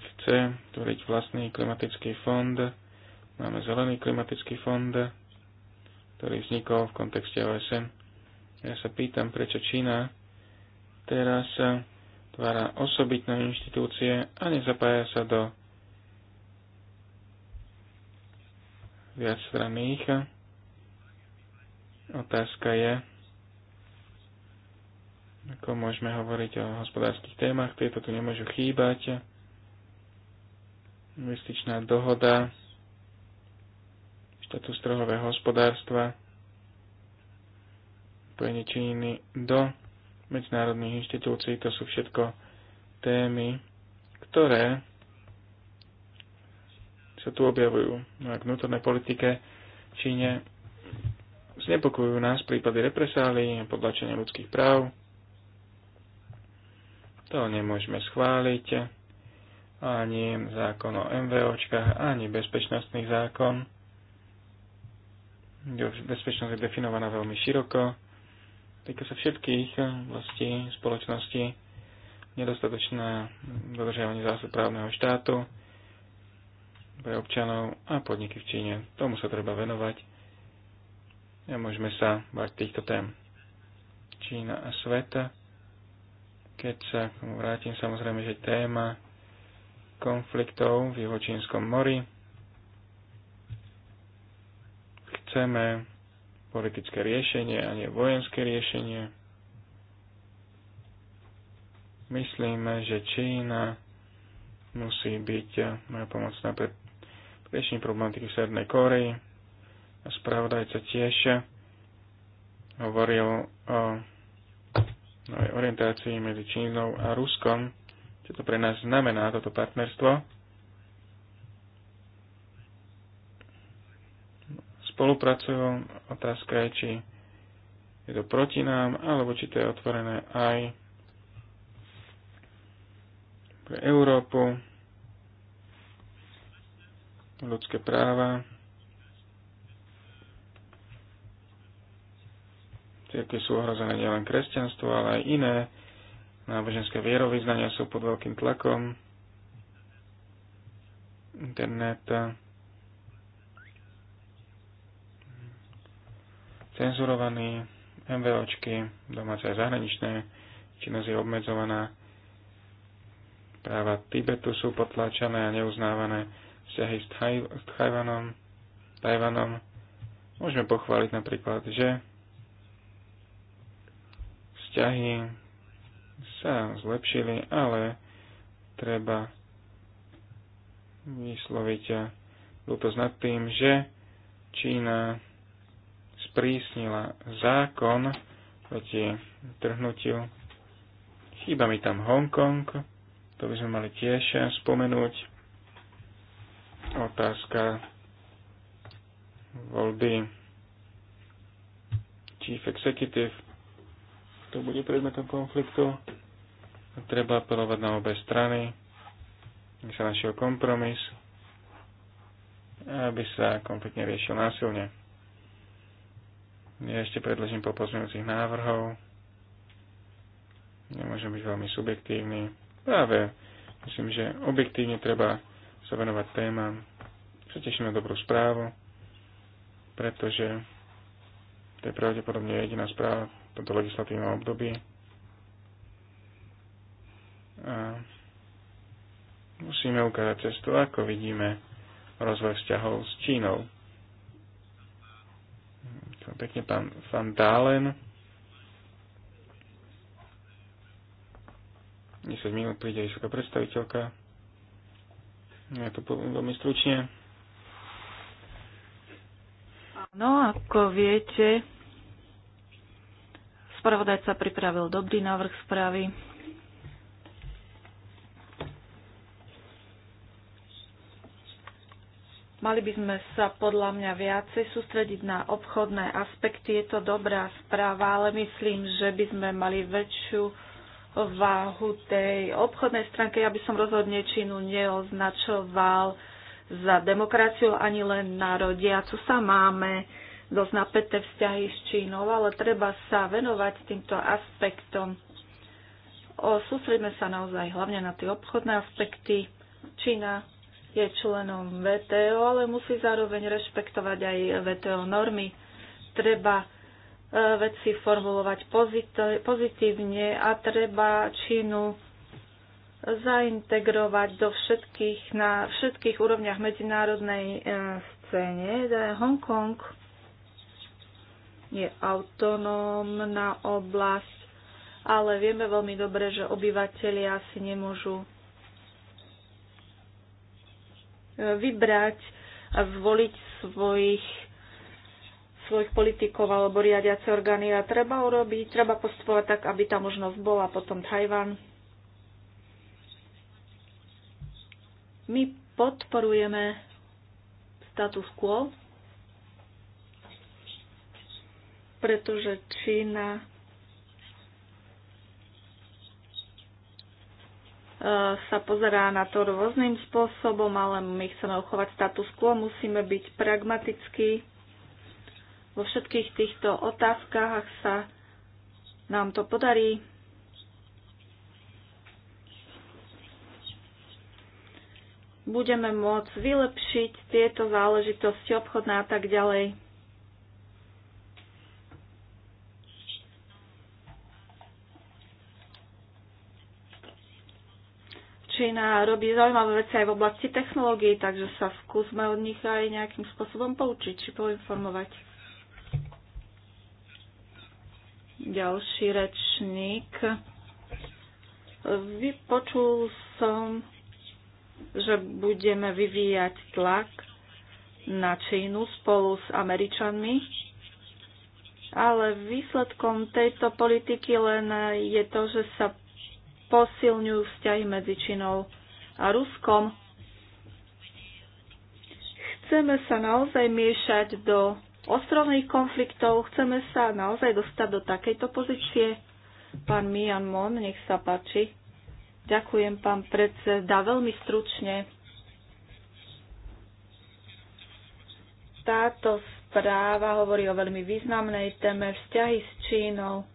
chce tvoriť vlastný klimatický fond. Máme zelený klimatický fond, ktorý vznikol v kontexte OSN. Ja sa pýtam, prečo Čína teraz tvára osobitné inštitúcie a nezapája sa do viacstranných. Otázka je, ako môžeme hovoriť o hospodárskych témach, tieto tu nemôžu chýbať. Investičná dohoda, štatus trhového hospodárstva, pojenie čininy do medzinárodných inštitúcií. To sú všetko témy, ktoré sa tu objavujú. No a k vnútornej politike v Číne znepokojujú nás prípady represálií a podlačenia ľudských práv. To nemôžeme schváliť ani zákon o MVOčkách, ani bezpečnostný zákon. Bezpečnosť je definovaná veľmi široko týka sa všetkých eh, vlastí spoločnosti, nedostatočné dodržiavanie zásad právneho štátu pre občanov a podniky v Číne. Tomu sa treba venovať a môžeme sa bať týchto tém. Čína a sveta. Keď sa k tomu vrátim, samozrejme, že téma konfliktov v Juhočínskom mori. Chceme politické riešenie a nie vojenské riešenie. Myslíme, že Čína musí byť eh, moja pomoc na riešenie problematiky v Srednej Kórei. A spravodajca tiež eh, hovoril o novej orientácii medzi Čínou a Ruskom, čo to pre nás znamená, toto partnerstvo. spolupracujú. Otázka je, či je to proti nám, alebo či to je otvorené aj pre Európu, ľudské práva, tie, sú ohrozené nielen kresťanstvo, ale aj iné náboženské vierovýznania sú pod veľkým tlakom. Internet cenzurovaní, MVOčky, domáce a zahraničné, činnosť je obmedzovaná, práva Tibetu sú potláčané a neuznávané, vzťahy s, s Tajvanom, Tajvanom. Môžeme pochváliť napríklad, že vzťahy sa zlepšili, ale treba vysloviť ľútosť nad tým, že Čína sprísnila zákon proti trhnutiu. Chýba mi tam Hongkong, to by sme mali tiež spomenúť. Otázka voľby chief executive. To bude predmetom konfliktu. Treba apelovať na obe strany, aby sa našiel kompromis, aby sa konflikt neriešil násilne. Ja ešte predložím po pozmeňujúcich návrhov. Nemôžem byť veľmi subjektívny. Práve myslím, že objektívne treba sa venovať témam. Sa teším na dobrú správu, pretože to je pravdepodobne jediná správa v tomto legislatívnom období. A musíme ukázať cestu, ako vidíme rozvoj vzťahov s Čínou pekne, pán Van Dalen. 10 minút príde vysoká predstaviteľka. Ja to poviem veľmi stručne. Áno, ako viete, spravodajca pripravil dobrý návrh správy. Mali by sme sa podľa mňa viacej sústrediť na obchodné aspekty. Je to dobrá správa, ale myslím, že by sme mali väčšiu váhu tej obchodnej stránke. Ja by som rozhodne Čínu neoznačoval za demokraciu ani len na narodiacu sa máme dosť napäté vzťahy s Čínou, ale treba sa venovať týmto aspektom. O, sústredme sa naozaj hlavne na tie obchodné aspekty. Čína je členom VTO, ale musí zároveň rešpektovať aj VTO normy. Treba e, veci formulovať pozitívne a treba Čínu zaintegrovať do všetkých, na všetkých úrovniach medzinárodnej e, scéne. E, Hongkong je autonómna oblasť, ale vieme veľmi dobre, že obyvateľia si nemôžu vybrať a zvoliť svojich, svojich politikov alebo riadiace orgány a treba urobiť, treba postupovať tak, aby tá možnosť bola potom Tajván. My podporujeme status quo, pretože Čína sa pozerá na to rôznym spôsobom, ale my chceme uchovať status quo, musíme byť pragmatickí. Vo všetkých týchto otázkach, ak sa nám to podarí, budeme môcť vylepšiť tieto záležitosti obchodná a tak ďalej. Čína robí zaujímavé veci aj v oblasti technológií, takže sa skúsme od nich aj nejakým spôsobom poučiť či poinformovať. Ďalší rečník. Vypočul som, že budeme vyvíjať tlak na Čínu spolu s Američanmi, ale výsledkom tejto politiky len je to, že sa posilňujú vzťahy medzi Čínou a Ruskom. Chceme sa naozaj miešať do ostrovných konfliktov, chceme sa naozaj dostať do takejto pozície. Pán Mian Mon, nech sa páči. Ďakujem, pán predseda, veľmi stručne. Táto správa hovorí o veľmi významnej téme vzťahy s Čínou.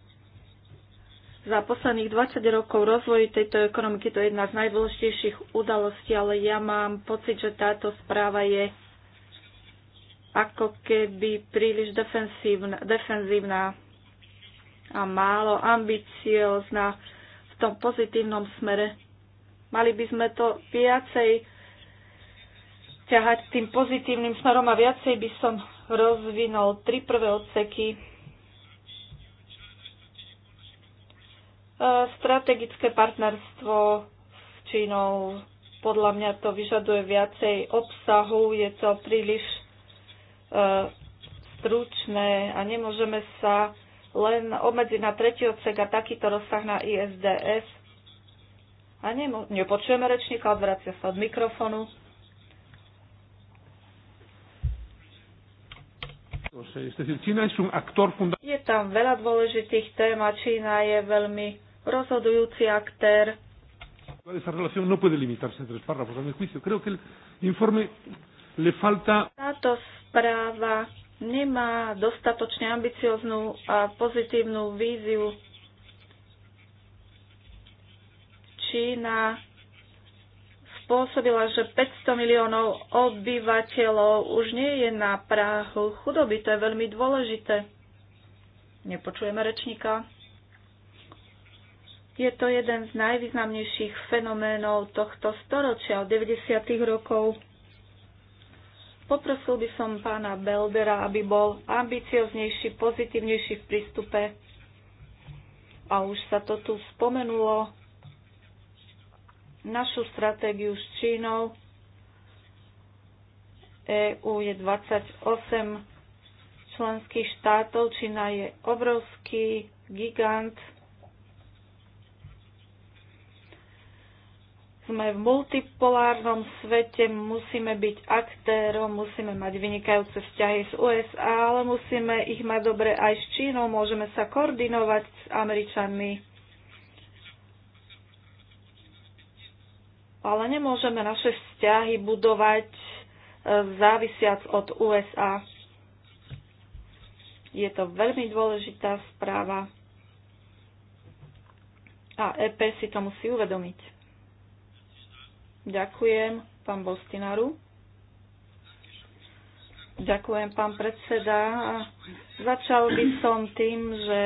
Za posledných 20 rokov rozvoju tejto ekonomiky to je jedna z najdôležitejších udalostí, ale ja mám pocit, že táto správa je ako keby príliš defensívna, defenzívna a málo ambiciozná v tom pozitívnom smere. Mali by sme to viacej ťahať tým pozitívnym smerom a viacej by som rozvinul tri prvé odseky strategické partnerstvo s Čínou. Podľa mňa to vyžaduje viacej obsahu, je to príliš e, stručné a nemôžeme sa len obmedziť na tretí odsek a takýto rozsah na ISDS. A nemo- nepočujeme rečníka, odvracia sa od mikrofonu. Je tam veľa dôležitých tém a Čína je veľmi rozhodujúci aktér. No Táto správa nemá dostatočne ambicioznú a pozitívnu víziu. Čína spôsobila, že 500 miliónov obyvateľov už nie je na práhu chudoby. To je veľmi dôležité. Nepočujeme rečníka. Je to jeden z najvýznamnejších fenoménov tohto storočia, od 90. rokov. Poprosil by som pána Beldera, aby bol ambicioznejší, pozitívnejší v prístupe. A už sa to tu spomenulo. Našu stratégiu s Čínou EU je 28 členských štátov, Čína je obrovský gigant Sme v multipolárnom svete, musíme byť aktérom, musíme mať vynikajúce vzťahy s USA, ale musíme ich mať dobre aj s Čínou, môžeme sa koordinovať s Američanmi. Ale nemôžeme naše vzťahy budovať e, závisiac od USA. Je to veľmi dôležitá správa a EP si to musí uvedomiť. Ďakujem, pán Bostinaru. Ďakujem, pán predseda. Začal by som tým, že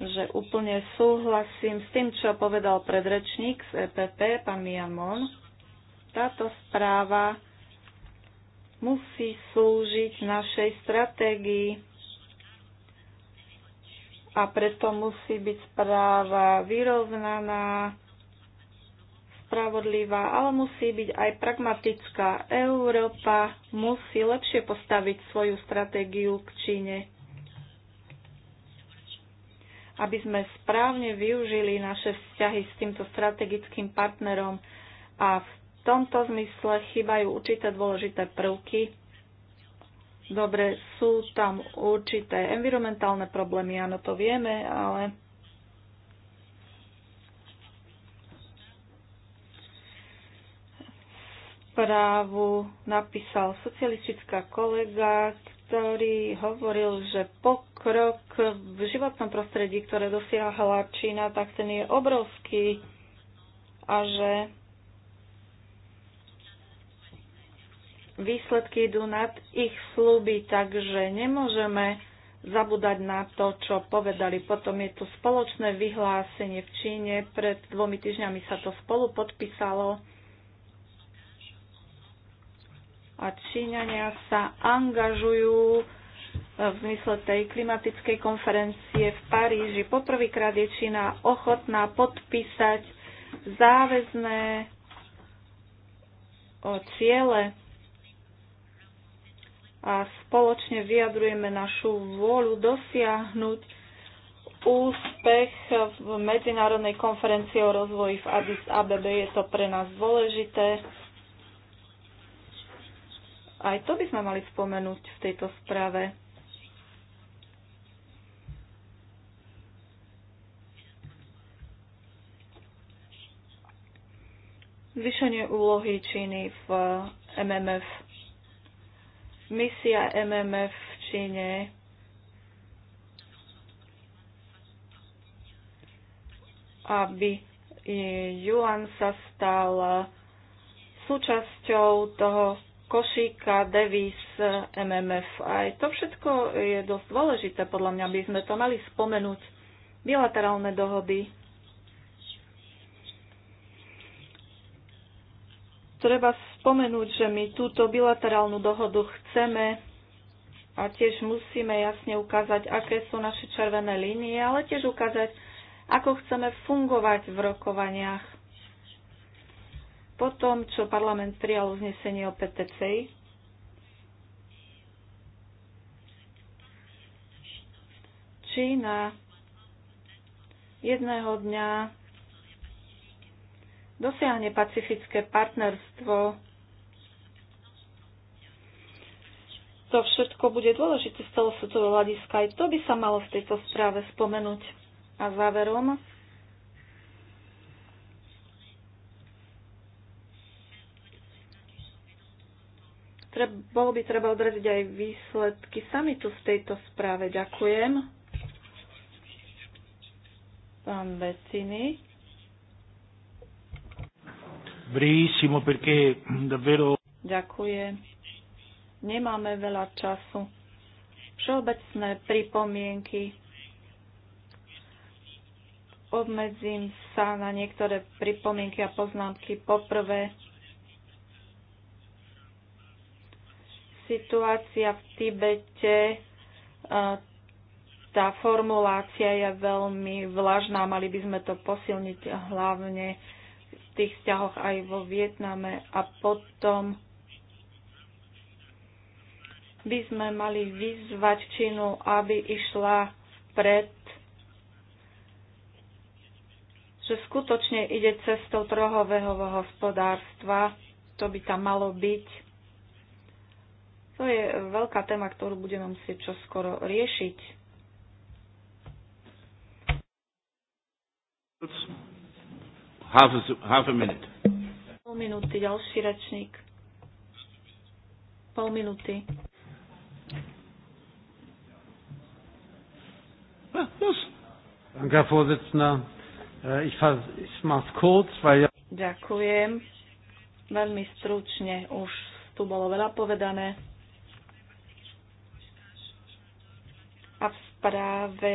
že úplne súhlasím s tým, čo povedal predrečník z EPP, pán Miamon. Táto správa musí slúžiť našej stratégii a preto musí byť správa vyrovnaná, spravodlivá, ale musí byť aj pragmatická. Európa musí lepšie postaviť svoju stratégiu k Číne, aby sme správne využili naše vzťahy s týmto strategickým partnerom a v tomto zmysle chýbajú určité dôležité prvky, Dobre, sú tam určité environmentálne problémy, áno, to vieme, ale správu napísal socialistická kolega, ktorý hovoril, že pokrok v životnom prostredí, ktoré dosiahla Čína, tak ten je obrovský a že výsledky idú nad ich sluby, takže nemôžeme zabúdať na to, čo povedali. Potom je tu spoločné vyhlásenie v Číne. Pred dvomi týždňami sa to spolu podpísalo. A Číňania sa angažujú v zmysle tej klimatickej konferencie v Paríži. Poprvýkrát je Čína ochotná podpísať záväzné ciele a spoločne vyjadrujeme našu vôľu dosiahnuť úspech v Medzinárodnej konferencii o rozvoji v Addis ABB. Je to pre nás dôležité. Aj to by sme mali spomenúť v tejto správe. Zvyšenie úlohy Číny v MMF Misia MMF v Číne aby Juan sa stal súčasťou toho košíka devíz MMF. Aj to všetko je dosť dôležité, podľa mňa by sme to mali spomenúť. Bilaterálne dohody. Treba spomenúť, že my túto bilaterálnu dohodu chceme a tiež musíme jasne ukázať, aké sú naše červené línie, ale tiež ukázať, ako chceme fungovať v rokovaniach. Potom, čo parlament prijal uznesenie o PTC. Čína jedného dňa dosiahne pacifické partnerstvo To všetko bude dôležité z celosvetového hľadiska. Aj to by sa malo v tejto správe spomenúť. A záverom. Treb, bolo by treba odraziť aj výsledky samitu v tejto správe. Ďakujem. Pán Becini. Ďakujem Nemáme veľa času. Všeobecné pripomienky. Obmedzím sa na niektoré pripomienky a poznámky. Poprvé, situácia v Tibete, e, tá formulácia je veľmi vlažná, mali by sme to posilniť hlavne v tých vzťahoch aj vo Vietname a potom by sme mali vyzvať činu, aby išla pred že skutočne ide cestou trohového hospodárstva. To by tam malo byť. To je veľká téma, ktorú budeme musieť čoskoro riešiť. Half a, half a minute. Pol minúty, ďalší rečník. Pol minúty. los. Danke, Herr Vorsitzender. Äh, ich mache es kurz, weil ja... Ďakujem. Veľmi stručne už tu bolo veľa povedané. A v správe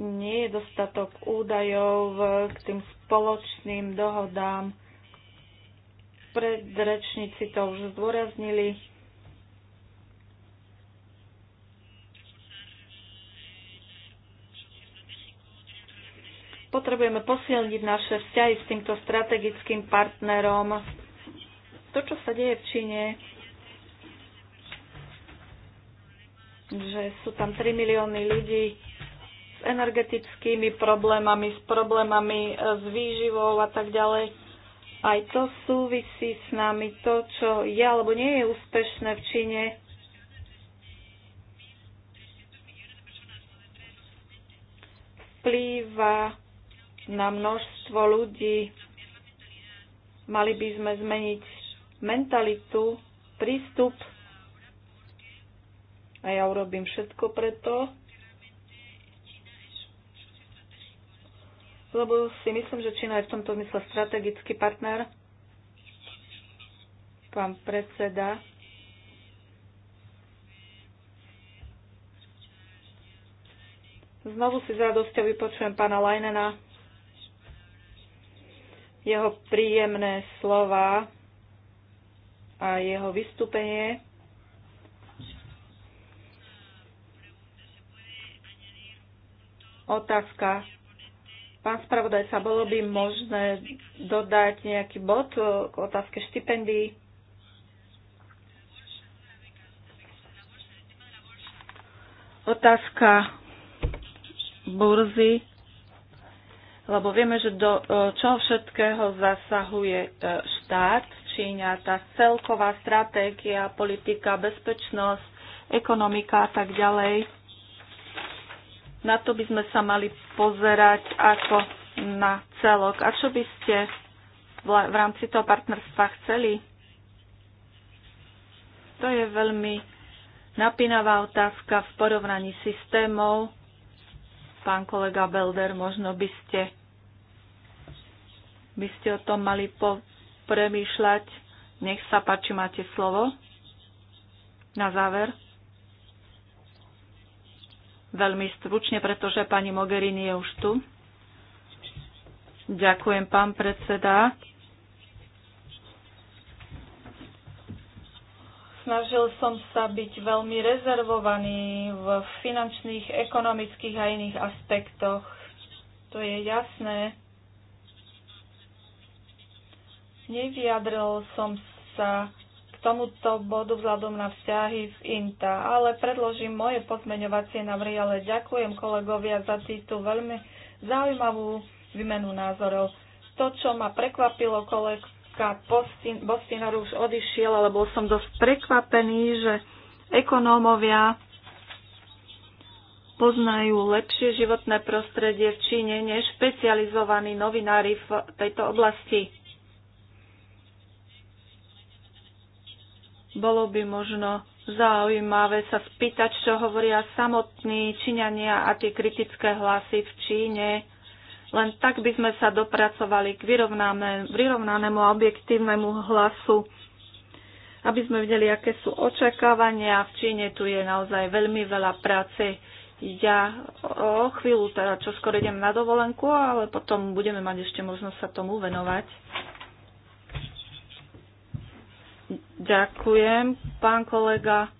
nie je dostatok údajov k tým spoločným dohodám. Predrečníci to už zdôraznili potrebujeme posilniť naše vzťahy s týmto strategickým partnerom. To, čo sa deje v Číne, že sú tam 3 milióny ľudí s energetickými problémami, s problémami e, s výživou a tak ďalej. Aj to súvisí s nami, to, čo je alebo nie je úspešné v Číne. vplýva na množstvo ľudí. Mali by sme zmeniť mentalitu, prístup. A ja urobím všetko preto, lebo si myslím, že Čína je v tomto mysle strategický partner. Pán predseda. Znovu si s radosťou vypočujem pána Lajnena jeho príjemné slova a jeho vystúpenie. Otázka. Pán spravodajca, bolo by možné dodať nejaký bod k otázke štipendií? Otázka burzy lebo vieme, že do e, čo všetkého zasahuje e, štát, číňa tá celková stratégia, politika, bezpečnosť, ekonomika a tak ďalej. Na to by sme sa mali pozerať ako na celok. A čo by ste v rámci toho partnerstva chceli? To je veľmi napínavá otázka v porovnaní systémov, pán kolega Belder, možno by ste, by ste o tom mali premýšľať. Nech sa páči, máte slovo. Na záver. Veľmi stručne, pretože pani Mogherini je už tu. Ďakujem, pán predseda. Snažil som sa byť veľmi rezervovaný v finančných, ekonomických a iných aspektoch. To je jasné. Nevyjadril som sa k tomuto bodu vzhľadom na vzťahy v INTA, ale predložím moje pozmeňovacie návrhy, ale ďakujem kolegovia za túto veľmi zaujímavú výmenu názorov. To, čo ma prekvapilo, kolek, Postin, Bostinor už odišiel, ale bol som dosť prekvapený, že ekonómovia poznajú lepšie životné prostredie v Číne než špecializovaní novinári v tejto oblasti. Bolo by možno zaujímavé sa spýtať, čo hovoria samotní Číňania a tie kritické hlasy v Číne len tak by sme sa dopracovali k vyrovnanému a objektívnemu hlasu, aby sme videli, aké sú očakávania. V Číne tu je naozaj veľmi veľa práce. Ja o chvíľu, teda čo skoro idem na dovolenku, ale potom budeme mať ešte možnosť sa tomu venovať. Ďakujem, pán kolega.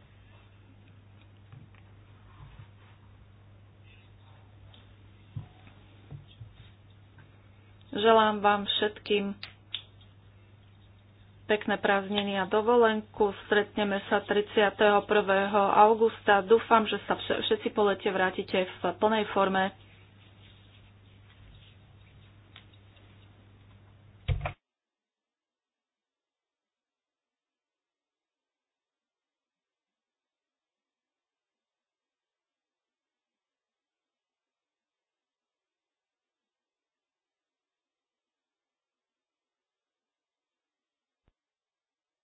Želám vám všetkým pekné prázdniny a dovolenku. Stretneme sa 31. augusta. Dúfam, že sa všetci po lete vrátite v plnej forme.